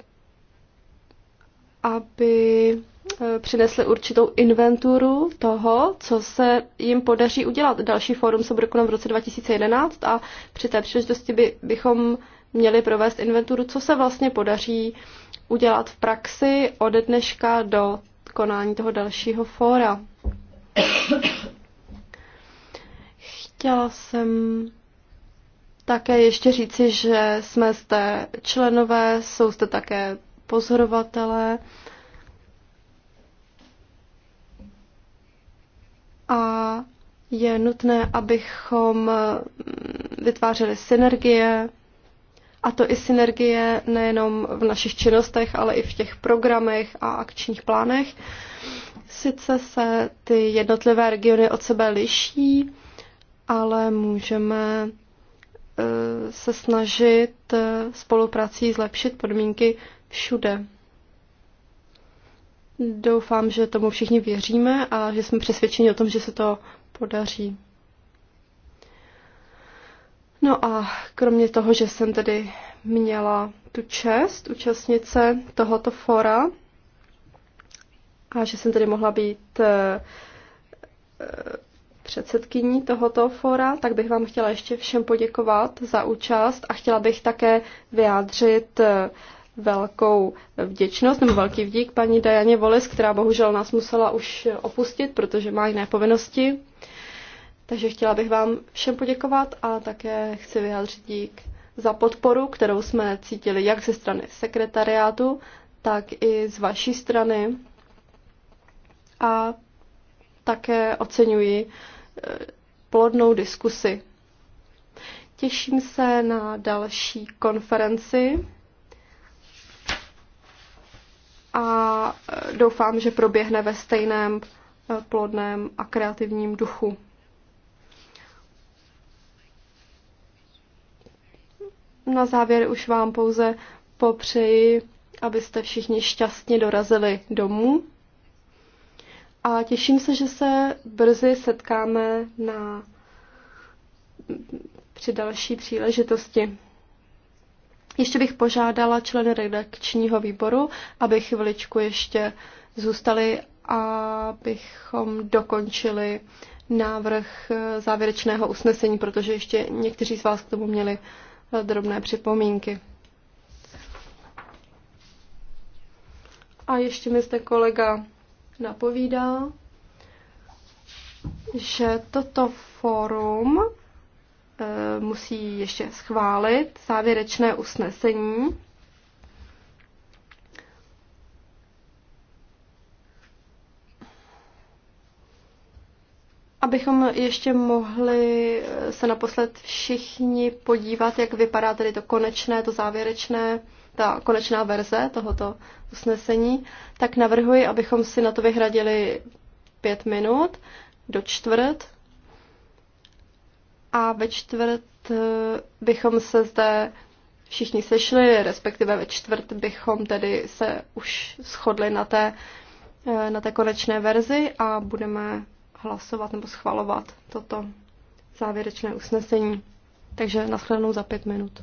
aby eh, přinesli určitou inventuru toho, co se jim podaří udělat. Další fórum se bude konat v roce 2011 a při té příležitosti by, bychom měli provést inventuru, co se vlastně podaří udělat v praxi ode dneška do konání toho dalšího fóra. Chtěla jsem také ještě říci, že jsme zde členové, jsou zde také pozorovatelé. A je nutné, abychom eh, vytvářeli synergie, a to i synergie nejenom v našich činnostech, ale i v těch programech a akčních plánech. Sice se ty jednotlivé regiony od sebe liší, ale můžeme eh, se snažit eh, spoluprací zlepšit podmínky všude. Doufám, že tomu všichni věříme a že jsme přesvědčeni o tom, že se to podaří. No a kromě toho, že jsem tedy měla tu čest účastnice tohoto fora a že jsem tedy mohla být eh, eh, předsedkyní tohoto fora, tak bych vám chtěla ještě všem poděkovat za účast a chtěla bych také vyjádřit eh, velkou vděčnost nebo velký vdík paní Dajaně Volis, která bohužel nás musela už opustit, protože má jiné povinnosti. Takže chtěla bych vám všem poděkovat a také chci vyjádřit dík za podporu, kterou jsme cítili jak ze strany sekretariátu, tak i z vaší strany. A také oceňuji eh, plodnou diskusi. Těším se na další konferenci a eh, doufám, že proběhne ve stejném eh, plodném a kreativním duchu. Na závěr už vám pouze popřeji, abyste všichni šťastně dorazili domů. A těším se, že se brzy setkáme na mm, při další příležitosti. Ještě bych požádala členy redakčního výboru, aby chviličku ještě zůstali, abychom dokončili návrh závěrečného usnesení, protože ještě někteří z vás k tomu měli eh, drobné připomínky. A ještě mi zde kolega napovídá, že toto fórum Eh, musí ještě schválit závěrečné usnesení. Abychom ještě mohli eh, se naposled všichni podívat, jak vypadá tedy to konečné, to závěrečné, ta konečná verze tohoto usnesení, tak navrhuji, abychom si na to vyhradili pět minut do čtvrt a ve čtvrt eh, bychom se zde všichni sešli, respektive ve čtvrt bychom tedy se už shodli na té, eh, na té konečné verzi a budeme hlasovat nebo schvalovat toto závěrečné usnesení. Takže nashledanou za pět minut.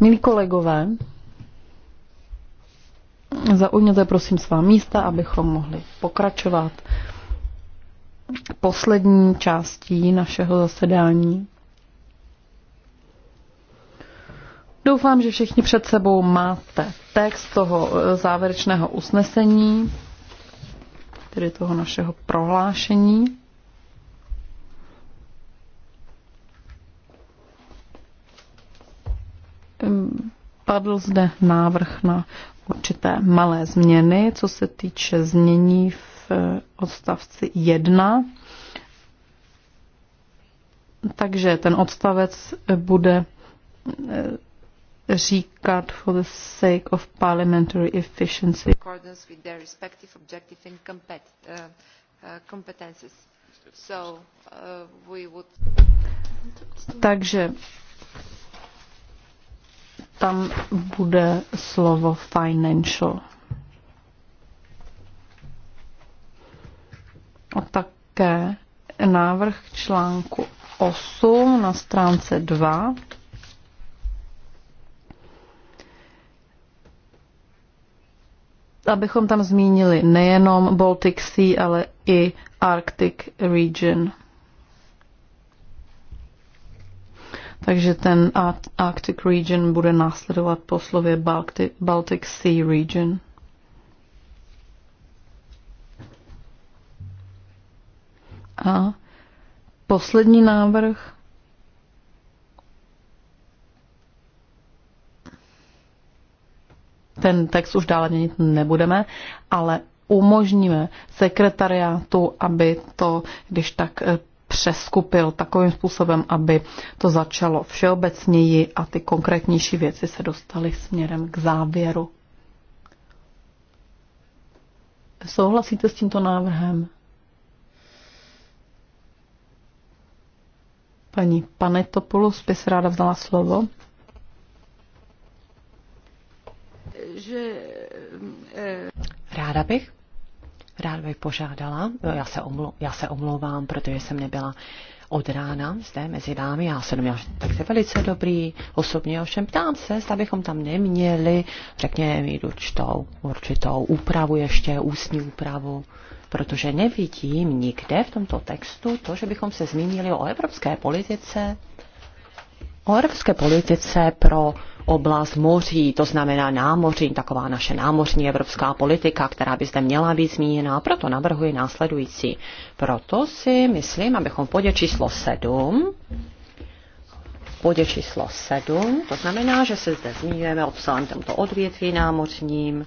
Milí kolegové, zaujměte prosím svá místa, abychom mohli pokračovat poslední částí našeho zasedání. Doufám, že všichni před sebou máte text toho eh, závěrečného usnesení, tedy toho našeho prohlášení. Padl zde návrh na určité malé změny, co se týče změní v eh, odstavci 1. Takže ten odstavec bude eh, říkat for the sake of parliamentary efficiency. accordance with their respective objective and compet uh, uh, competences. So uh, we would... Takže tam bude slovo financial. A také návrh k článku 8 na stránce 2. Abychom tam zmínili nejenom Baltic Sea, ale i Arctic Region. Takže ten Arctic Region bude následovat po slově Baltic, Baltic Sea Region. A poslední návrh. Ten text už dále měnit nebudeme, ale umožníme sekretariátu, aby to, když tak eh, přeskupil takovým způsobem, aby to začalo všeobecněji a ty konkrétnější věci se dostaly směrem k závěru. Souhlasíte s tímto návrhem? Paní Panetopoulos by se ráda vzala slovo. Že, eh, Ráda bych. Rád bych požádala, no, já, se omlu, já se omlouvám, protože jsem nebyla od rána zde mezi vámi, já jsem měla takže velice dobrý, osobně ovšem ptám se, zda bychom tam neměli, řekněme, mít určitou, určitou úpravu ještě, ústní úpravu, protože nevidím nikde v tomto textu to, že bychom se zmínili o evropské politice o evropské politice pro oblast moří, to znamená námoří, taková naše námořní evropská politika, která by zde měla být zmíněna, proto navrhuji následující. Proto si myslím, abychom v bodě číslo 7 bodě číslo 7, to znamená, že se zde zmíníme o celém tomto odvětví námořním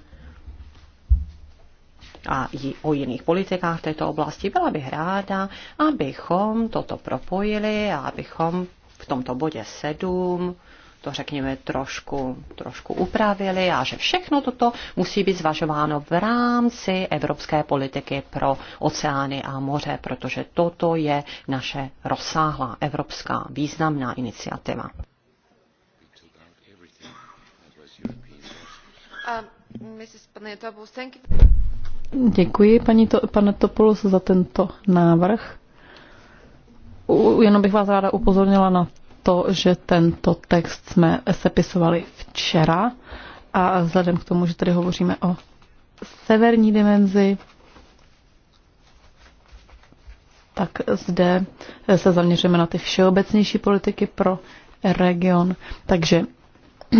a i o jiných politikách v této oblasti. Byla bych ráda, abychom toto propojili a abychom v tomto bodě 7 to řekněme trošku, trošku upravili a že všechno toto musí být zvažováno v rámci evropské politiky pro oceány a moře, protože toto je naše rozsáhlá evropská významná iniciativa. Děkuji, paní to, pane Topolos, za tento návrh jenom bych vás ráda upozornila na to, že tento text jsme sepisovali včera a vzhledem k tomu, že tady hovoříme o severní dimenzi, tak zde se zaměříme na ty všeobecnější politiky pro region. Takže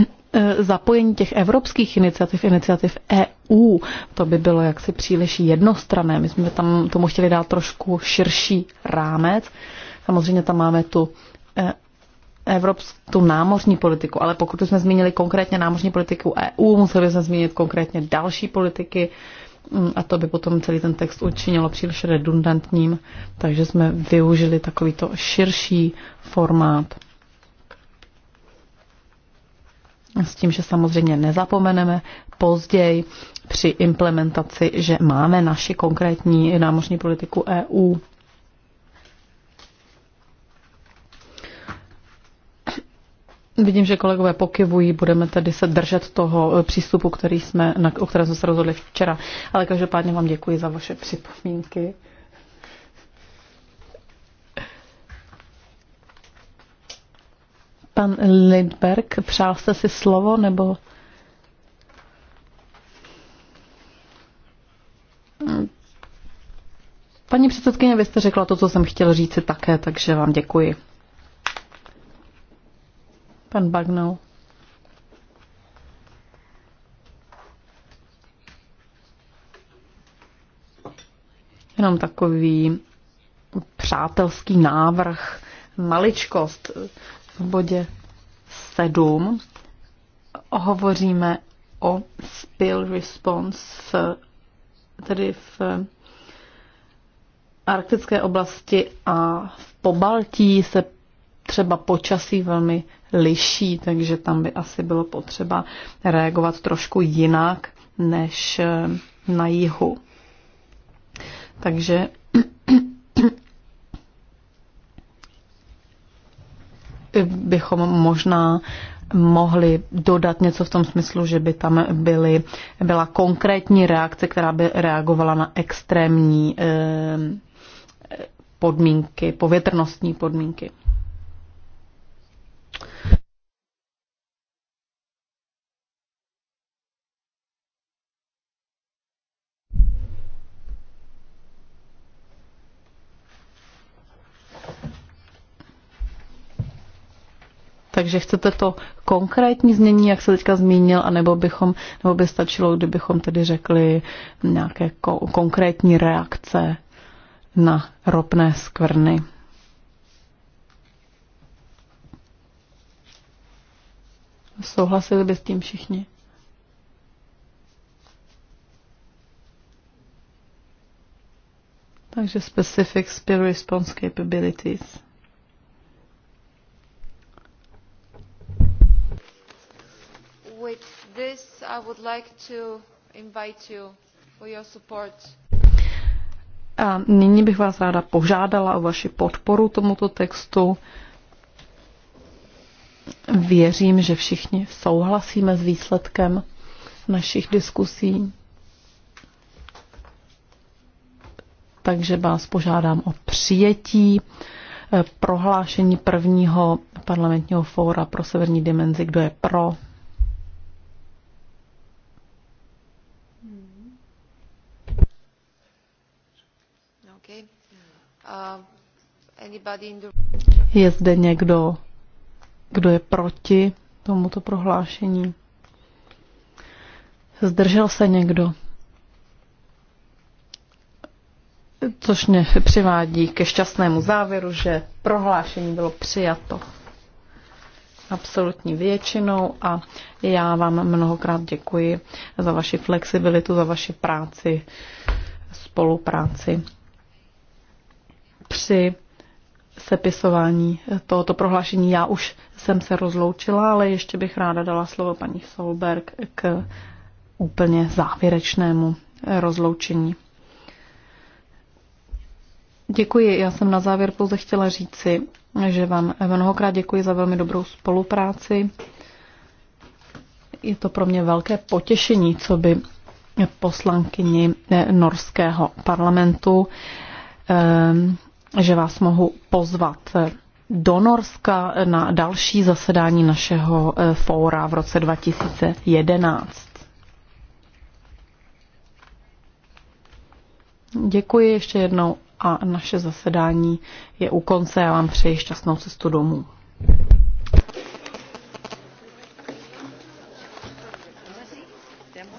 zapojení těch evropských iniciativ, iniciativ EU, to by bylo jaksi příliš jednostrané. My jsme tam tomu chtěli dát trošku širší rámec. Samozřejmě tam máme tu eh, evropskou námořní politiku, ale pokud jsme zmínili konkrétně námořní politiku EU, museli jsme zmínit konkrétně další politiky mm, a to by potom celý ten text učinilo příliš redundantním, takže jsme využili takovýto širší formát. S tím, že samozřejmě nezapomeneme později při implementaci, že máme naši konkrétní námořní politiku EU. Vidím, že kolegové pokyvují, budeme tedy se držet toho eh, přístupu, který jsme, na, o kterém jsme se rozhodli včera. Ale každopádně vám děkuji za vaše připomínky. Pan Lindberg, přál jste si slovo, nebo... Paní předsedkyně, vy jste řekla to, co jsem chtěl říct, také, takže vám děkuji. Pan Bagnal. Jenom takový přátelský návrh, maličkost v bodě 7 hovoříme o spill response, v, tedy v arktické oblasti a v Pobaltí se třeba počasí velmi liší, takže tam by asi bylo potřeba reagovat trošku jinak než eh, na jihu. Takže bychom možná mohli dodat něco v tom smyslu, že by tam byly, byla konkrétní reakce, která by reagovala na extrémní eh, podmínky, povětrnostní podmínky. Takže chcete to konkrétní změní, jak se teďka zmínil, anebo bychom, nebo by stačilo, kdybychom tedy řekli nějaké ko- konkrétní reakce na ropné skvrny. Souhlasili by s tím všichni? Takže specific spill response capabilities. With this, I would like to invite you for your support. A nyní bych vás ráda požádala o vaši podporu tomuto textu. Věřím, že všichni souhlasíme s výsledkem našich diskusí. Takže vás požádám o přijetí eh, prohlášení prvního parlamentního fóra pro severní dimenzi. Kdo je pro? Uh, je zde někdo kdo je proti tomuto prohlášení? Zdržel se někdo? Což mě přivádí ke šťastnému závěru, že prohlášení bylo přijato absolutní většinou a já vám mnohokrát děkuji za vaši flexibilitu, za vaši práci, spolupráci při sepisování tohoto prohlášení. Já už jsem se rozloučila, ale ještě bych ráda dala slovo paní Solberg k úplně závěrečnému rozloučení. Děkuji. Já jsem na závěr pouze chtěla říci, že vám mnohokrát děkuji za velmi dobrou spolupráci. Je to pro mě velké potěšení, co by poslankyni norského parlamentu. Um, že vás mohu pozvat do Norska na další zasedání našeho eh, fóra v roce 2011. Děkuji ještě jednou a naše zasedání je u konce. Já vám přeji šťastnou cestu domů.